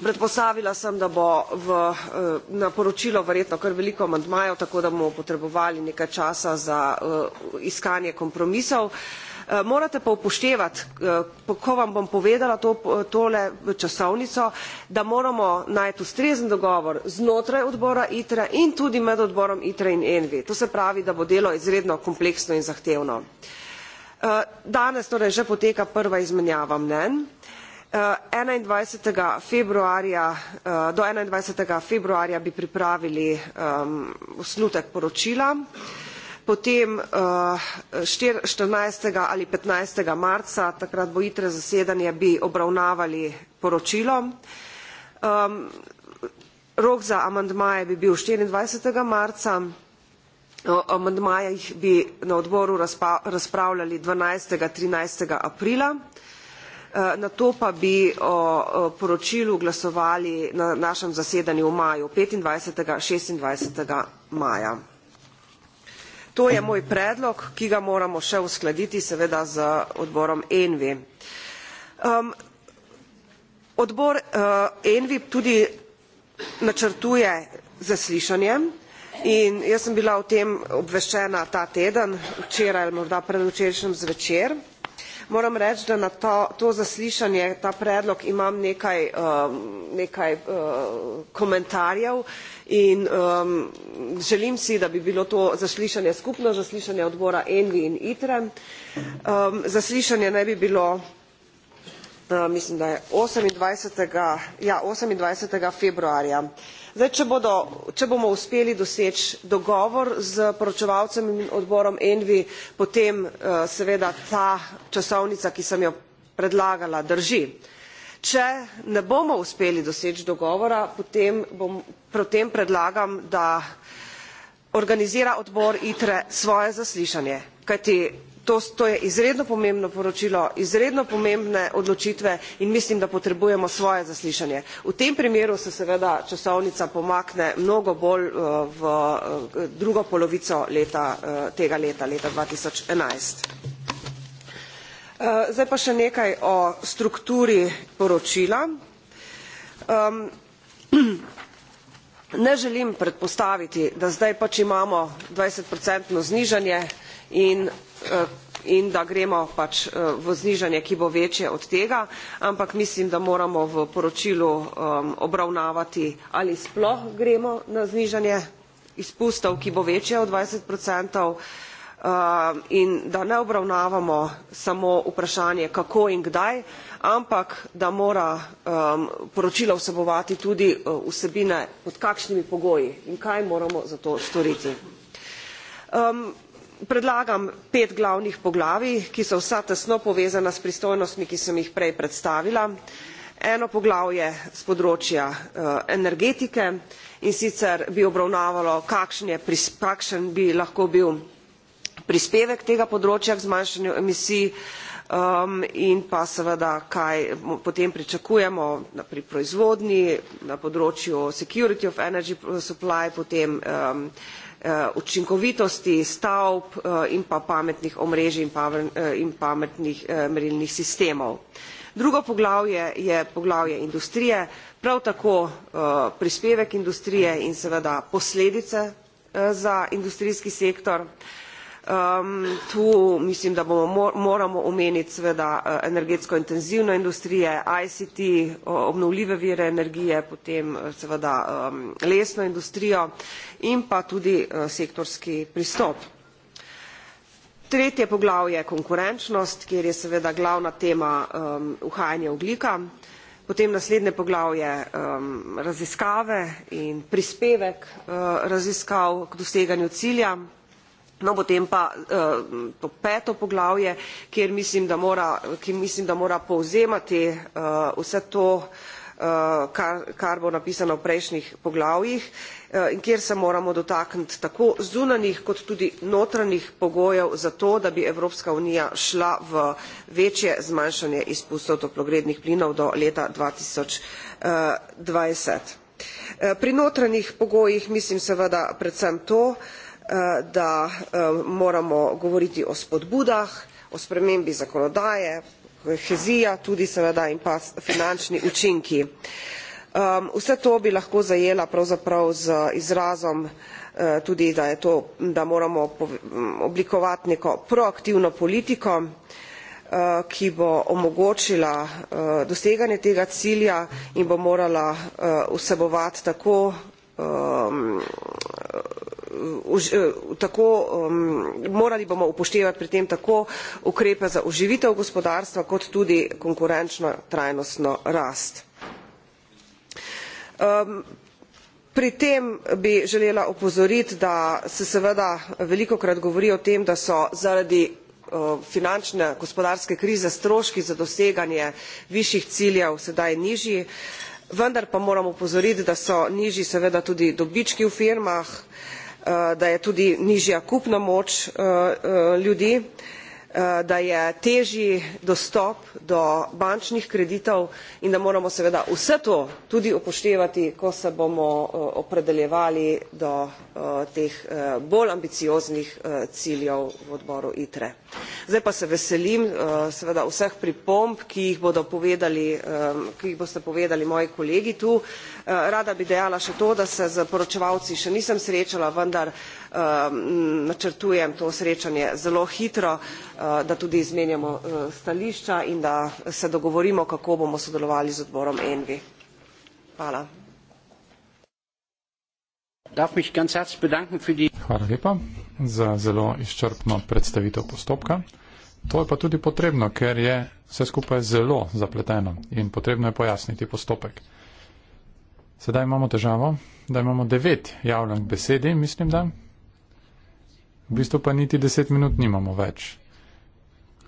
Predpostavila sem, da bo v, eh, na poročilo verjetno kar veliko amantmajev, tako da bomo potrebovali nekaj časa za eh, iskanje kompromisov. Eh, morate pa upoštevati, ko vam bom povedala to, tole časovnico, da moramo najti ustrezen dogovor znotraj odbora ITRE in tudi med odborom ITRE in ENVI. To se pravi, da bo delo izredno kompleksno in zahtevno. Danes torej že poteka prva izmenjava mnenj. Eh, enaindvajset februarja eh, do enaindvajset februarja bi pripravili ehm, osnutek poročila potem eh, štirinajst ali petnajst marca takrat bo itre zasedanje bi obravnavali poročilo ehm, rok za amandmaje bi bil štiriindvajset marca o amandmajih bi na odboru razpravljali dvanajst trinajst aprila Eh, na to pa bi o poročilu glasovali na našem zasedanju v maju 25. 26. maja. To je moj predlog, ki ga moramo še uskladiti seveda z odborom ENVI. Um, odbor uh, ENVI tudi načrtuje zaslišanje in jaz sem bila o tem obveščena ta teden, včeraj ali morda predvčerajšnjem zvečer moram reči, da na to, to zaslišanje, ta predlog imam nekaj, um, nekaj uh, komentarjev in um, želim si, da bi bilo to zaslišanje skupno, zaslišanje odbora Envi in ITRE. Um, zaslišanje ne bi bilo Uh, mislim, da je 28. Ja, 28. februarja. Uh, Zdaj, če, bodo, če bomo uspeli doseči dogovor z poročevalcem in odborom Envi, potem uh, seveda ta časovnica, ki sem jo predlagala, drži. Če ne bomo uspeli doseči dogovora, potem bom, potem predlagam, da organizira odbor ITRE svoje zaslišanje. Kajti To, to je izredno pomembno poročilo, izredno pomembne odločitve in mislim, da potrebujemo svoje zaslišanje. V tem primeru se seveda časovnica pomakne mnogo bolj uh, v uh, drugo polovico leta, uh, tega leta, leta 2011. Uh, zdaj pa še nekaj o strukturi poročila. Um, ne želim predpostaviti, da zdaj pač imamo 20% znižanje in Eh, in da gremo pač eh, v znižanje, ki bo večje od tega, ampak mislim, da moramo v poročilu obravnavati, ali sploh gremo na znižanje izpustov, ki bo večje od 20 eh, in da ne obravnavamo samo vprašanje, kako in kdaj, ampak da mora poročilo vsebovati tudi vsebine, pod kakšnimi pogoji in kaj moramo za to storiti predlagam pet glavnih poglavij, ki so vsa tesno povezana s pristojnostmi, ki sem jih prej predstavila. Eno poglavje z področja uh, energetike in sicer bi obravnavalo, kakšen, je, kakšen bi lahko bil prispevek tega področja k zmanjšanju emisij um, in pa seveda, kaj potem pričakujemo na, pri proizvodni, na področju security of energy supply, potem um, Eh, učinkovitosti stavb eh, in pa pametnih omrežij in eh, pametnih merilnih sistemov. Drugo poglavje je poglavje industrije, prav tako prispevek industrije in seveda posledice za industrijski sektor. Um, tu mislim, da bomo, moramo omeniti seveda eh, energetsko intenzivno industrije, ICT, obnovljive vire energije, potem eh, seveda um, lesno industrijo in pa tudi uh, sektorski pristop. Tretje poglavje je konkurenčnost, kjer je seveda glavna tema um, uhajanje oglika. Potem naslednje poglavje um, raziskave in prispevek uh, raziskav k doseganju cilja, No, potem pa eh, to peto poglavje, kjer mislim, da mora, ki mislim, da mora povzemati eh, vse to, eh, kar, kar bo napisano v prejšnjih poglavjih, in kjer se moramo dotakniti tako zunanih kot tudi notranjih pogojev za to, da bi Evropska unija šla v večje zmanjšanje izpustov toplogrednih plinov do leta 2020. Pri notranjih pogojih mislim seveda predvsem to, Eh, da eh, moramo govoriti o spodbudah, o spremembi zakonodaje, kohezija, tudi seveda in pa finančni učinki. Um, vse to bi lahko zajela pravzaprav z izrazom uh, tudi, da, je to, da moramo mm, oblikovati neko proaktivno politiko, uh, ki bo omogočila uh, doseganje tega cilja in bo morala uh, vsebovati tako um, tako, um, morali bomo upoštevati pri tem tako ukrepe za oživitev gospodarstva kot tudi konkurenčno trajnostno rast. Um, pri tem bi želela opozoriti, da se seveda veliko krat govori o tem, da so zaradi uh, finančne gospodarske krize stroški za doseganje višjih ciljev sedaj nižji, vendar pa moramo opozoriti, da so nižji seveda tudi dobički v firmah, Eh, da je tudi nižja kupna moč eh, eh, ljudi, da je težji dostop do bančnih kreditov in da moramo seveda vse to tudi upoštevati, ko se bomo opredeljevali do Eh, teh eh, bolj ambicioznih eh, ciljev v odboru ITRE. Zdaj pa se veselim seveda vseh pripomb, ki jih bodo povedali, ki jih boste povedali moji kolegi tu. Rada bi dejala še to, da se z poročevalci še nisem srečala, vendar načrtujem to srečanje zelo hitro, da tudi izmenjamo stališča in da se dogovorimo, kako bomo sodelovali z odborom ENVI. Hvala. Hvala lepa za zelo izčrpno predstavitev postopka. To je pa tudi potrebno, ker je vse skupaj zelo zapleteno in potrebno je pojasniti postopek. Sedaj imamo težavo, da imamo devet javljenih besedi, mislim da. V bistvu pa niti deset minut nimamo več.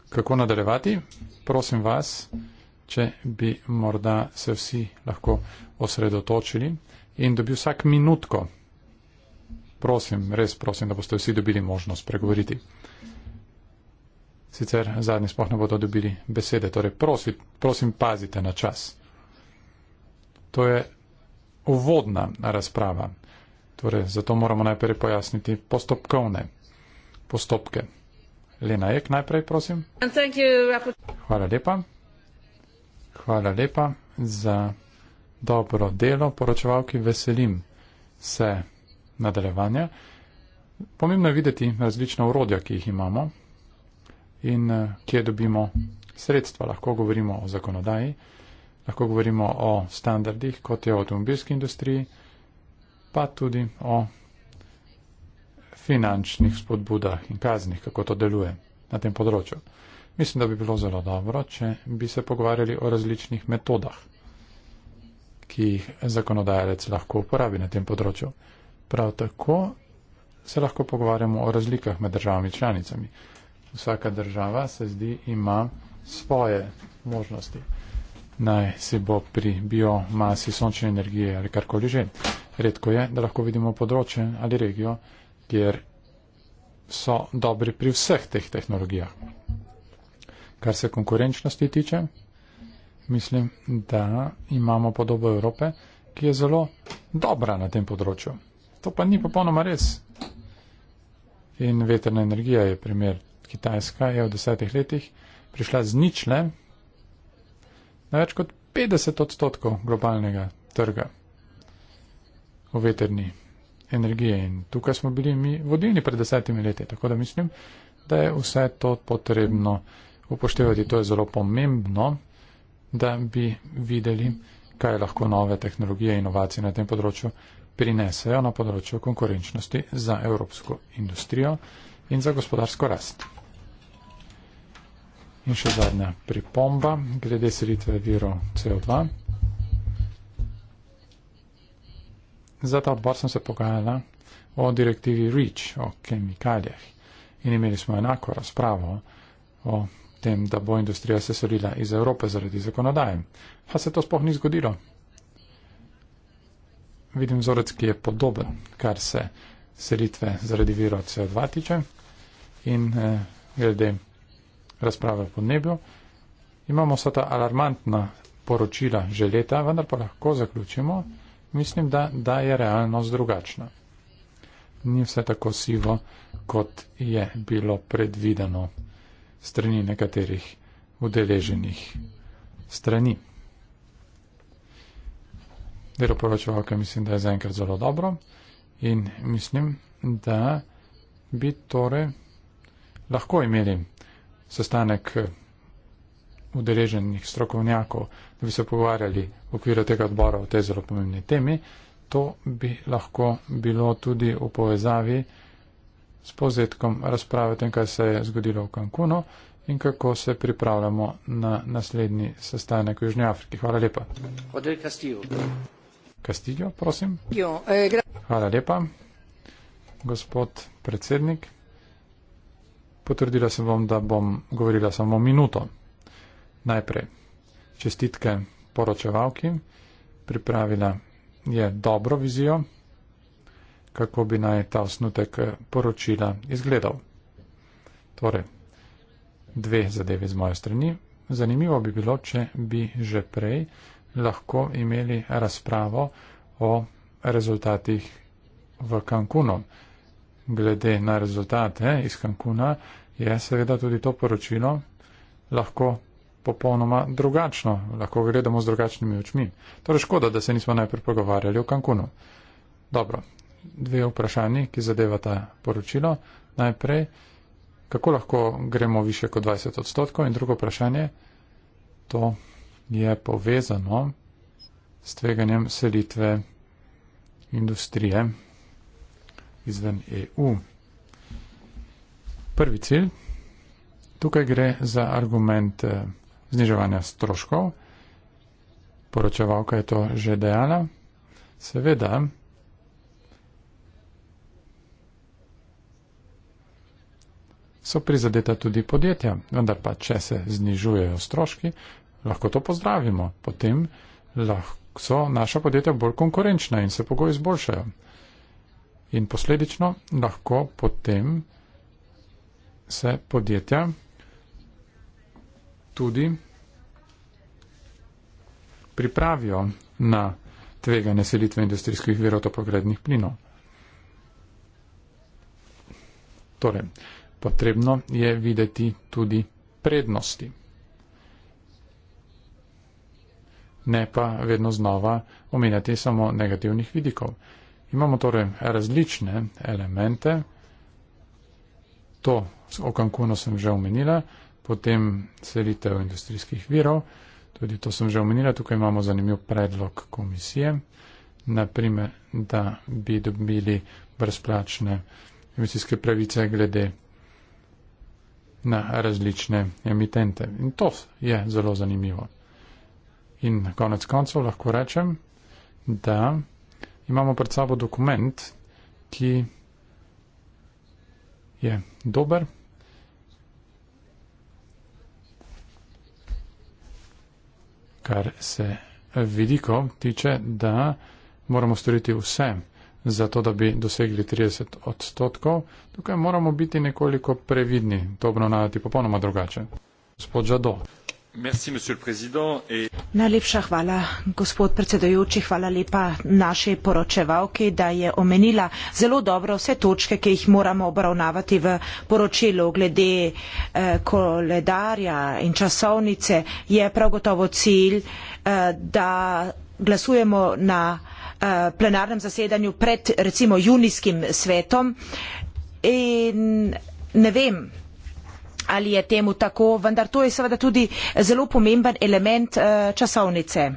Kako nadaljevati? Prosim vas, če bi morda se vsi lahko osredotočili in dobil vsak minutko prosim, res prosim, da boste vsi dobili možnost pregovoriti. Sicer zadnji spoh ne bodo dobili besede, torej prosi, prosim, pazite na čas. To je uvodna razprava, torej zato moramo najprej pojasniti postopkovne postopke. Lena Ek, najprej prosim. Hvala lepa. Hvala lepa za dobro delo, poročevalki, veselim se nadaljevanja. Pomembno je videti različna urodja, ki jih imamo in eh, kje dobimo sredstva. Lahko govorimo o zakonodaji, lahko govorimo o standardih, kot je v avtomobilski industriji, pa tudi o finančnih spodbudah in kaznih, kako to deluje na tem področju. Mislim, da bi bilo zelo dobro, če bi se pogovarjali o različnih metodah, ki jih zakonodajalec lahko uporabi na tem področju. Prav tako se lahko pogovarjamo o razlikah med državami članicami. Vsaka država se zdi ima svoje možnosti. Naj si bo pri biomasi sončne energije ali karkoli že. Redko je, da lahko vidimo področje ali regijo, kjer so dobri pri vseh teh tehnologijah. Kar se konkurenčnosti tiče, mislim, da imamo podobo Evrope, ki je zelo dobra na tem področju. To pa ni popolnoma res. In veterna energija je primer. Kitajska je v desetih letih prišla z ničle na več kot 50 odstotkov globalnega trga v veterni energiji. In tukaj smo bili mi vodilni pred desetimi leti. Tako da mislim, da je vse to potrebno upoštevati. To je zelo pomembno, da bi videli, kaj lahko nove tehnologije in inovacije na tem področju prinesejo na področju konkurenčnosti za evropsko industrijo in za gospodarsko rast. In še zadnja pripomba glede selitve virov CO2. Za ta odbor sem se pogajala o direktivi REACH, o kemikalijah. In imeli smo enako razpravo o tem, da bo industrija se selila iz Evrope zaradi zakonodaje. Pa se to sploh ni zgodilo, vidim vzorec, ki je podoben, kar se selitve zaradi vira CO2 tiče in eh, glede razprave o podnebju. Imamo vsa ta alarmantna poročila že leta, vendar pa lahko zaključimo, mislim, da, da je realnost drugačna. Ni vse tako sivo, kot je bilo predvideno strani nekaterih udeleženih strani. Vero poročevalka mislim, da je zaenkrat zelo dobro in mislim, da bi torej lahko imeli sestanek eh, udeleženih strokovnjakov, da bi se pogovarjali v okviru tega odbora o tej zelo pomembni temi. To bi lahko bilo tudi v povezavi s povzetkom razprave o tem, kaj se je zgodilo v Cancunu in kako se pripravljamo na naslednji sestanek v Južnji Afriki. Hvala lepa. Hvala lepa. Kastiljo, prosim. Eh, Hvala lepa, gospod predsednik. Potrdila sem vam, da bom govorila samo minuto. Najprej čestitke poročevalki. Pripravila je dobro vizijo, kako bi naj ta osnutek poročila izgledal. Torej, dve zadeve z moje strani. Zanimivo bi bilo, če bi že prej lahko imeli razpravo o rezultatih v Cancunu. Glede na rezultate iz Cancuna je seveda tudi to poročilo lahko popolnoma drugačno, lahko gledamo z drugačnimi očmi. Torej škoda, da se nismo najprej pogovarjali o Cancunu. Dobro, dve vprašanji, ki zadevata poročilo. Najprej, kako lahko gremo više kot 20 odstotkov in drugo vprašanje, to je povezano s tveganjem selitve industrije izven EU. Prvi cilj. Tukaj gre za argument eh, zniževanja stroškov. Poročevalka je to že dejala. Seveda, so prizadeta tudi podjetja, vendar pa, če se znižujejo stroški, lahko to pozdravimo. Potem so naša podjetja bolj konkurenčna in se pogoji izboljšajo. In posledično lahko potem se podjetja tudi pripravijo na tvegane selitve industrijskih virov topogrednih plinov. Torej, potrebno je videti tudi prednosti. ne pa vedno znova omenjati samo negativnih vidikov. Imamo torej različne elemente, to o Cancuno sem že omenila, potem selitev industrijskih virov, tudi to sem že omenila, tukaj imamo zanimiv predlog komisije, naprimer, da bi dobili brezplačne investicijske pravice glede na različne emitente. In to je zelo zanimivo. In konec koncev lahko rečem, da imamo pred sabo dokument, ki je dober. Kar se veliko tiče, da moramo storiti vse, zato da bi dosegli 30 odstotkov, tukaj moramo biti nekoliko previdni, to obnavljati popolnoma drugače. Gospod Žado, najlepša hvala gospod predsedujoči hvala lepa naši poročevalki da je omenila zelo dobro vse točke ki jih moramo obravnavati v poročilu glede eh, koledarja in časovnice je prav gotovo cilj eh, da glasujemo na eh, plenarnem zasedanju pred recimo junijskim svetom in ne vem ali je temu tako, vendar to je seveda tudi zelo pomemben element eh, časovnice.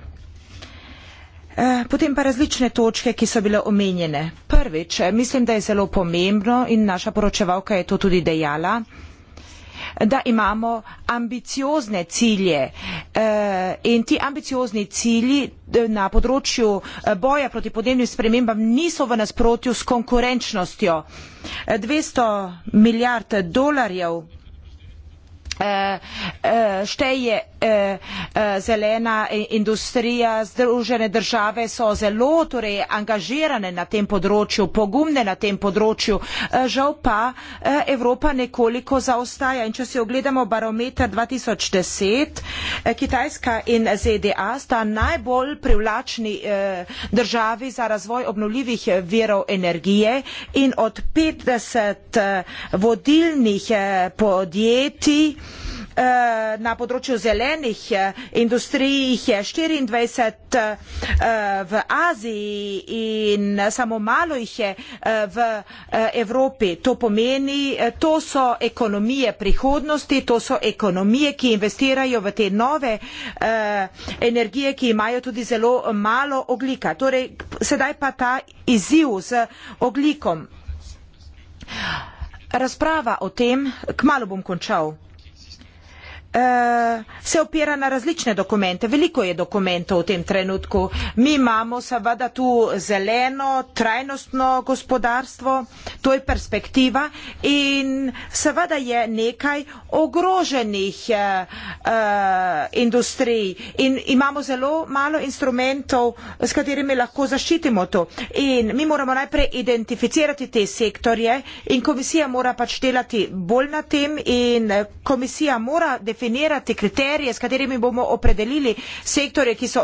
Eh, potem pa različne točke, ki so bile omenjene. Prvič, eh, mislim, da je zelo pomembno in naša poročevalka je to tudi dejala, da imamo ambiciozne cilje in ti ambiciozni cilji na področju boja proti podnebnim spremembam niso v nasprotju s konkurenčnostjo. 200 milijard dolarjev Eh, eh, šteje eh, zelena industrija, združene države so zelo torej, angažirane na tem področju, pogumne na tem področju, žal pa Evropa nekoliko zaostaja. In če si ogledamo barometer 2010, Kitajska in ZDA sta najbolj privlačni državi za razvoj obnovljivih virov energije in od 50 vodilnih podjetij, Eh, na področju zelenih eh, industrij jih je 24 eh, v Aziji in samo malo jih je v Evropi. To pomeni, to so ekonomije prihodnosti, to so ekonomije, ki investirajo v te nove energije, ki imajo tudi zelo malo oglika. Torej, sedaj pa ta izziv z oglikom. Razprava o tem, kmalo bom končal, Eh, se opira na različne dokumente. Veliko je dokumentov v tem trenutku. Mi imamo seveda tu zeleno, trajnostno gospodarstvo, to je perspektiva in seveda je nekaj ogroženih uh, industrij in imamo zelo malo instrumentov, s katerimi lahko zaščitimo to. In mi moramo najprej identificirati te sektorje in komisija mora pač delati bolj na tem in komisija mora definirati, definirati kriterije, s katerimi bomo opredelili sektorje, ki so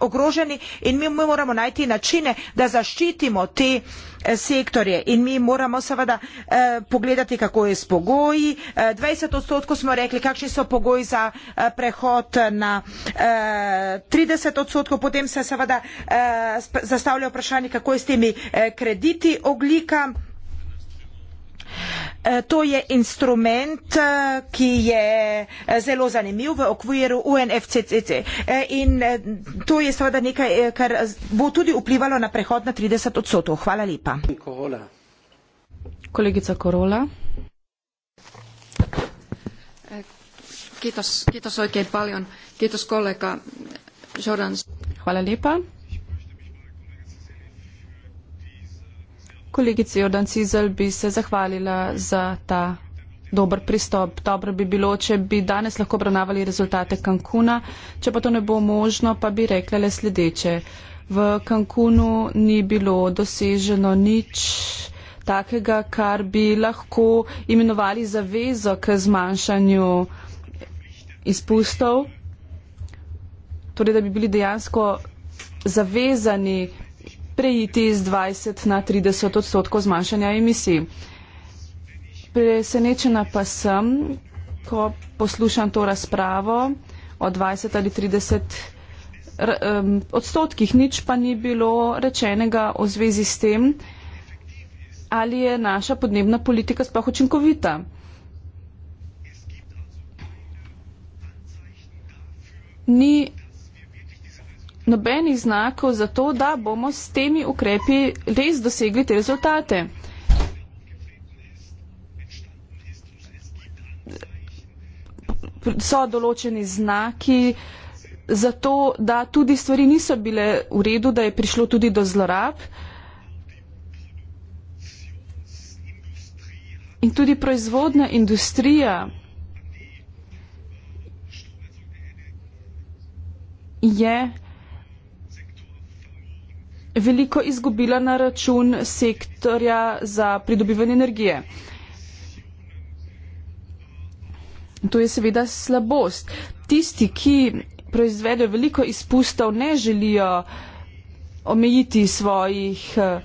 ogroženi in mi, mi moramo najti načine, da zaščitimo te eh, sektorje. In mi moramo seveda eh, pogledati, kako je s pogoji. Eh, 20 odstotkov smo rekli, kakšni so pogoji za eh, prehod na eh, 30 odstotkov. Potem se seveda eh, zastavlja vprašanje, kako je s temi eh, krediti oglika. Eh, to je instrument, eh, ki je eh, zelo zanimiv v okviru UNFCCC. In to je seveda nekaj, kar bo tudi vplivalo na prehod na 30 odstotkov. Hvala lepa. Korola. Kolegica Korola. Kitos, kitos oikein paljon. Kitos kollega Jordan. Hvala lepa. Kolegici Jordan Cizel bi se zahvalila za ta dober pristop. Dobro bi bilo, če bi danes lahko obravnavali rezultate Cancuna, če pa to ne bo možno, pa bi rekla le sledeče. V Cancunu ni bilo doseženo nič takega, kar bi lahko imenovali zavezo k zmanjšanju izpustov, torej da bi bili dejansko zavezani preiti iz 20 na 30 odstotkov zmanjšanja emisij. Presenečena pa sem, ko poslušam to razpravo o 20 ali 30 odstotkih, nič pa ni bilo rečenega o zvezi s tem, ali je naša podnebna politika sploh učinkovita. Ni nobenih znakov za to, da bomo s temi ukrepi res dosegli te rezultate. So določeni znaki za to, da tudi stvari niso bile v redu, da je prišlo tudi do zlorab. In tudi proizvodna industrija je veliko izgubila na račun sektorja za pridobivanje energije. To je seveda slabost. Tisti, ki proizvedejo veliko izpustov, ne želijo omejiti svojih eh,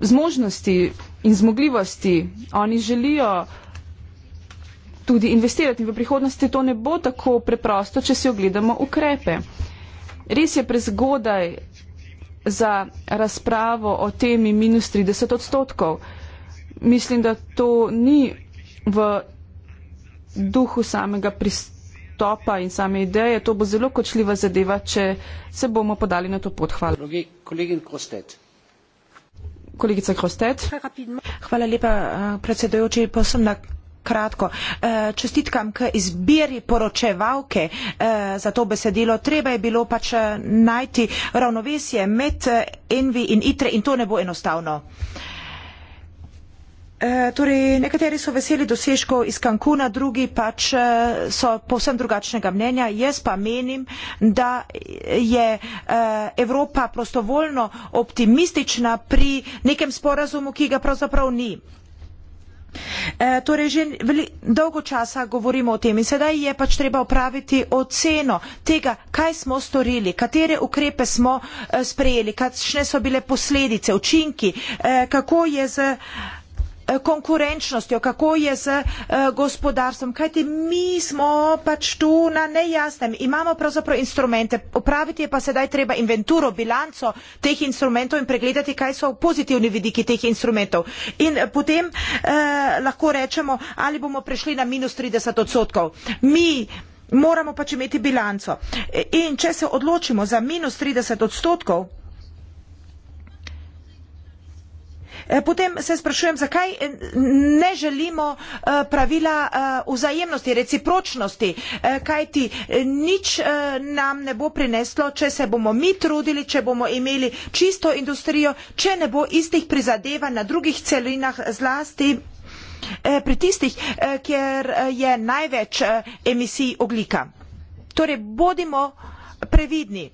zmožnosti in zmogljivosti. Oni želijo tudi investirati in v prihodnosti. To ne bo tako preprosto, če si ogledamo ukrepe. Res je prezgodaj za razpravo o temi minus 30 odstotkov. Mislim, da to ni v duhu samega pristopa in same ideje. To bo zelo kočljiva zadeva, če se bomo podali na to pot. Hvala. Kolegica Krostet. Hvala lepa, eh, predsedujoči. Posem na kratko. Eh, čestitkam k izbiri poročevalke eh, za to besedilo. Treba je bilo pač eh, najti ravnovesje med Envi in Itre in to ne bo enostavno. E, torej, nekateri so veseli dosežkov iz Kankuna, drugi pač so povsem drugačnega mnenja. Jaz pa menim, da je e, Evropa prostovoljno optimistična pri nekem sporazumu, ki ga pravzaprav ni. E, torej, že veli, dolgo časa govorimo o tem in sedaj je pač treba opraviti oceno tega, kaj smo storili, katere ukrepe smo e, sprejeli, kakšne so bile posledice, učinki, e, kako je z. E, Eh, konkurenčnostjo, kako je z eh, gospodarstvom. Kajti mi smo pač tu na nejasnem. Imamo pravzaprav instrumente. Opraviti je pa sedaj treba inventuro, bilanco teh instrumentov in pregledati, kaj so pozitivni vidiki teh instrumentov. In eh, potem eh, lahko rečemo, ali bomo prišli na minus 30 odstotkov. Mi moramo pač imeti bilanco. E, in če se odločimo za minus 30 odstotkov, Eh, potem se sprašujem, zakaj eh, ne želimo eh, pravila vzajemnosti, recipročnosti, kajti nič nam ne bo prineslo, če se bomo mi trudili, če bomo imeli čisto industrijo, če ne bo istih prizadevanj na drugih celinah zlasti pri tistih, kjer je največ emisij oglika. Torej, bodimo previdni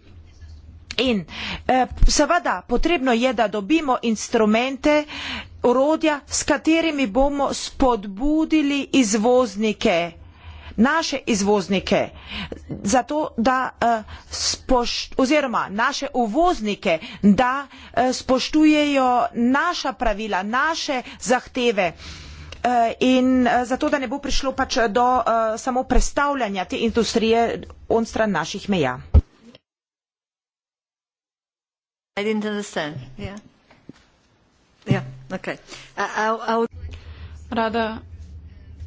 in eh, seveda potrebno je da dobimo instrumente orodja s katerimi bomo spodbudili izvoznike naše izvoznike zato da eh, spoš, oziroma naše uvoznike da eh, spoštujejo naša pravila naše zahteve in zato da ne bo prišlo pač do samo prestavljanja te industrije onstran naših meja i didn't understand yeah yeah okay i'll, I'll... rada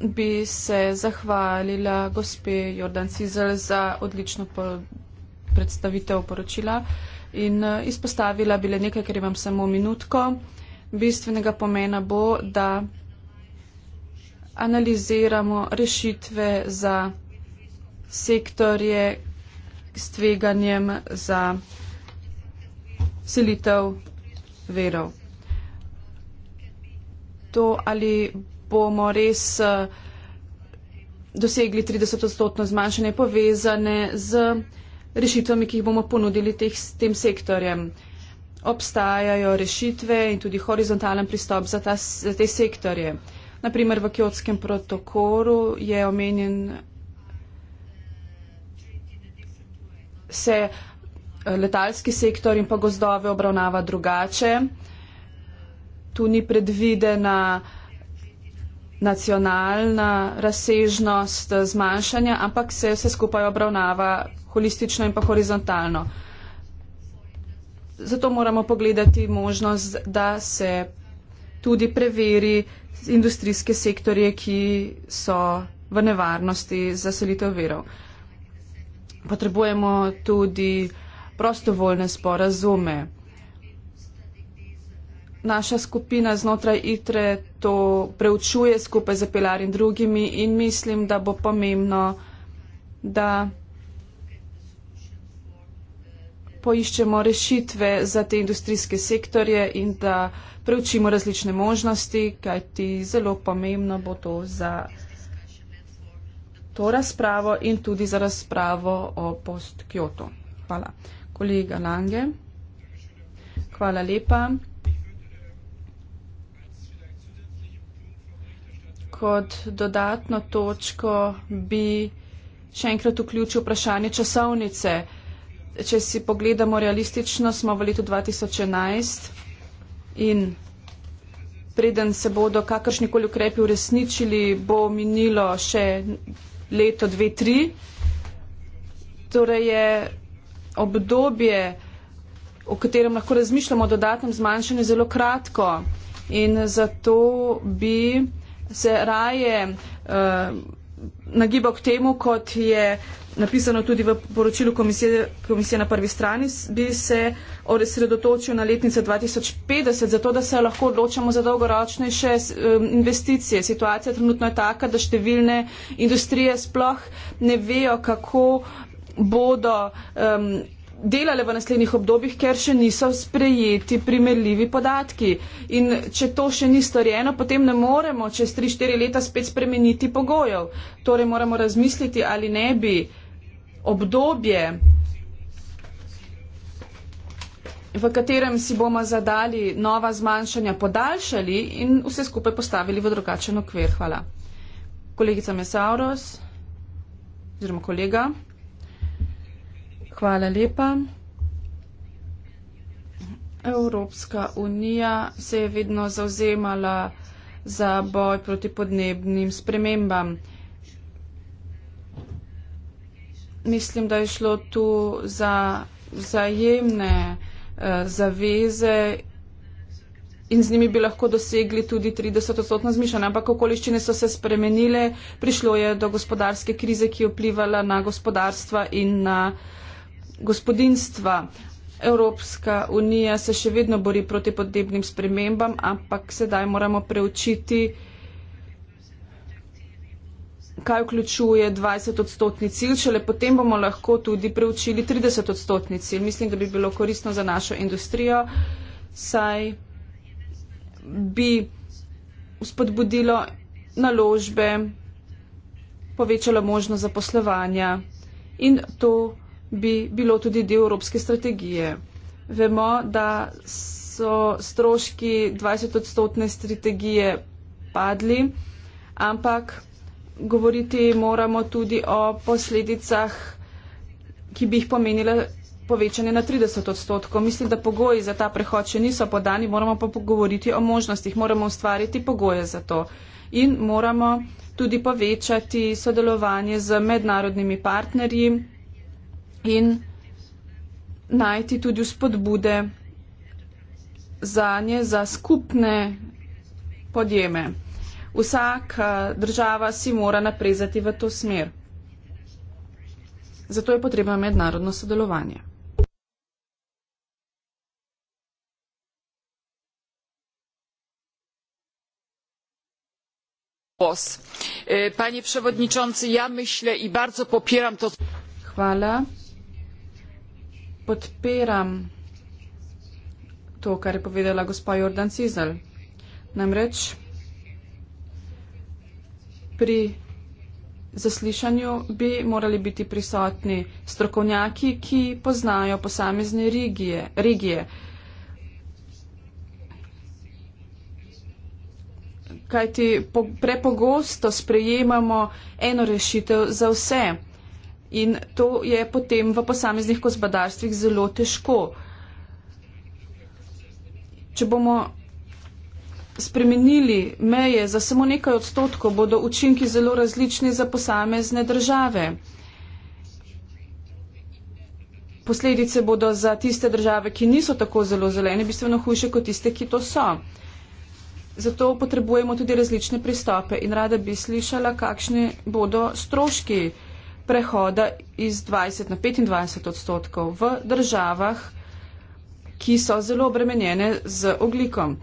bi se zahvalila gospe Jordan Cizel za odlično predstavitev poročila in eh, izpostavila bile nekaj, ker imam samo minutko. Bistvenega pomena bo, da analiziramo rešitve za sektorje s tveganjem za selitev verov. To ali bomo res eh, dosegli 30 odstotno zmanjšanje povezane z rešitvami, ki jih bomo ponudili teh, tem sektorjem. Obstajajo rešitve in tudi horizontalen pristop za, ta, za te sektorje. Naprimer, v Kjotskem protokolu je omenjen se letalski sektor in pa gozdove obravnava drugače. Tu ni predvidena nacionalna razsežnost zmanjšanja, ampak se vse skupaj obravnava holistično in pa horizontalno. Zato moramo pogledati možnost, da se tudi preveri industrijske sektorje, ki so v nevarnosti za selitev verov. Potrebujemo tudi prostovoljne sporazume. Naša skupina znotraj ITRE to preučuje skupaj z apelar in drugimi in mislim, da bo pomembno, da poiščemo rešitve za te industrijske sektorje in da preučimo različne možnosti, kajti zelo pomembno bo to za to razpravo in tudi za razpravo o post-Kyoto. Hvala kolega Lange. Hvala lepa. Kot dodatno točko bi še enkrat vključil vprašanje časovnice. Če si pogledamo realistično, smo v letu 2011 in preden se bodo kakršnikoli ukrepi uresničili, bo minilo še leto, dve, tri. Torej je obdobje, o katerem lahko razmišljamo o dodatnem zmanjšanju, zelo kratko in zato bi se raje uh, nagibal k temu, kot je napisano tudi v poročilu komisije, komisije na prvi strani, bi se osredotočil na letnice 2050, zato da se lahko odločamo za dolgoročnejše eh, investicije. Situacija trenutno je taka, da številne industrije sploh ne vejo, kako uh, bodo um, delale v naslednjih obdobjih, ker še niso sprejeti primerljivi podatki. In če to še ni storjeno, potem ne moremo čez 3-4 leta spet spremeniti pogojev. Torej moramo razmisliti, ali ne bi obdobje, v katerem si bomo zadali nova zmanjšanja, podaljšali in vse skupaj postavili v drugačen okvir. Hvala. Kolegica Mesauros, oziroma kolega. Hvala lepa. Evropska unija se je vedno zauzemala za boj proti podnebnim spremembam. Mislim, da je šlo tu za vzajemne eh, zaveze in z njimi bi lahko dosegli tudi 30-odstotno zmišljanje, ampak okoliščine so se spremenile, prišlo je do gospodarske krize, ki je vplivala na gospodarstva in na uh, gospodinstva. Evropska unija se še vedno bori proti podnebnim spremembam, ampak sedaj moramo preučiti, kaj vključuje 20-odstotni cilj, šele potem bomo lahko tudi preučili 30-odstotni cilj. Mislim, da bi bilo koristno za našo industrijo, saj bi spodbudilo naložbe, povečalo možnost zaposlovanja in to bi bilo tudi del evropske strategije. Vemo, da so stroški 20-odstotne strategije padli, ampak govoriti moramo tudi o posledicah, ki bi jih pomenile povečanje na 30 odstotkov. Mislim, da pogoji za ta prehod še niso podani, moramo pa pogovoriti o možnostih, moramo ustvariti pogoje za to in moramo tudi povečati sodelovanje z mednarodnimi partnerji in najti tudi spodbude za nje, za skupne podjeme. Vsaka eh, država si mora naprezati v to smer. Zato je potrebno mednarodno sodelovanje. Głos. E, panie Przewodniczący, ja myślę i bardzo popieram to. Chwala podpiram to, kar je povedala gospa Jordan Cizel. Namreč pri zaslišanju bi morali biti prisotni strokovnjaki, ki poznajo posamezne regije. regije. Kajti prepogosto sprejemamo eno rešitev za vse. In to je potem v posameznih gospodarstvih zelo težko. Če bomo spremenili meje za samo nekaj odstotkov, bodo učinki zelo različni za posamezne države. Posledice bodo za tiste države, ki niso tako zelo zelene, bistveno hujše kot tiste, ki to so. Zato potrebujemo tudi različne pristope in rada bi slišala, kakšni bodo stroški prehoda iz 20 na 25 odstotkov v državah, ki so zelo obremenjene z oglikom.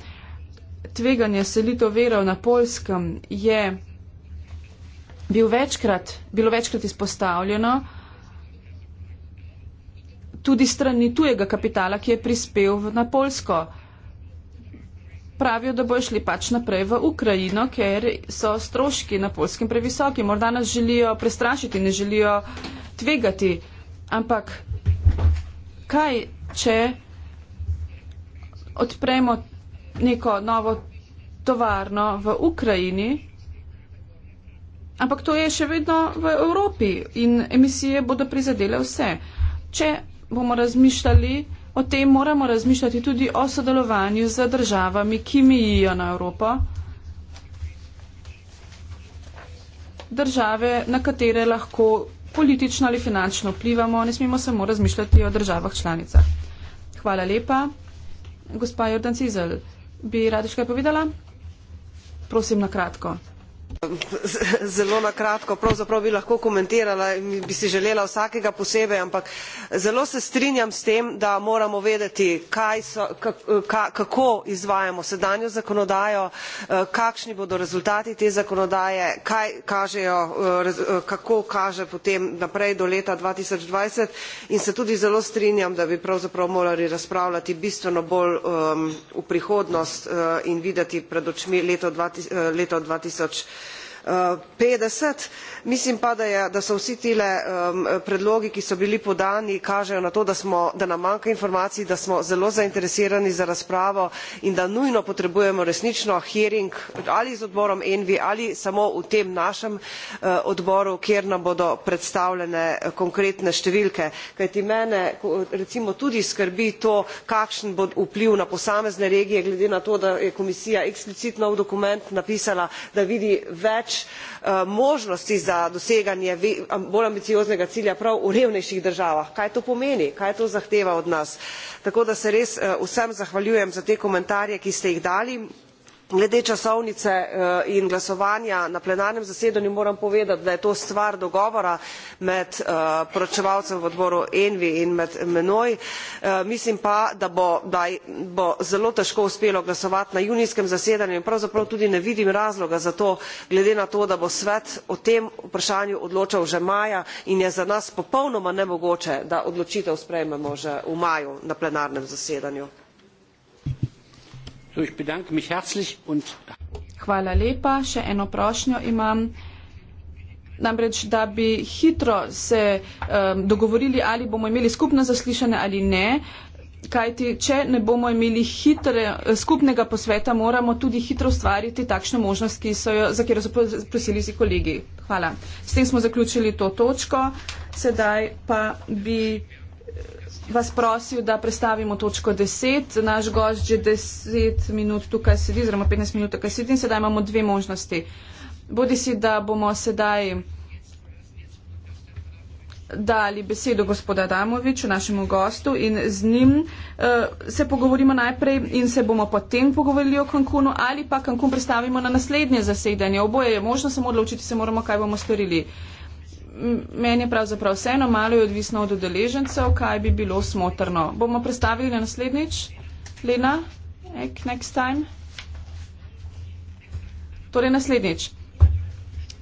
Tveganje selitev verov na Polskem je bil večkrat, bilo večkrat izpostavljeno tudi strani tujega kapitala, ki je prispel na Polsko pravijo, da bojo šli pač naprej v Ukrajino, ker so stroški na polskem previsoki. Morda nas želijo prestrašiti, ne želijo tvegati. Ampak kaj, če odpremo neko novo tovarno v Ukrajini? Ampak to je še vedno v Evropi in emisije bodo prizadele vse. Če bomo razmišljali, O tem moramo razmišljati tudi o sodelovanju z državami, ki mijijo na Evropo. Države, na katere lahko politično ali finančno vplivamo, ne smemo samo razmišljati o državah članicah. Hvala lepa. Gospa Jordan Cizel, bi radiš kaj povedala? Prosim, na kratko. Zelo na kratko, pravzaprav bi lahko komentirala in bi si želela vsakega posebej, ampak zelo se strinjam s tem, da moramo vedeti, so, kako izvajamo sedanjo zakonodajo, eh, kakšni bodo rezultati te zakonodaje, kaj kažejo, eh, eh, kako kaže potem naprej do leta 2020 in se tudi zelo strinjam, da bi pravzaprav morali razpravljati bistveno bolj um, v prihodnost uh, in videti pred očmi leto, leto 2020 petdeset mislim pa da je da so vsi tile predlogi ki so bili podani kažejo na to da smo da nam manjka informacij da smo zelo zainteresirani za razpravo in da nujno potrebujemo resnično hearing ali z odborom envi ali samo v tem našem eh, odboru kjer nam bodo predstavljene eh, konkretne številke kajti mene recimo tudi skrbi to kakšen bo vpliv na posamezne regije glede na to da je komisija eksplicitno v dokument napisala da vidi več Eh, možnosti za doseganje bolj ambicioznega cilja prav v revnejših državah. Kaj to pomeni? Kaj to zahteva od nas? Tako da se res eh, vsem zahvaljujem za te komentarje, ki ste jih dali glede časovnice eh, in glasovanja na plenarnem zasedanju moram povedati da je to stvar dogovora med eh, poročevalcem v odboru envi in med menoj eh, mislim pa da bo da bo zelo težko uspelo glasovati na junijskem zasedanju in pravzaprav tudi ne vidim razloga za to glede na to da bo svet o tem vprašanju odločal že maja in je za nas popolnoma nemogoče da odločitev sprejmemo že v maju na plenarnem zasedanju. Hvala lepa. Še eno prošnjo imam. Namreč, da bi hitro se um, dogovorili, ali bomo imeli skupno zaslišanje ali ne, kajti če ne bomo imeli hitre, skupnega posveta, moramo tudi hitro ustvariti takšno možnost, jo, za katero so prosili si kolegi. Hvala. S tem smo zaključili to točko. Sedaj pa bi vas prosil, da predstavimo točko 10. Naš gost že 10 minut tukaj sedi, oziroma 15 minut tukaj sedi in sedaj imamo dve možnosti. Bodi si, da bomo sedaj dali besedo gospoda Damoviču, našemu gostu, in z njim uh, se pogovorimo najprej in se bomo potem pogovorili o Cancunu ali pa Cancun predstavimo na naslednje zasedanje. Oboje je možno, samo odločiti se moramo, kaj bomo storili. Uh, meni je pravzaprav vseeno, malo je odvisno od udeležencev, kaj bi bilo smotrno. Bomo predstavili na naslednjič, Lena, Ek, next time. Torej naslednjič.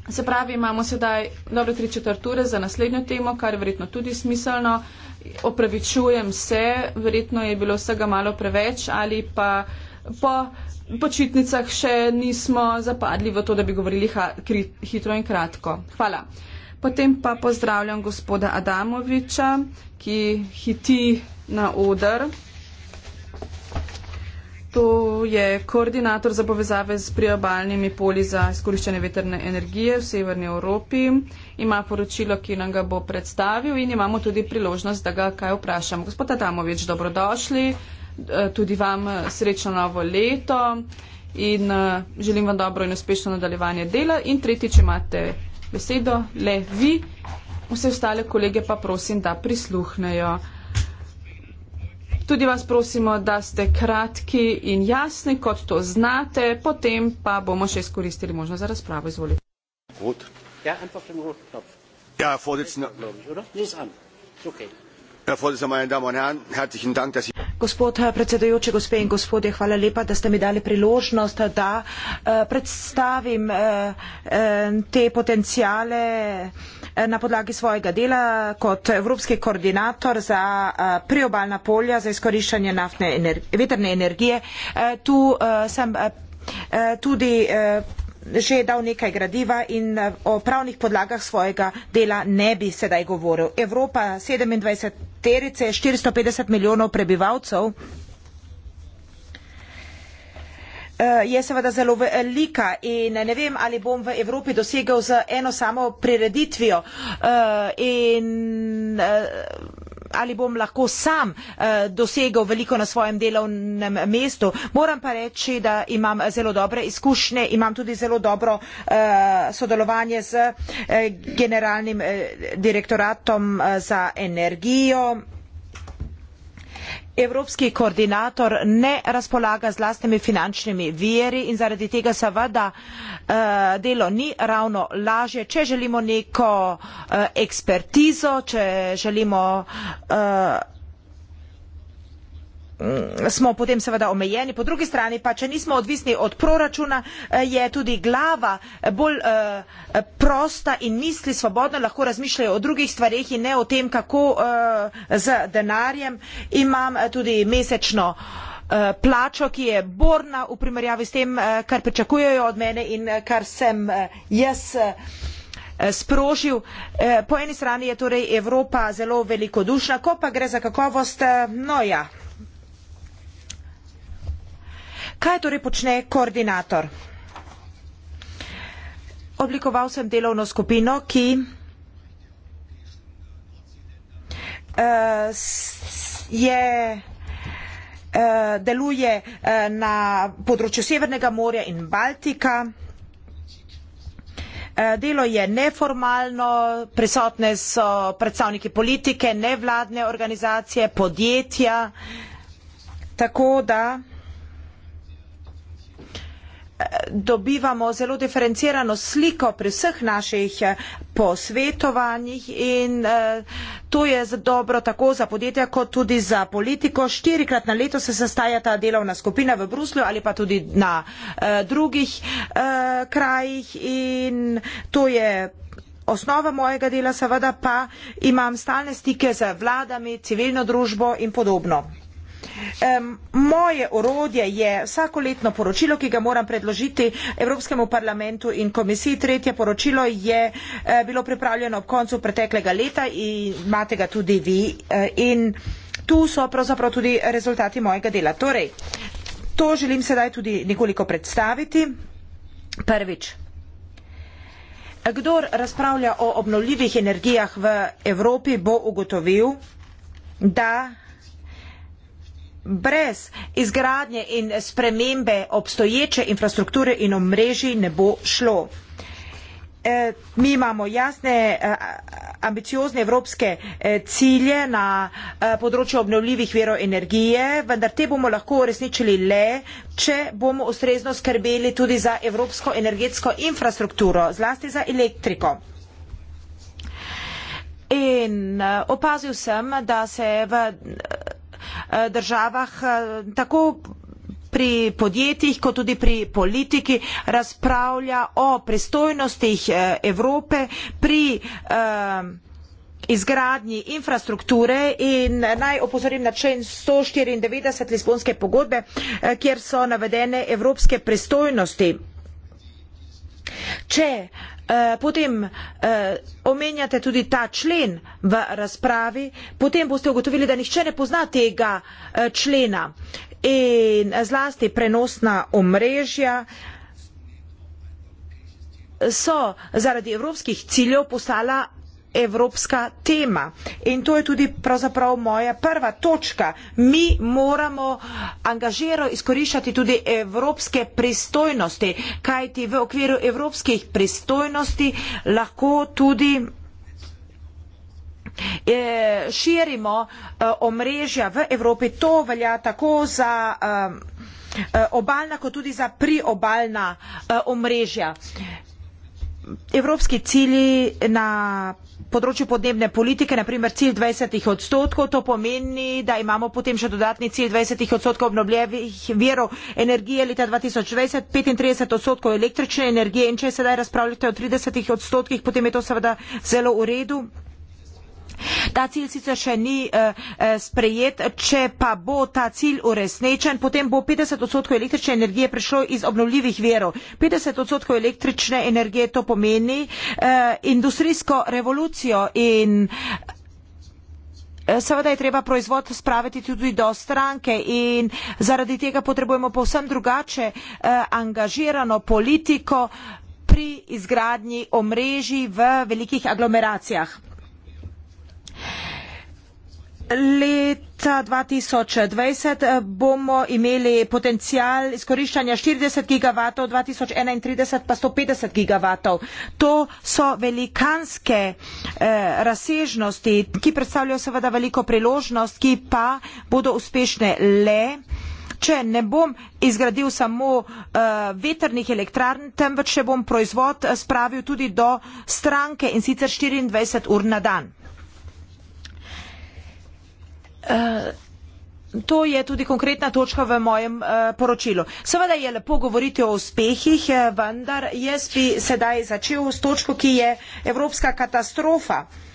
Se pravi, imamo sedaj dobre tri četvrt ure za naslednjo temo, kar je verjetno tudi smiselno. Opravičujem se, verjetno je bilo vsega malo preveč ali pa po počitnicah še nismo zapadli v to, da bi govorili hitro in kratko. Hvala. Potem pa pozdravljam gospoda Adamoviča, ki hiti na odr. To je koordinator za povezave z priobalnimi poli za izkoriščanje veterne energije v Severni Evropi. Ima poročilo, ki nam ga bo predstavil in imamo tudi priložnost, da ga kaj vprašamo. Gospod Adamovič, dobrodošli. Eh, tudi vam eh, srečno novo leto in eh, želim vam dobro in uspešno nadaljevanje dela. In tretjič imate besedo le vi, vse ostale kolege pa prosim, da prisluhnejo. Tudi vas prosimo, da ste kratki in jasni, kot to znate, potem pa bomo še izkoristili možnost za razpravo. Izvolite. Ja, ja, gospod eh, predsedujoči gospe in gospodje hvala lepa da ste mi dali priložnost eh, da eh, predstavim te potenciale na podlagi svojega dela kot evropski koordinator za priobalna polja za izkoriščanje naftne energije, vetrne energije tu sem tudi že dal nekaj gradiva in eh, o pravnih podlagah svojega dela ne bi sedaj govoril. Evropa 27 terice, 450 milijonov prebivalcev eh, je seveda zelo velika in ne vem, ali bom v Evropi dosegel z eno samo prireditvijo eh, in ali bom lahko sam eh, dosegel veliko na svojem delovnem mestu. Moram pa reči, da imam zelo dobre izkušnje, imam tudi zelo dobro eh, sodelovanje z eh, generalnim eh, direktoratom eh, za energijo evropski koordinator ne razpolaga z lastnimi finančnimi viri in zaradi tega seveda eh, delo ni ravno lažje če želimo neko eh, ekspertizo če želimo eh, Mm, smo potem seveda omejeni, po drugi strani pa, če nismo odvisni od proračuna, eh, je tudi glava eh, bolj eh, prosta in misli svobodno lahko razmišljajo o drugih stvarih in ne o tem, kako z denarjem imam tudi mesečno plačo, ki je borna v primerjavi s tem, kar pričakujejo od mene in kar sem jaz sprožil. Po eni strani je torej Evropa zelo velikodušna, ko pa gre za kakovost, no ja, Kaj torej počne koordinator? Oblikoval sem delovno skupino, ki eh, je, eh, deluje eh, na področju Severnega morja in Baltika. Delo je neformalno, prisotne so predstavniki politike, nevladne organizacije, podjetja, tako da dobivamo zelo diferencirano sliko pri vseh naših eh, posvetovanjih in eh, to je dobro tako za podjetja kot tudi za politiko. Štirikrat na leto se sestaja ta delovna skupina v Bruslju ali pa tudi na eh, drugih krajih in to je. Osnova mojega dela seveda pa imam stalne stike z vladami, civilno družbo in podobno. Um, moje orodje je vsakoletno poročilo, ki ga moram predložiti Evropskemu parlamentu in komisiji. Tretje poročilo je uh, bilo pripravljeno ob koncu preteklega leta in imate ga tudi vi. Uh, in tu so pravzaprav tudi rezultati mojega dela. Torej, to želim sedaj tudi nekoliko predstaviti. Prvič. Kdor razpravlja o obnovljivih energijah v Evropi, bo ugotovil, da brez izgradnje in spremembe obstoječe infrastrukture in omrežij ne bo šlo. Eh, mi imamo jasne, eh, ambiciozne evropske eh, cilje na področju obnovljivih verov energije, vendar te bomo lahko uresničili le, če bomo ustrezno skrbeli tudi za evropsko energetsko infrastrukturo, zlasti za elektriko. In opazil sem, da se v Eh, državah, eh, tako pri podjetjih, kot tudi pri politiki, razpravlja o pristojnostih eh, Evrope pri izgradnji infrastrukture in naj opozorim na člen 194 Lisbonske pogodbe, kjer so navedene evropske pristojnosti. Če uh, Eh, potem eh, omenjate tudi ta člen v razpravi, potem boste ugotovili, da nihče ne pozna tega eh, člena in zlasti prenosna omrežja so zaradi evropskih ciljev postala evropska tema. In to je tudi pravzaprav moja prva točka. Mi moramo angažiro izkoriščati tudi evropske pristojnosti, kajti v okviru evropskih pristojnosti lahko tudi eh, širimo eh, omrežja v Evropi. To velja tako za eh, obaljna kot tudi za priobaljna omrežja. Evropski cilji na področju podnebne politike, naprimer cilj 20 odstotkov, to pomeni, da imamo potem še dodatni cilj 20 odstotkov obnovljivih verov energije leta 2020, 35 odstotkov električne energije in če sedaj razpravljate o 30 odstotkih, potem je to seveda zelo v redu. Ta cilj sicer še ni eh, eh, sprejet, če pa bo ta cilj uresničen, potem bo 50 odstotkov električne energije prišlo iz obnovljivih verov. 50 odstotkov električne energije to pomeni eh, industrijsko revolucijo in Seveda je treba proizvod spraviti tudi do stranke in zaradi tega potrebujemo povsem drugače eh, angažirano politiko pri izgradnji omrežij v velikih aglomeracijah leta 2020 eh, bomo imeli potencial izkoriščanja 40 gigavatov, 2031 pa 150 gigavatov. To so velikanske eh, razsežnosti, ki predstavljajo seveda veliko priložnost, ki pa bodo uspešne le. Če ne bom izgradil samo uh, eh, veternih elektrarn, temveč bom proizvod eh, spravil tudi do stranke in sicer 24 ur na dan. Eh, to je tudi konkretna točka v mojem uh, poročilu. Seveda je lepo govoriti o uspehih, eh, vendar jaz bi sedaj začel s točko, ki je evropska katastrofa. Uh,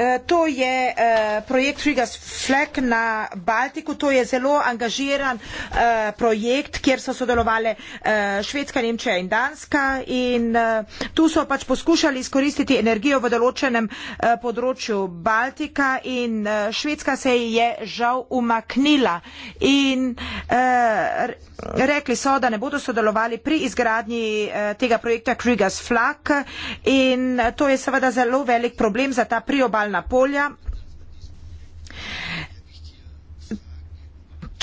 Eh, to je eh, projekt Rigas Flek na Baltiku, to je zelo angažiran eh, projekt, kjer so sodelovali Švedska, Nemčija in Danska in tu so pač poskušali izkoristiti energijo v določenem področju Baltika in Švedska se je žal umaknila in rekli so, da ne bodo sodelovali pri izgradnji tega projekta Rigas Flek in to je seveda zelo velik problem za ta priobalni polja,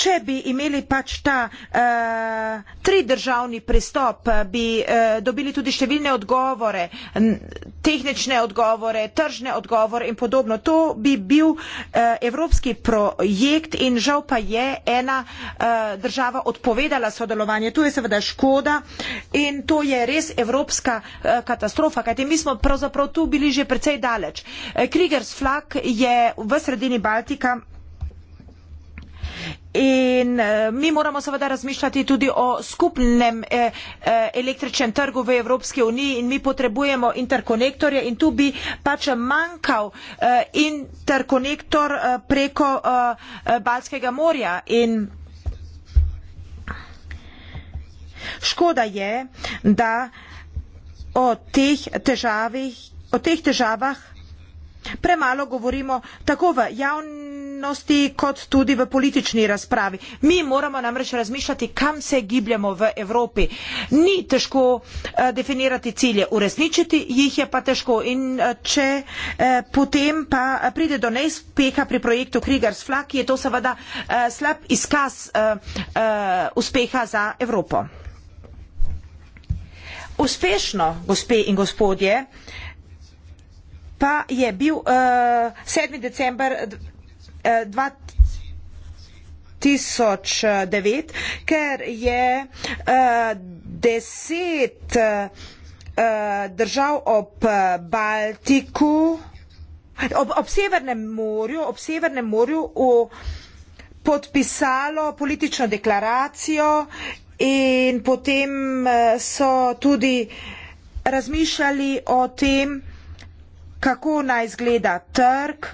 če bi imeli pač ta uh, eh, tri državni pristop, eh, bi uh, dobili tudi številne odgovore, tehnične odgovore, tržne odgovore in podobno. To bi bil uh, evropski projekt in žal pa je ena uh, država odpovedala sodelovanje. Tu je seveda škoda in to je res evropska uh, katastrofa, kajti mi smo pravzaprav tu bili že precej daleč. Uh, Krigers flag je v sredini Baltika. In uh, mi moramo seveda razmišljati tudi o skupnem eh, eh, električnem trgu v Evropski uniji in mi potrebujemo interkonektorje in tu bi pač manjkal eh, interkonektor eh, preko eh, eh Balskega morja. In škoda je, da o teh težavah, o teh težavah Premalo govorimo tako v javnosti kot tudi v politični razpravi. Mi moramo namreč razmišljati, kam se gibljamo v Evropi. Ni težko eh, definirati cilje, uresničiti jih je pa težko. In eh, če eh, potem pa pride do neuspeha pri projektu Krigers Flak, je to seveda slab izkaz uspeha za Evropo. Uspešno, gospe in gospodje, pa je bil uh, 7. decembar uh, 2009, ker je uh, deset uh, držav ob eh, Baltiku, ob, ob Severnem morju, ob Severnem morju v, podpisalo politično deklaracijo in potem so tudi razmišljali o tem, kako naj izgleda trg,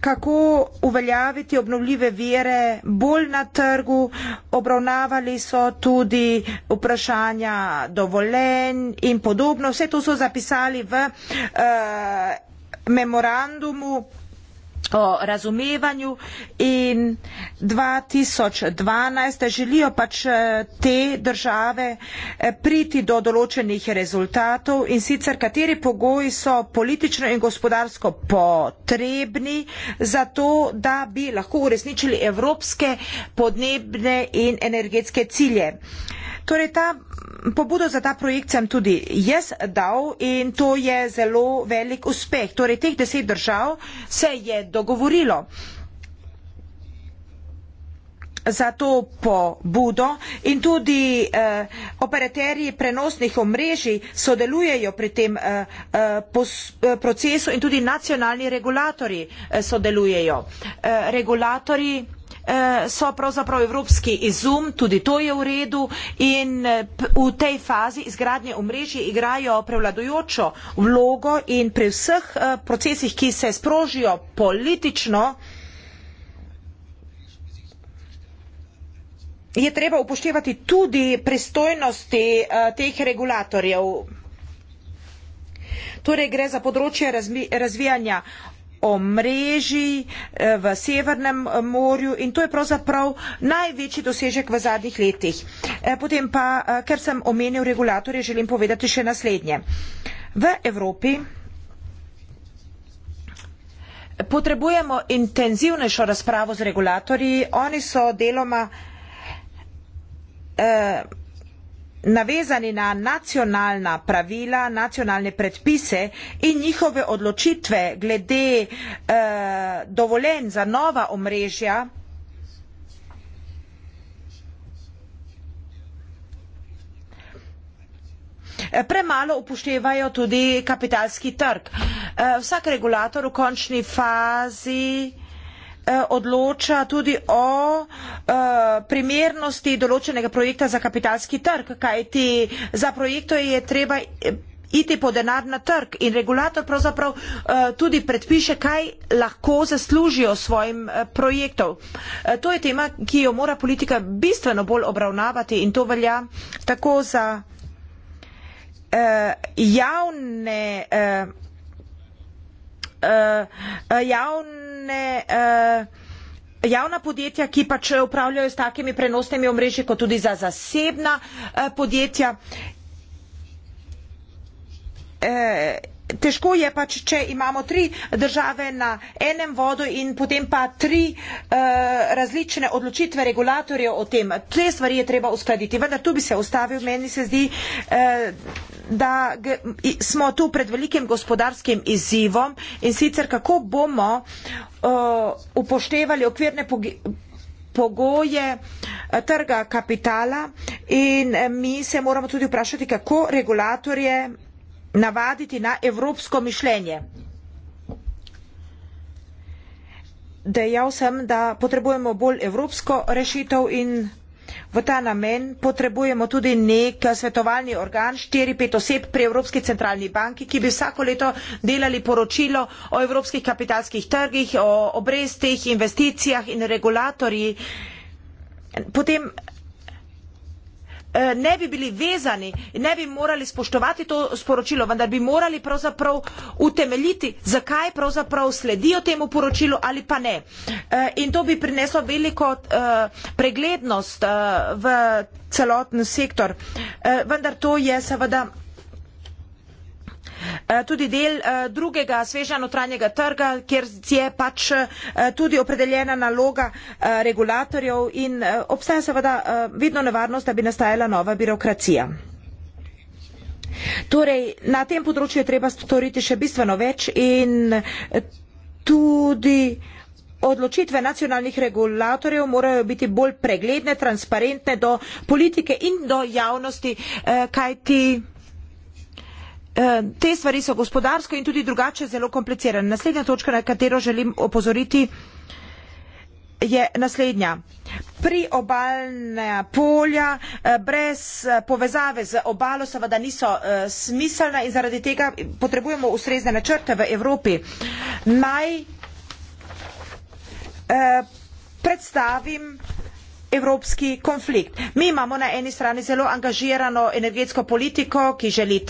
kako uveljaviti obnovljive vire bolj na trgu. Obravnavali so tudi vprašanja dovoljenj in podobno. Vse to so zapisali v uh, memorandumu o razumevanju in 2012 želijo pač eh, te države eh, priti do določenih rezultatov in sicer kateri pogoji so politično in gospodarsko potrebni za to, da bi lahko uresničili evropske podnebne in energetske cilje. Torej, ta pobudo za ta projekt sem tudi jaz dal in to je zelo velik uspeh. Torej, teh deset držav se je dogovorilo za to pobudo in tudi eh, operaterji prenosnih omrežij sodelujejo pri tem eh, eh pos, eh, procesu in tudi nacionalni regulatori eh, sodelujejo. Eh, regulatori Eh, so pravzaprav evropski izum, tudi to je v redu in eh, v tej fazi izgradnje omrežij igrajo prevladojočo vlogo in pri vseh eh, procesih, ki se sprožijo politično, je treba upoštevati tudi pristojnosti teh regulatorjev. Torej gre za področje razvijanja o mreži eh, v Severnem eh, morju in to je pravzaprav največji dosežek v zadnjih letih. Eh, potem pa, ker sem omenil regulatorje, želim povedati še naslednje. V Evropi potrebujemo intenzivnejšo razpravo z regulatorji, oni so deloma eh, navezani na nacionalna pravila, nacionalne predpise in njihove odločitve glede eh, dovolen za nova omrežja, eh, premalo upoštevajo tudi kapitalski trg. Eh, vsak regulator v končni fazi eh, Eh, odloča tudi o eh, primernosti določenega projekta za kapitalski trg, kajti za projekto je treba eh, iti po denar na trg in regulator pravzaprav tudi predpiše, kaj lahko zaslužijo svojim projektom. To je tema, ki jo mora politika bistveno bolj obravnavati in to velja tako za javne projekte, uh, javne, uh, javna podjetja, ki pač upravljajo s takimi prenosnimi omrežji, kot tudi za zasebna uh, podjetja. Uh, težko je pač, če imamo tri države na enem vodu in potem pa tri uh, različne odločitve regulatorjev o tem. Te stvari je treba uskladiti. Vendar tu bi se ustavil, meni se zdi, uh, da smo tu pred velikim gospodarskim izzivom in sicer kako bomo uh, upoštevali okvirne pogoje trga kapitala in mi se moramo tudi vprašati, kako regulatorje navaditi na evropsko mišljenje. Dejal sem, da potrebujemo bolj evropsko rešitev in v ta namen potrebujemo tudi nek svetovalni organ, 4-5 oseb pri Evropski centralni banki, ki bi vsako leto delali poročilo o evropskih kapitalskih trgih, o obrestih, investicijah in regulatorji. Potem Eh, ne bi bili vezani in ne bi morali spoštovati to sporočilo, vendar bi morali pravzaprav utemeljiti, zakaj pravzaprav sledijo temu poročilu ali pa ne. Eh, in to bi prineslo veliko eh, preglednost v celoten sektor. Vendar to je seveda Eh, tudi del eh, drugega sveža notranjega trga, kjer je pač eh, tudi opredeljena naloga regulatorjev in obstaja seveda vidno nevarnost, da bi nastajala nova birokracija. Torej, na tem področju je treba storiti še bistveno več in tudi odločitve nacionalnih regulatorjev morajo biti bolj pregledne, transparentne do politike in do javnosti, kajti Eh, te stvari so gospodarsko in tudi drugače zelo komplicirane. Naslednja točka, na katero želim opozoriti, je naslednja. Pri obalna polja eh, brez eh, povezave z obalo seveda niso smiselna in zaradi tega potrebujemo ustrezne načrte v Evropi. Naj predstavim evropski konflikt. Mi imamo na eni strani zelo angažirano energetsko politiko, ki želi eh,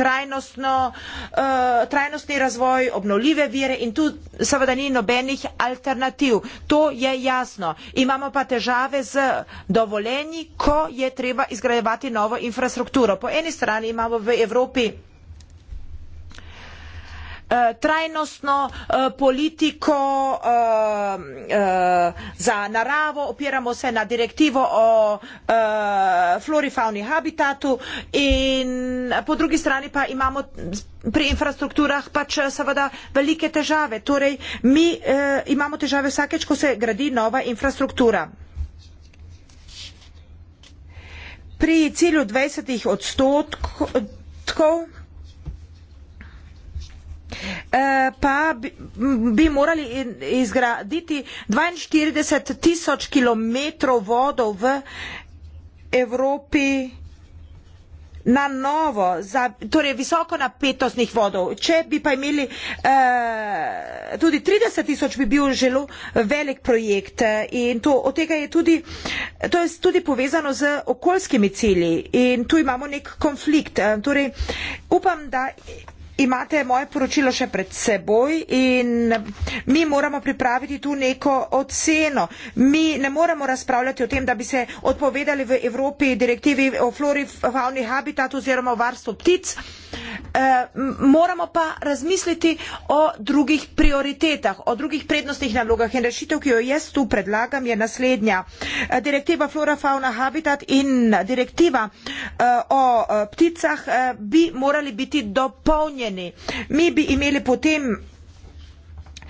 trajnostni razvoj, obnovljive vire in tu seveda ni nobenih alternativ. To je jasno. Imamo pa težave z dovoljenji, ko je treba izgrajevati novo infrastrukturo. Po eni strani imamo v Evropi Eh, trajnostno eh, politiko eh, za naravo, opiramo se na direktivo o florifavni habitatu in po drugi strani pa imamo pri infrastrukturah pač seveda velike težave. Torej, mi imamo težave vsakeč, ko se gradi nova infrastruktura. Pri cilju 20 odstotkov Eh, pa bi morali izgraditi 42 tisoč kilometrov vodov v Evropi na novo, za, torej visoko napetostnih vodov. Če bi pa imeli eh, tudi 30 tisoč, bi bil že velik projekt. Eh, in to, od tega je tudi, to je tudi povezano z okoljskimi cilji. In tu imamo nek konflikt. Eh, torej, upam, da imate moje poročilo še pred seboj in mi moramo pripraviti tu neko oceno. Mi ne moremo razpravljati o tem, da bi se odpovedali v Evropi direktivi o flori, fauni, habitatu oziroma varstvu ptic. Eh, moramo pa razmisliti o drugih prioritetah, o drugih prednostnih nalogah in rešitev, ki jo jaz tu predlagam, je naslednja. Eh, direktiva Flora, Fauna, Habitat in direktiva eh, o pticah bi morali biti dopolnjeni. Mi bi imeli potem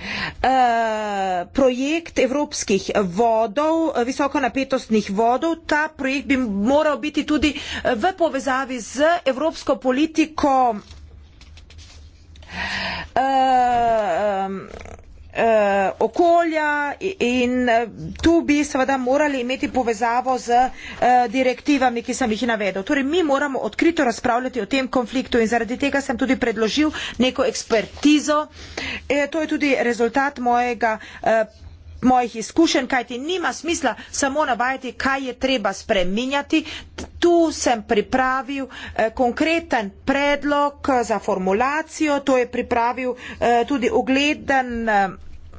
Eh, projekt evropskih vodov, eh, visokonapetostnih vodov. Ta projekt bi moral biti tudi eh, v povezavi z evropsko politiko. Uh, eh, okolja in eh, tu bi seveda morali imeti povezavo z eh, direktivami, ki sem jih navedel. Torej, mi moramo odkrito razpravljati o tem konfliktu in zaradi tega sem tudi predložil neko ekspertizo. Eh, to je tudi rezultat mojega. Eh, mojih izkušenj, kajti nima smisla samo navajati, kaj je treba spreminjati. Tu sem pripravil eh, konkreten predlog eh, za formulacijo, to je pripravil eh, tudi ogleden eh,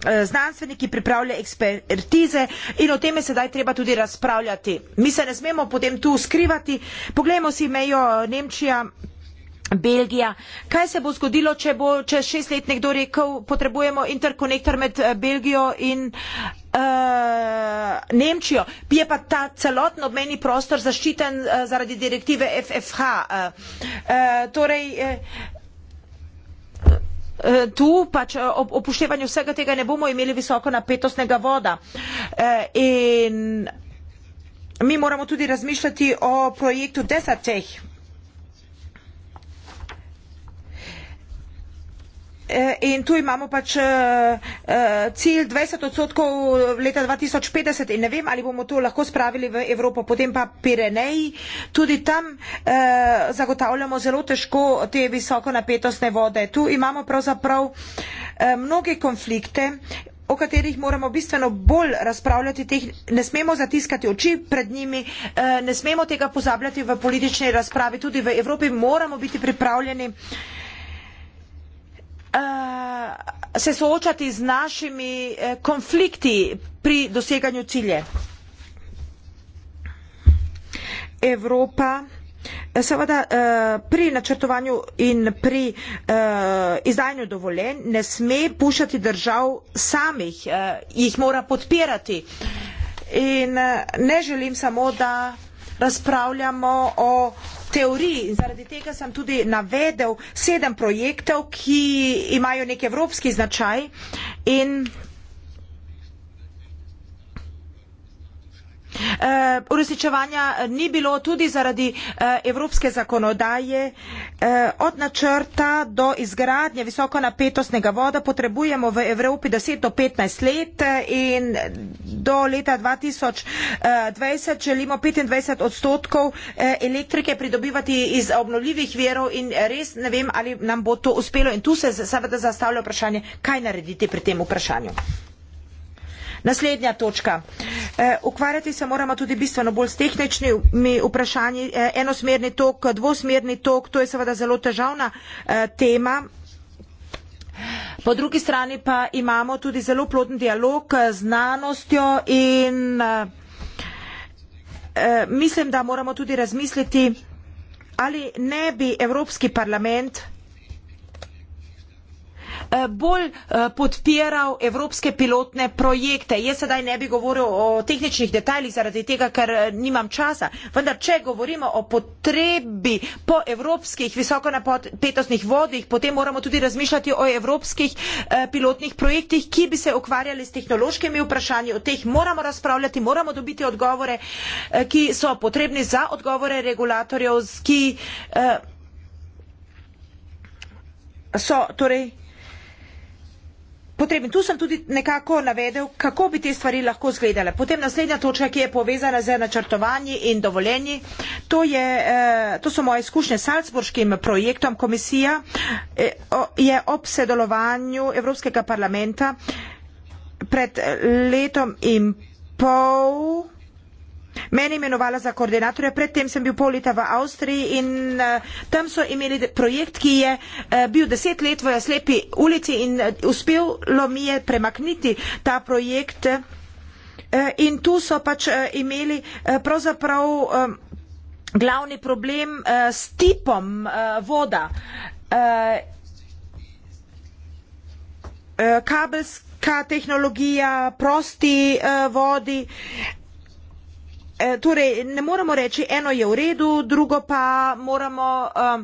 eh, znanstvenik, ki pripravlja ekspertize in o tem je sedaj treba tudi razpravljati. Mi se ne smemo potem tu skrivati. Poglejmo si mejo Nemčija. Belgija. Kaj se bo zgodilo, če bo čez šest let nekdo rekel, potrebujemo interkonektor med eh, Belgijo in uh, Nemčijo? Bi je pa ta celoten obmeni prostor zaščiten uh, zaradi direktive FFH. Uh, uh, torej, uh, tu pač ob upoštevanju vsega tega ne bomo imeli visoko napetostnega voda. Uh, in mi moramo tudi razmišljati o projektu DESATEH. Eh, in tu imamo pač eh, eh, cilj 20 odstotkov leta 2050 in ne vem, ali bomo to lahko spravili v Evropo. Potem pa Pireneji, tudi tam zagotavljamo zelo težko te visoko napetostne vode. Tu imamo pravzaprav mnoge konflikte o katerih moramo bistveno bolj razpravljati, teh ne smemo zatiskati oči pred njimi, ne smemo tega pozabljati v politični razpravi, tudi v Evropi moramo biti pripravljeni. Eh, se soočati z našimi eh, konflikti pri doseganju cilje. Evropa eh, Seveda pri načrtovanju in pri izdajanju dovolen ne sme puščati držav samih, jih mora podpirati. In ne želim samo, da razpravljamo o teorij in zaradi tega sem tudi navedel sedem projektov, ki imajo nek evropski značaj in eh, uresničevanja ni bilo tudi zaradi eh, evropske zakonodaje. Eh, od načrta do izgradnje visokonapetostnega voda potrebujemo v Evropi 10 do 15 let in do leta 2020 želimo 25 odstotkov eh, elektrike pridobivati iz obnovljivih verov in res ne vem, ali nam bo to uspelo. In tu se seveda zastavlja vprašanje, kaj narediti pri tem vprašanju. Naslednja točka. Eh, ukvarjati se moramo tudi bistveno bolj s tehničnimi vprašanji. Eh, enosmerni tok, dvosmerni tok, to je seveda zelo težavna eh, tema. Po drugi strani pa imamo tudi zelo ploden dialog z znanostjo in mislim, da moramo tudi razmisliti, ali ne bi Evropski parlament Eh, bolj eh, podpiral evropske pilotne projekte. Jaz sedaj ne bi govoril o tehničnih detaljih zaradi tega, ker eh, nimam časa, vendar če govorimo o potrebi po evropskih visokonapetostnih vodih, potem moramo tudi razmišljati o evropskih pilotnih projektih, ki bi se ukvarjali s tehnološkimi vprašanji. O teh moramo razpravljati, moramo dobiti odgovore, ki so potrebni za odgovore regulatorjev, ki so torej potrebni. Tu sem tudi nekako navedel, kako bi te stvari lahko izgledale. Potem naslednja točka, ki je povezana z načrtovanji in dovoljenji, to, je, eh, to so moje izkušnje s Salzburškim projektom komisija, eh, je ob sedelovanju Evropskega parlamenta pred eh, letom in pol. Mene imenovala za koordinatorja, predtem sem bil pol leta v Avstriji in uh, tam so imeli projekt, ki je uh, bil deset let v slepi ulici in uh, uspelo mi je premakniti ta projekt uh, in tu so pač uh, imeli uh, pravzaprav uh, glavni problem uh, s tipom uh, voda. Uh, uh, kabelska tehnologija, prosti uh, vodi. Uh, Eh, torej ne moremo reči, eno je v redu, drugo pa moramo. Um,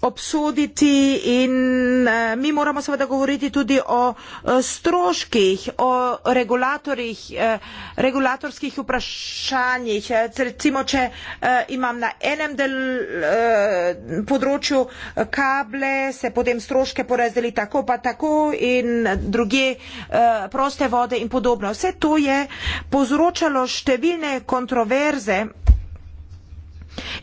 obsoditi in eh, mi moramo seveda govoriti tudi o eh, stroških, o regulatorjih, eh, regulatorskih vprašanjih. Recimo, če imam na enem del področju kable, se potem stroške porazdeli tako pa tako in druge proste vode in podobno. Vse to je povzročalo številne kontroverze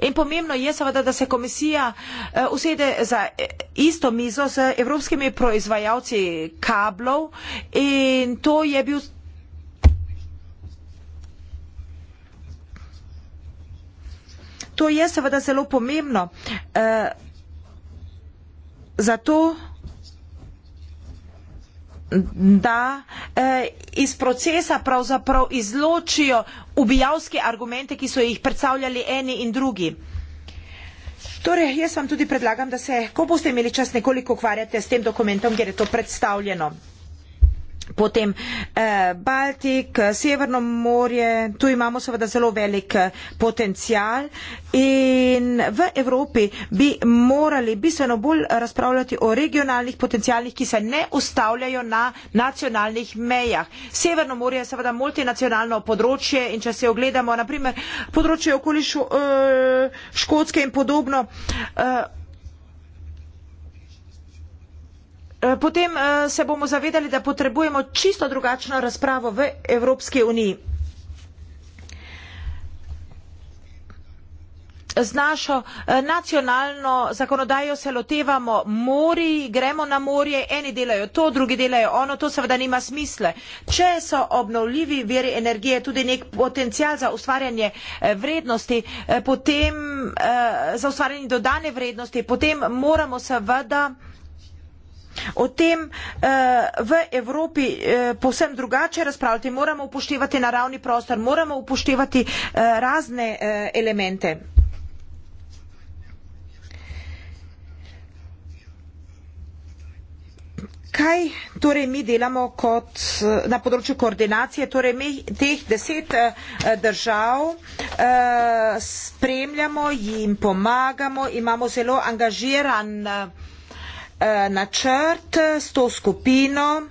In pomembno je seveda, da se komisija eh, usede za eh, isto mizo z evropskimi proizvajalci kablov in to je bil. To je seveda zelo pomembno. Eh, zato da eh, iz procesa pravzaprav izločijo ubijalske argumente, ki so jih predstavljali eni in drugi. Torej, jaz vam tudi predlagam, da se, ko boste imeli čas, nekoliko ukvarjate s tem dokumentom, kjer je to predstavljeno potem eh, Baltik, Severno morje, tu imamo seveda zelo velik eh, potencial in v Evropi bi morali bistveno bolj razpravljati o regionalnih potencialih, ki se ne ustavljajo na nacionalnih mejah. Severno morje je seveda multinacionalno področje in če se ogledamo na primer področje okoli eh, Škotske in podobno, Eh, potem eh, se bomo zavedali, da potrebujemo čisto drugačno razpravo v Evropski uniji. Z našo eh, nacionalno zakonodajo se lotevamo mori, gremo na morje, eni delajo to, drugi delajo ono, to seveda nima smisla. Če so obnovljivi veri energije tudi nek potencial za ustvarjanje vrednosti, potem, za ustvarjanje dodane vrednosti, potem moramo seveda O tem eh, v Evropi eh, povsem drugače razpravljati. Moramo upoštevati naravni prostor, moramo upoštevati eh, razne eh, elemente. Kaj torej mi delamo kot, eh, na področju koordinacije? Torej mi teh deset eh, držav eh, spremljamo, jim pomagamo, imamo zelo angažiran Eh, načrt s to skupino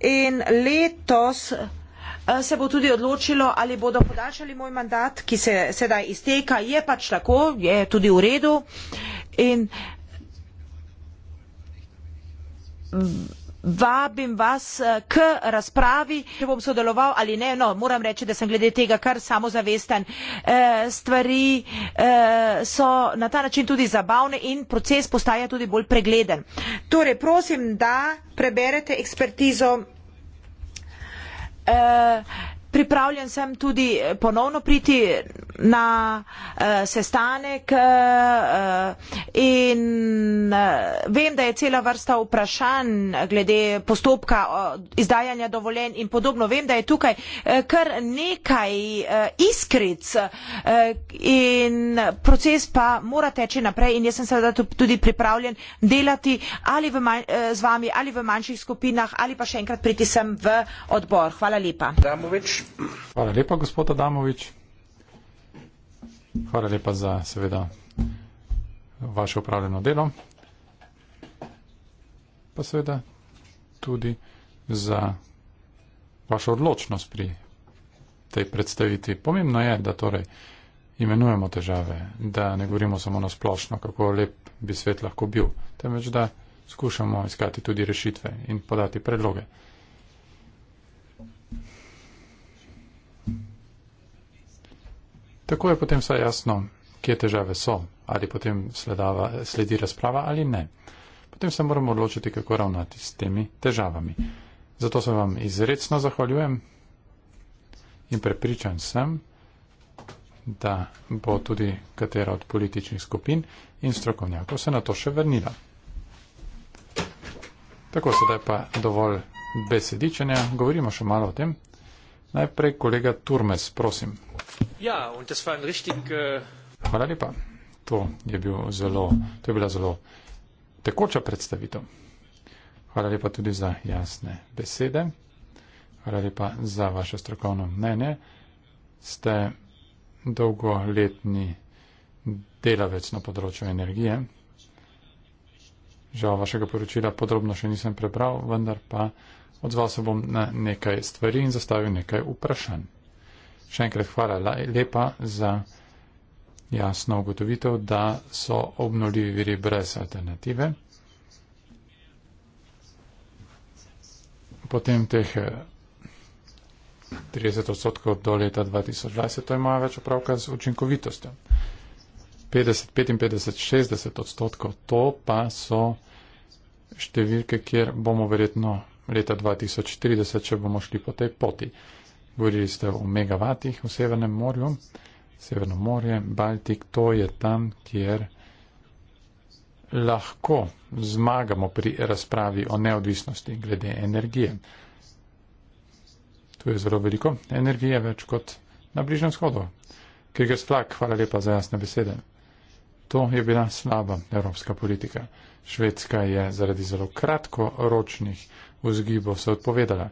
in letos eh, se bo tudi odločilo, ali bodo podaljšali moj mandat, ki se sedaj izteka, je pač tako, je tudi v redu. In vabim vas eh, k razpravi, če bom sodeloval ali ne. No, moram reči, da sem glede tega kar samozavesten. E, stvari e, so na ta način tudi zabavne in proces postaja tudi bolj pregleden. Torej, prosim, da preberete ekspertizo. E, Pripravljen sem tudi eh, ponovno priti na uh, sestanek uh, in uh, vem, da je cela vrsta vprašanj glede postopka uh, izdajanja dovoljen in podobno. Vem, da je tukaj uh, kar nekaj uh, iskric uh, in proces pa mora teči naprej in jaz sem seveda tudi pripravljen delati ali manj, uh, z vami ali v manjših skupinah ali pa še enkrat priti sem v odbor. Hvala lepa. Hvala lepa, gospod Adamovič. Hvala lepa za seveda vaše upravljeno delo. Pa seveda tudi za vašo odločnost pri tej predstaviti. Pomembno je, da torej imenujemo težave, da ne govorimo samo na splošno, kako lep bi svet lahko bil, temveč da skušamo iskati tudi rešitve in podati predloge. Tako je potem vsaj jasno, kje težave so, ali potem sledava, sledi razprava ali ne. Potem se moramo odločiti, kako ravnati s temi težavami. Zato se vam izredno zahvaljujem in prepričan sem, da bo tudi katera od političnih skupin in strokovnjakov se na to še vrnila. Tako sedaj pa dovolj besedičenja, govorimo še malo o tem, Najprej kolega Turmes, prosim. Ja, in to je bil richtig. Äh, Hvala lepa. To je, bil zelo, to je bila zelo tekoča predstavitev. Hvala lepa tudi za jasne besede. Hvala lepa za vaše strokovno mnenje. Ste dolgoletni delavec na področju energije. Žal vašega poročila podrobno še nisem prebral, vendar pa Odzval se bom na nekaj stvari in zastavil nekaj vprašanj. Še enkrat hvala lepa za jasno ugotovitev, da so obnovljivi viri brez alternative. Potem teh 30 eh, odstotkov do leta 2020, to je moja več opravka z učinkovitostjo. 50, 55, 60 odstotkov, to pa so številke, kjer bomo verjetno leta 2030, če bomo šli po tej poti. Govorili ste o megavatih v Severnem morju. Severno morje, Baltik, to je tam, kjer lahko zmagamo pri razpravi o neodvisnosti glede energije. Tu je zelo veliko energije, več kot na Bližnem shodu. Kriger Splak, hvala lepa za jasne besede. To je bila slaba evropska politika. Švedska je zaradi zelo kratkoročnih vzgibu se odpovedale.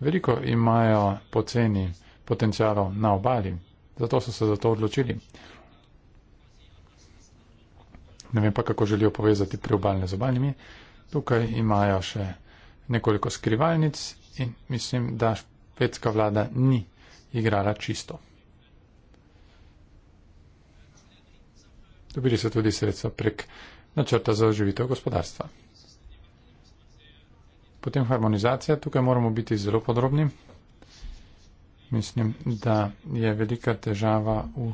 Veliko imajo poceni potencijalov na obali, zato so se za to odločili. Ne vem pa, kako želijo povezati priobalne z obaljnimi. Tukaj imajo še nekoliko skrivalnic in mislim, da švedska vlada ni igrala čisto. Dobili so tudi sredstva prek načrta za oživitev gospodarstva. Potem harmonizacija, tukaj moramo biti zelo podrobni. Mislim, da je velika težava v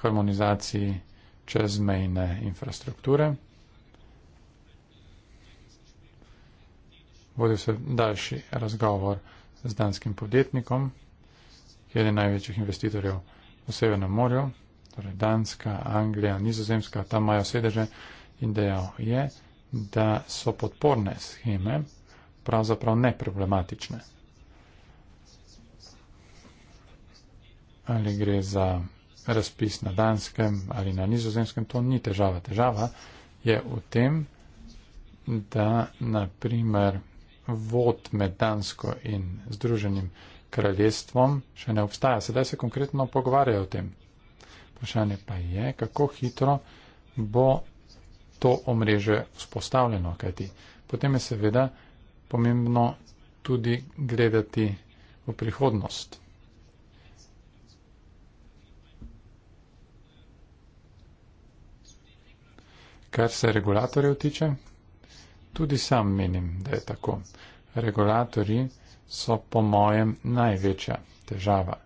harmonizaciji čezmejne infrastrukture. Vodil se daljši razgovor z danskim podjetnikom, eden največjih investitorjev v Severnem morju, torej Danska, Anglija, Nizozemska, tam imajo sedeže in dejal je, da so podporne scheme, pravzaprav neproblematične. Ali gre za razpis na Danskem ali na Nizozemskem, to ni težava. Težava je v tem, da naprimer vod med Dansko in Združenim kraljestvom še ne obstaja. Sedaj se konkretno pogovarjajo o tem. Vprašanje pa je, kako hitro bo to omreže vzpostavljeno, kajti potem je seveda pomembno tudi gledati v prihodnost. Kar se regulatorjev tiče, tudi sam menim, da je tako. Regulatori so po mojem največja težava,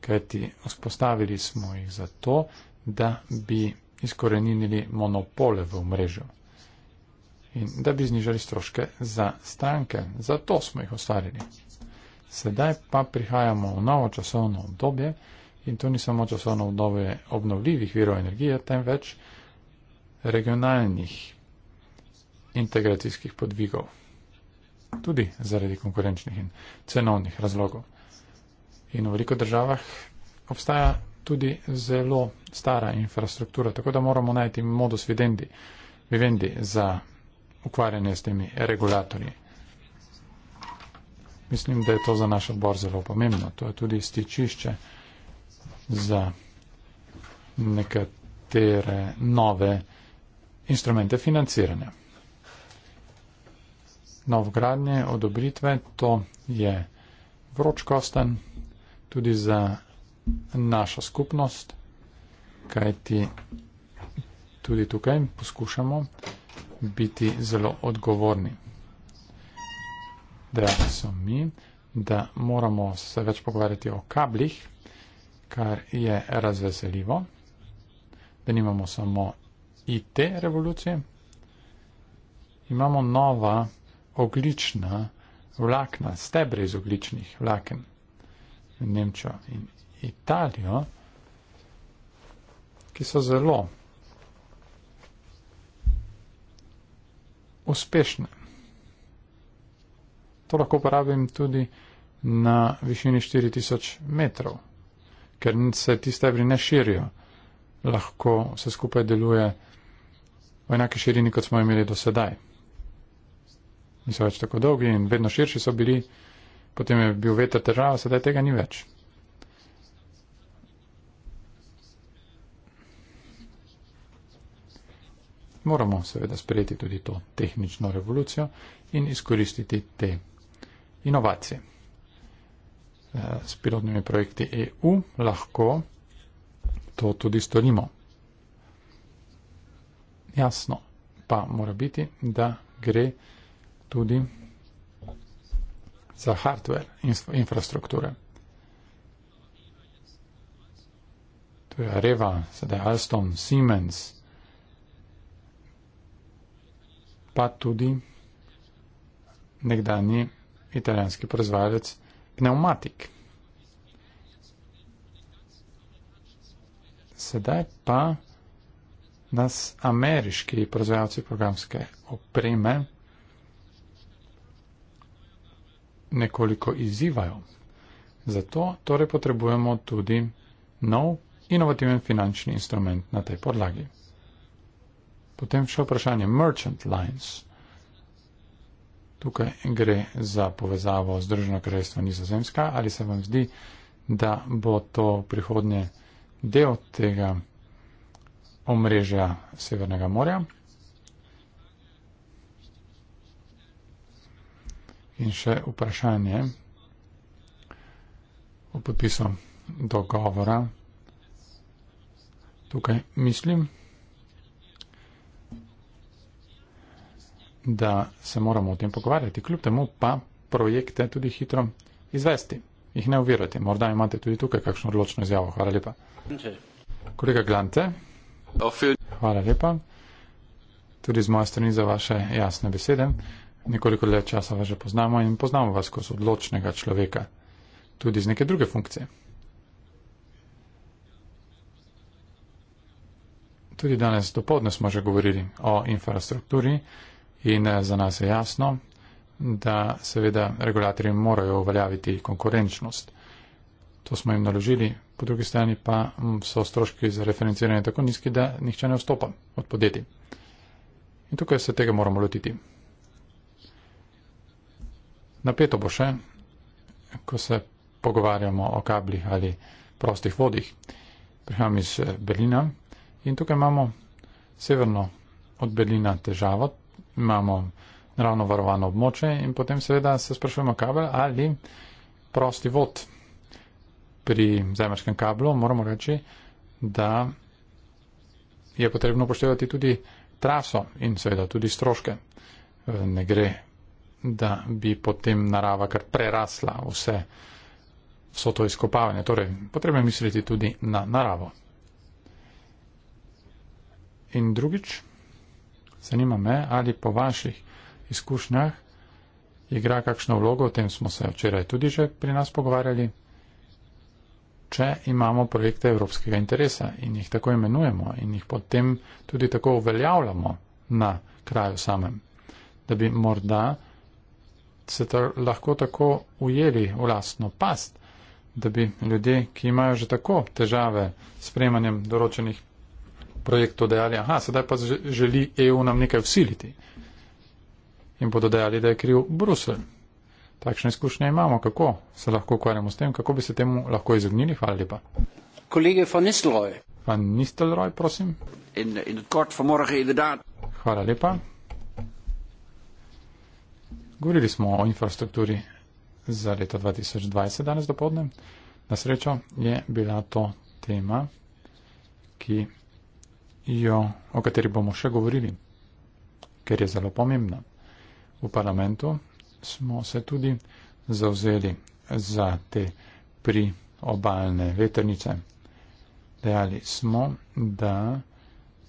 kajti vzpostavili smo jih zato, da bi izkorenili monopole v mrežu in da bi znižali stroške za stranke. Zato smo jih ustvarili. Sedaj pa prihajamo v novo časovno obdobje in to ni samo časovno obdobje obnovljivih virov energije, temveč regionalnih integracijskih podvigov. Tudi zaradi konkurenčnih in cenovnih razlogov. In v veliko državah obstaja tudi zelo stara infrastruktura, tako da moramo najti modus vivendi, vivendi za ukvarjanje s temi regulatorji. Mislim, da je to za naš odbor zelo pomembno. To je tudi stičišče za nekatere nove instrumente financiranja. Novogradnje, odobritve, to je vroč kosten tudi za našo skupnost, kajti tudi tukaj poskušamo biti zelo odgovorni. Da so mi, da moramo se več pogovarjati o kablih, kar je razveseljivo, da nimamo samo IT revolucije. Imamo nova oglična vlakna, stebre iz ogličnih vlaken v Nemčijo in Italijo, ki so zelo uspešne. To lahko uporabim tudi na višini 4000 metrov, ker se ti stebri ne širijo. Lahko vse skupaj deluje v enaki širini, kot smo imeli do sedaj. Niso več tako dolgi in vedno širši so bili, potem je bil veter težava, sedaj tega ni več. moramo seveda sprejeti tudi to tehnično revolucijo in izkoristiti te inovacije. Eh, s pilotnimi projekti EU lahko to tudi storimo. Jasno pa mora biti, da gre tudi za hardware infrastrukture. To je Areva, sedaj Alstom, Siemens, pa tudi nekdani italijanski proizvajalec pneumatik. Sedaj pa nas ameriški proizvajalci programske opreme nekoliko izzivajo. Zato torej potrebujemo tudi nov inovativen finančni instrument na tej podlagi. Potem še vprašanje Merchant Lines. Tukaj gre za povezavo Združeno kraljestvo Nizozemska. Ali se vam zdi, da bo to prihodnje del tega omrežja Severnega morja? In še vprašanje o podpisu dogovora. Tukaj mislim. da se moramo o tem pogovarjati, kljub temu pa projekte tudi hitro izvesti, jih ne uvirati. Morda imate tudi tukaj kakšno odločno izjavo. Hvala lepa. Kolega Glante, hvala lepa. Tudi z moje strani za vaše jasne besede. Nekoliko le časa vas že poznamo in poznamo vas kot odločnega človeka, tudi z neke druge funkcije. Tudi danes dopoledne smo že govorili o infrastrukturi, In eh, za nas je jasno, da seveda regulatorji morajo uveljaviti konkurenčnost. To smo jim naložili, po drugi strani pa mm, so stroški za referenciranje tako nizki, da nihče ne vstopa od podjetij. In tukaj se tega moramo lotiti. Napeto bo še, ko se pogovarjamo o kablih ali prostih vodih. Prihajam iz eh, Berlina in tukaj imamo severno od Berlina težavo, imamo ravno varovano območje in potem seveda se sprašujemo kabel ali prosti vod. Pri zemljskem kablu moramo reči, da je potrebno upoštevati tudi traso in seveda tudi stroške. Ne gre, da bi potem narava kar prerasla vse, vso to izkopavanje. Torej, potrebno je misliti tudi na naravo. In drugič. Zanima me, ali po vaših izkušnjah igra kakšno vlogo, o tem smo se včeraj tudi že pri nas pogovarjali, če imamo projekte evropskega interesa in jih tako imenujemo in jih potem tudi tako uveljavljamo na kraju samem, da bi morda se ta lahko tako ujeli v lastno past, da bi ljudje, ki imajo že tako težave s prejemanjem določenih projektu dejali, aha, sedaj pa želi EU nam nekaj vsiliti. In bodo dejali, da je kriv Brusel. Takšne izkušnje imamo, kako se lahko ukvarjamo s tem, kako bi se temu lahko izognili, hvala lepa. Kolege van Nistelrooy. Van Nistelrooy, prosim. In, in kot vmorge, inderdaad. Hvala lepa. Govorili smo o infrastrukturi za leto 2020 danes do podne. Na srečo je bila to tema, ki jo, o kateri bomo še govorili, ker je zelo pomembna. V parlamentu smo se tudi zauzeli za te priobalne veternice. Dejali smo, da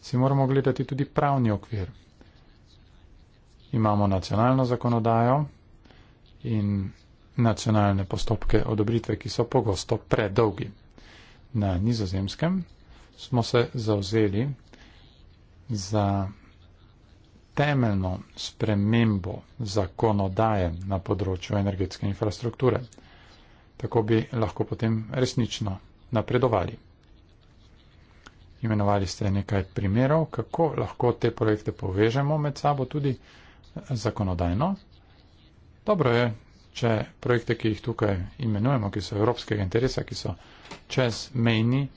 si moramo gledati tudi pravni okvir. Imamo nacionalno zakonodajo in nacionalne postopke odobritve, ki so pogosto predolgi. Na nizozemskem smo se zauzeli za temeljno spremembo zakonodaje na področju energetske infrastrukture. Tako bi lahko potem resnično napredovali. Imenovali ste nekaj primerov, kako lahko te projekte povežemo med sabo tudi zakonodajno. Dobro je, če projekte, ki jih tukaj imenujemo, ki so evropskega interesa, ki so čezmejni,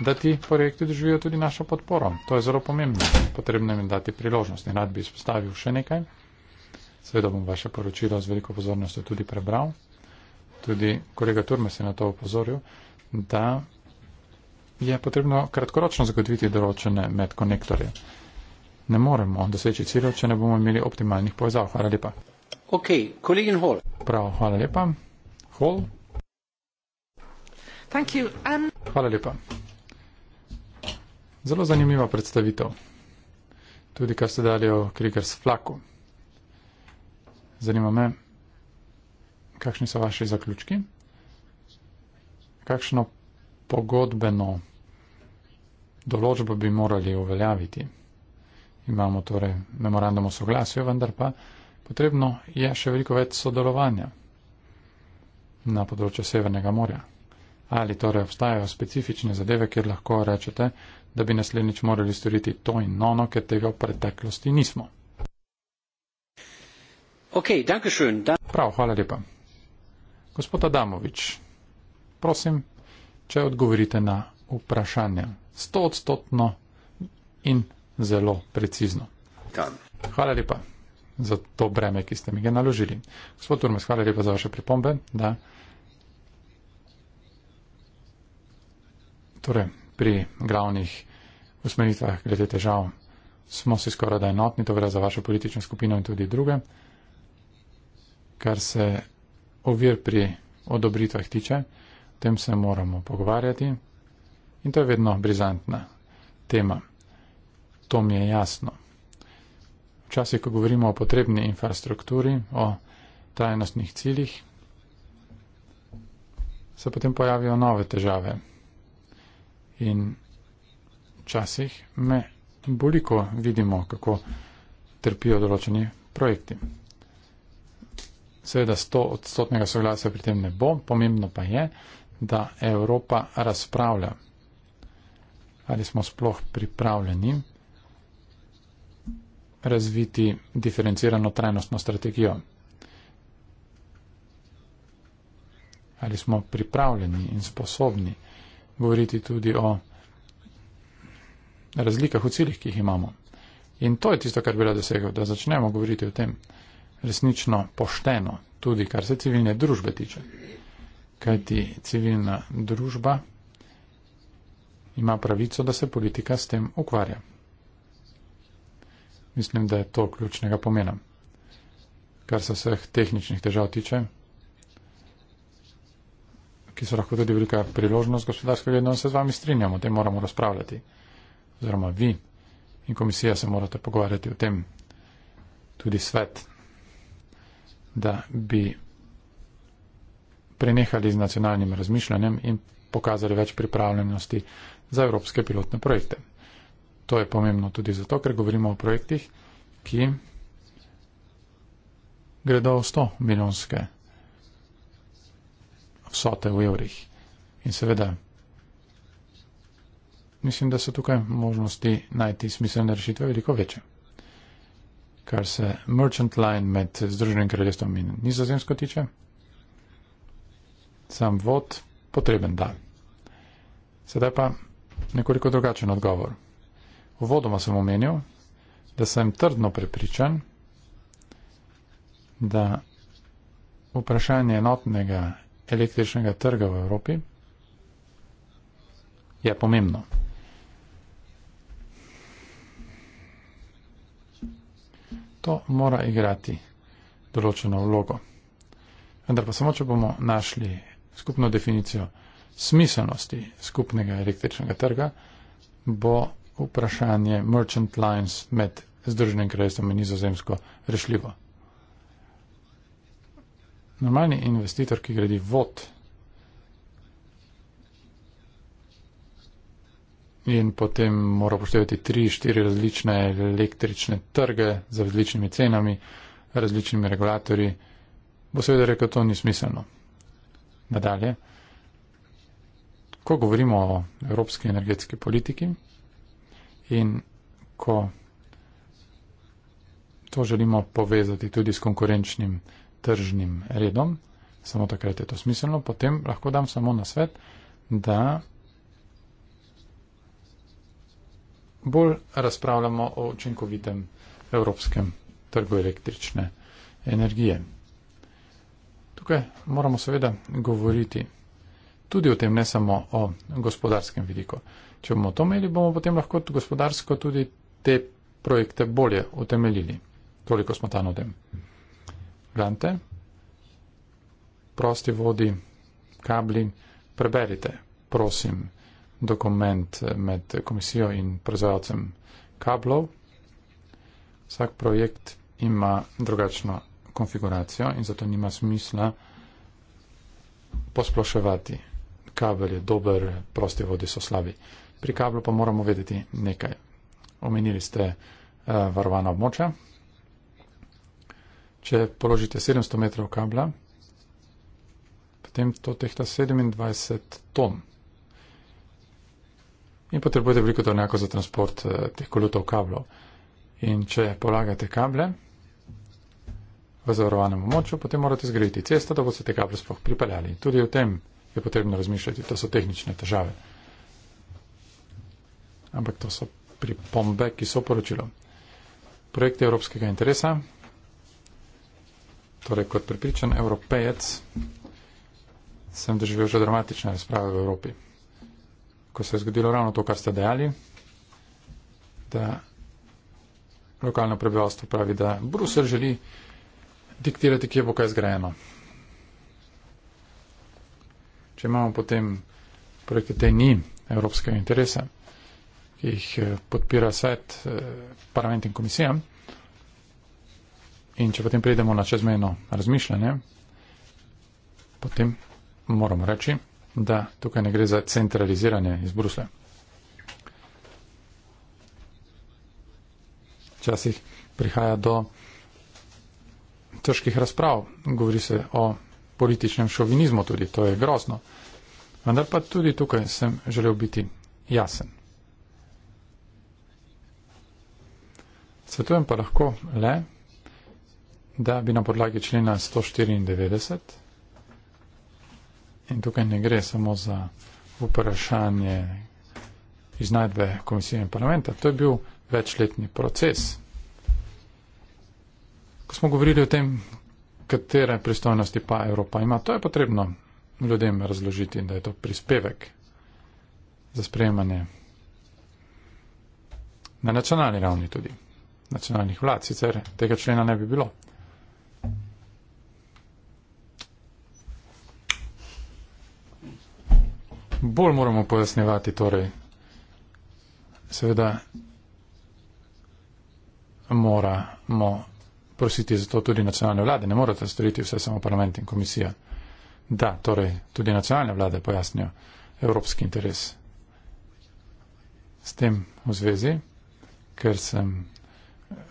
da ti projekti doživijo tudi našo podporo. To je zelo pomembno. Potrebno jim dati priložnost. In rad bi izpostavil še nekaj. Seveda bom vaše poročilo z veliko pozornostjo tudi prebral. Tudi kolega Turme se je na to upozoril, da je potrebno kratkoročno zagotoviti določene medkonektorje. Ne moremo doseči ciljev, če ne bomo imeli optimalnih povezav. Hvala lepa. Ok, kolegin Hall. Prav, hvala lepa. Hall. Thank you. Um... Hvala lepa. Zelo zanimiva predstavitev. Tudi kar se dalje o Krigers flaku. Zanima me, kakšni so vaši zaključki? Kakšno pogodbeno določbo bi morali uveljaviti? Imamo torej memorandum o soglasju, vendar pa potrebno je še veliko več sodelovanja na področju Severnega morja. Ali torej obstajajo specifične zadeve, kjer lahko rečete, da bi naslednjič morali storiti to in nono, ker tega v preteklosti nismo. Okay, dankeschön, dan Prav, hvala lepa. Gospod Adamovič, prosim, če odgovorite na vprašanje. Sto odstotno in zelo precizno. Dan. Hvala lepa za to breme, ki ste mi ga naložili. Gospod Turmes, hvala lepa za vaše pripombe. Da. Torej, pri glavnih usmeritvah glede težav. Smo si skoraj da enotni, to gre za vašo politično skupino in tudi druge, kar se ovir pri odobritvah tiče, o tem se moramo pogovarjati in to je vedno brizantna tema. To mi je jasno. Včasih, ko govorimo o potrebni infrastrukturi, o trajnostnih ciljih, se potem pojavijo nove težave. In včasih me boli, ko vidimo, kako trpijo določeni projekti. Seveda, sto odstotnega soglasja pri tem ne bo, pomembno pa je, da Evropa razpravlja, ali smo sploh pripravljeni razviti diferencirano trajnostno strategijo. Ali smo pripravljeni in sposobni govoriti tudi o razlikah v ciljih, ki jih imamo. In to je tisto, kar bi rad dosegel, da začnemo govoriti o tem resnično pošteno, tudi kar se civilne družbe tiče. Kajti civilna družba ima pravico, da se politika s tem ukvarja. Mislim, da je to ključnega pomena. Kar se vseh tehničnih težav tiče, ki so lahko tudi velika priložnost gospodarskega vedno, se z vami strinjamo, o tem moramo razpravljati. Oziroma vi in komisija se morate pogovarjati o tem, tudi svet, da bi prenehali z nacionalnim razmišljanjem in pokazali več pripravljenosti za evropske pilotne projekte. To je pomembno tudi zato, ker govorimo o projektih, ki gredo v 100 milijonske vsote v evrih. In seveda, mislim, da so tukaj možnosti najti smiselne rešitve veliko večje. Kar se merchant line med Združenim kraljestvom in nizozemsko tiče, sam vod potreben da. Sedaj pa nekoliko drugačen odgovor. Uvodoma sem omenil, da sem trdno prepričan, da vprašanje enotnega električnega trga v Evropi, je pomembno. To mora igrati določeno vlogo. Vendar pa samo, če bomo našli skupno definicijo smiselnosti skupnega električnega trga, bo vprašanje merchant lines med Združenim kraljestvom in nizozemsko rešljivo normalni investitor, ki gradi vod in potem mora poštevati tri, štiri različne električne trge z različnimi cenami, različnimi regulatorji, bo seveda rekel, to ni smiselno. Nadalje, ko govorimo o evropski energetski politiki in ko to želimo povezati tudi s konkurenčnim, tržnim redom, samo takrat je to smiselno, potem lahko dam samo na svet, da bolj razpravljamo o učinkovitem evropskem trgu električne energije. Tukaj moramo seveda govoriti tudi o tem, ne samo o gospodarskem vidiku. Če bomo to imeli, bomo potem lahko gospodarsko tudi te projekte bolje utemeljili. Toliko smo tam o tem. Vlante, prosti vodi, kabli, preberite, prosim, dokument med komisijo in proizvajalcem kablov. Vsak projekt ima drugačno konfiguracijo in zato nima smisla posploševati. Kabel je dober, prosti vodi so slabi. Pri kablu pa moramo vedeti nekaj. Omenili ste uh, varovana območja. Če položite 700 metrov kabla, potem to tehta 27 ton. In potrebujete veliko tornjakov za transport eh, teh kolutov kablov. In če polagate kable v zavarovanem območju, potem morate zgraditi cesto, da boste te kable sploh pripeljali. Tudi o tem je potrebno razmišljati, to so tehnične težave. Ampak to so pripombe, ki so poročilo. Projekt evropskega interesa. Torej, kot pripričan evropejec sem doživel že dramatične razprave v Evropi. Ko se je zgodilo ravno to, kar ste dejali, da lokalno prebivalstvo pravi, da Brusel želi diktirati, kje bo kaj zgrajeno. Če imamo potem projekte te ni evropskega interesa, ki jih eh, podpira svet, eh, parlament in komisija, In če potem pridemo na čezmejno razmišljanje, potem moramo reči, da tukaj ne gre za centraliziranje iz Brusle. Včasih prihaja do težkih razprav, govori se o političnem šovinizmu tudi, to je grozno. Vendar pa tudi tukaj sem želel biti jasen. Svetujem pa lahko le, da bi na podlagi člena 194 in tukaj ne gre samo za vprašanje iznajdbe komisije in parlamenta, to je bil večletni proces. Ko smo govorili o tem, katere pristojnosti pa Evropa ima, to je potrebno ljudem razložiti, da je to prispevek za sprejemanje na nacionalni ravni tudi, nacionalnih vlad, sicer tega člena ne bi bilo. bolj moramo pojasnjevati, torej, seveda moramo prositi za to tudi nacionalne vlade, ne morate storiti vse samo parlament in komisija. Da, torej, tudi nacionalne vlade pojasnijo evropski interes. S tem v zvezi, ker sem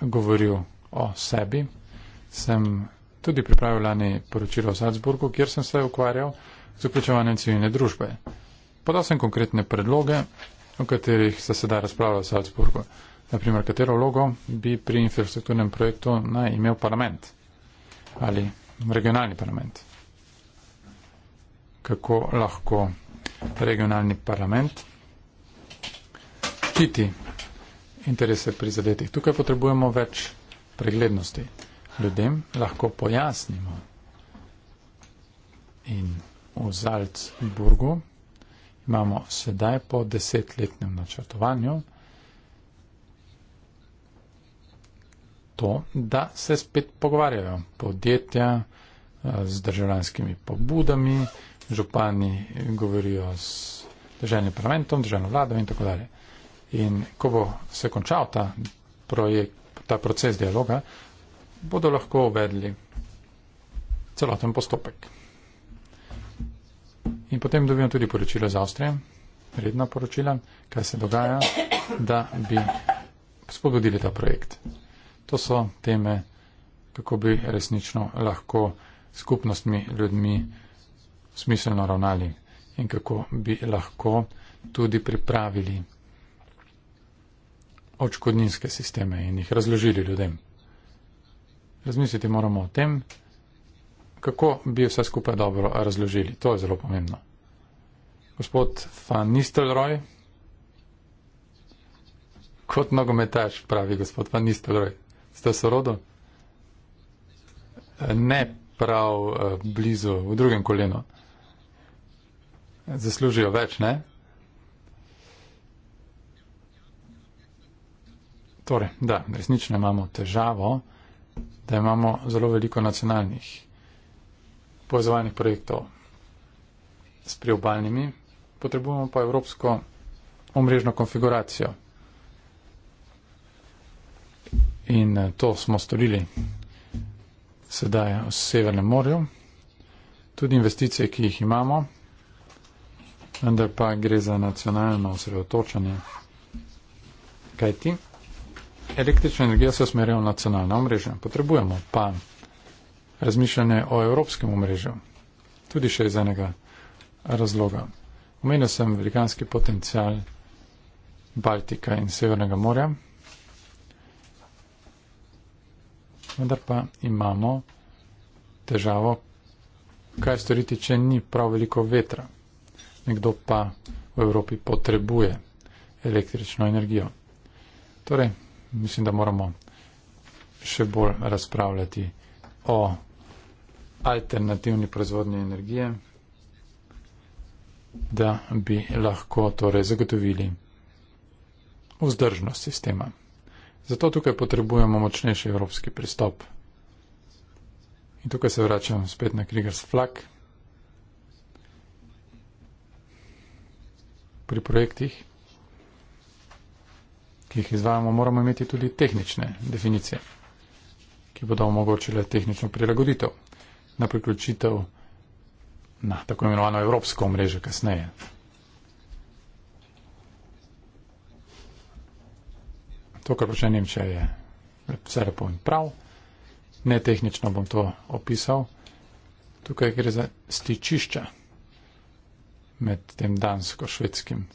govoril o sebi, sem tudi pripravil lani poročilo v Salzburgu, kjer sem se ukvarjal z vključevanjem civilne družbe. Podal sem konkretne predloge, o katerih se sedaj razpravlja v Salzburgu. Naprimer, katero vlogo bi pri infrastrukturnem projektu naj imel parlament ali regionalni parlament. Kako lahko regionalni parlament ščiti interese pri zadetih. Tukaj potrebujemo več preglednosti. Ljudem lahko pojasnimo in v Zaltzburgu imamo sedaj po desetletnem načrtovanju to, da se spet pogovarjajo podjetja eh, z državljanskimi pobudami, župani govorijo s državnim parlamentom, državno vlado in tako dalje. In ko bo se končal ta, projekt, ta proces dialoga, bodo lahko uvedli celoten postopek. In potem dobimo tudi poročilo z Avstrije, redna poročila, kaj se dogaja, da bi spodbudili ta projekt. To so teme, kako bi resnično lahko skupnostmi ljudmi smiselno ravnali in kako bi lahko tudi pripravili očkodninske sisteme in jih razložili ljudem. Razmisliti moramo o tem, kako bi vse skupaj dobro razložili. To je zelo pomembno. Gospod Van Nistelrooy, kot nogometaš, pravi gospod Van Nistelrooy, ste sorodo? Ne prav eh, blizu, v drugem kolenu. Zaslužijo več, ne? Torej, da, resnično imamo težavo, da imamo zelo veliko nacionalnih povezovalnih projektov s priobalnimi, potrebujemo pa evropsko omrežno konfiguracijo. In eh, to smo storili sedaj v Severnem morju. Tudi investicije, ki jih imamo, vendar pa gre za nacionalno osredotočanje. Kaj ti? Električna energija se usmerja v nacionalna omrežja. Potrebujemo pa razmišljanje o evropskem omrežju. Tudi še iz enega razloga. Omenil sem velikanski potencial Baltika in Severnega morja, vendar pa imamo težavo, kaj storiti, če ni prav veliko vetra. Nekdo pa v Evropi potrebuje električno energijo. Torej, mislim, da moramo še bolj razpravljati o alternativni proizvodnji energije, da bi lahko torej zagotovili vzdržnost sistema. Zato tukaj potrebujemo močnejši evropski pristop. In tukaj se vračam spet na Krigers flag. Pri projektih, ki jih izvajamo, moramo imeti tudi tehnične definicije, ki bodo omogočile tehnično prilagoditev na priključitev na tako imenovano evropsko mrežo kasneje. To, kar počne Nemčija, je vse lepo in prav. Ne tehnično bom to opisal. Tukaj gre za stičišča med tem dansko-švedskim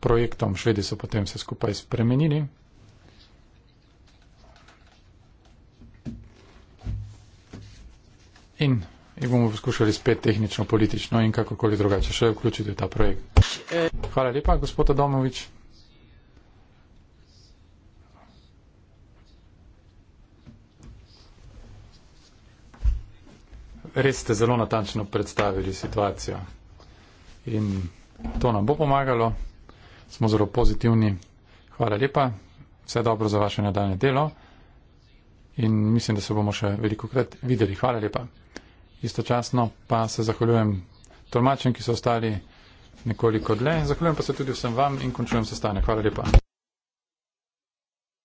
projektom. Švedi so potem se skupaj spremenili. in jih bomo poskušali spet tehnično, politično in kakokoli drugače še vključiti v ta projekt. Hvala lepa, gospod Adomovič. Res ste zelo natančno predstavili situacijo in to nam bo pomagalo. Smo zelo pozitivni. Hvala lepa. Vse dobro za vaše nadaljne delo in mislim, da se bomo še veliko krat videli. Hvala lepa. Istočasno pa se zahvaljujem tolmačem, ki so ostali nekoliko dlje. Zahvaljujem pa se tudi vsem vam in končujem sestanek. Hvala lepa.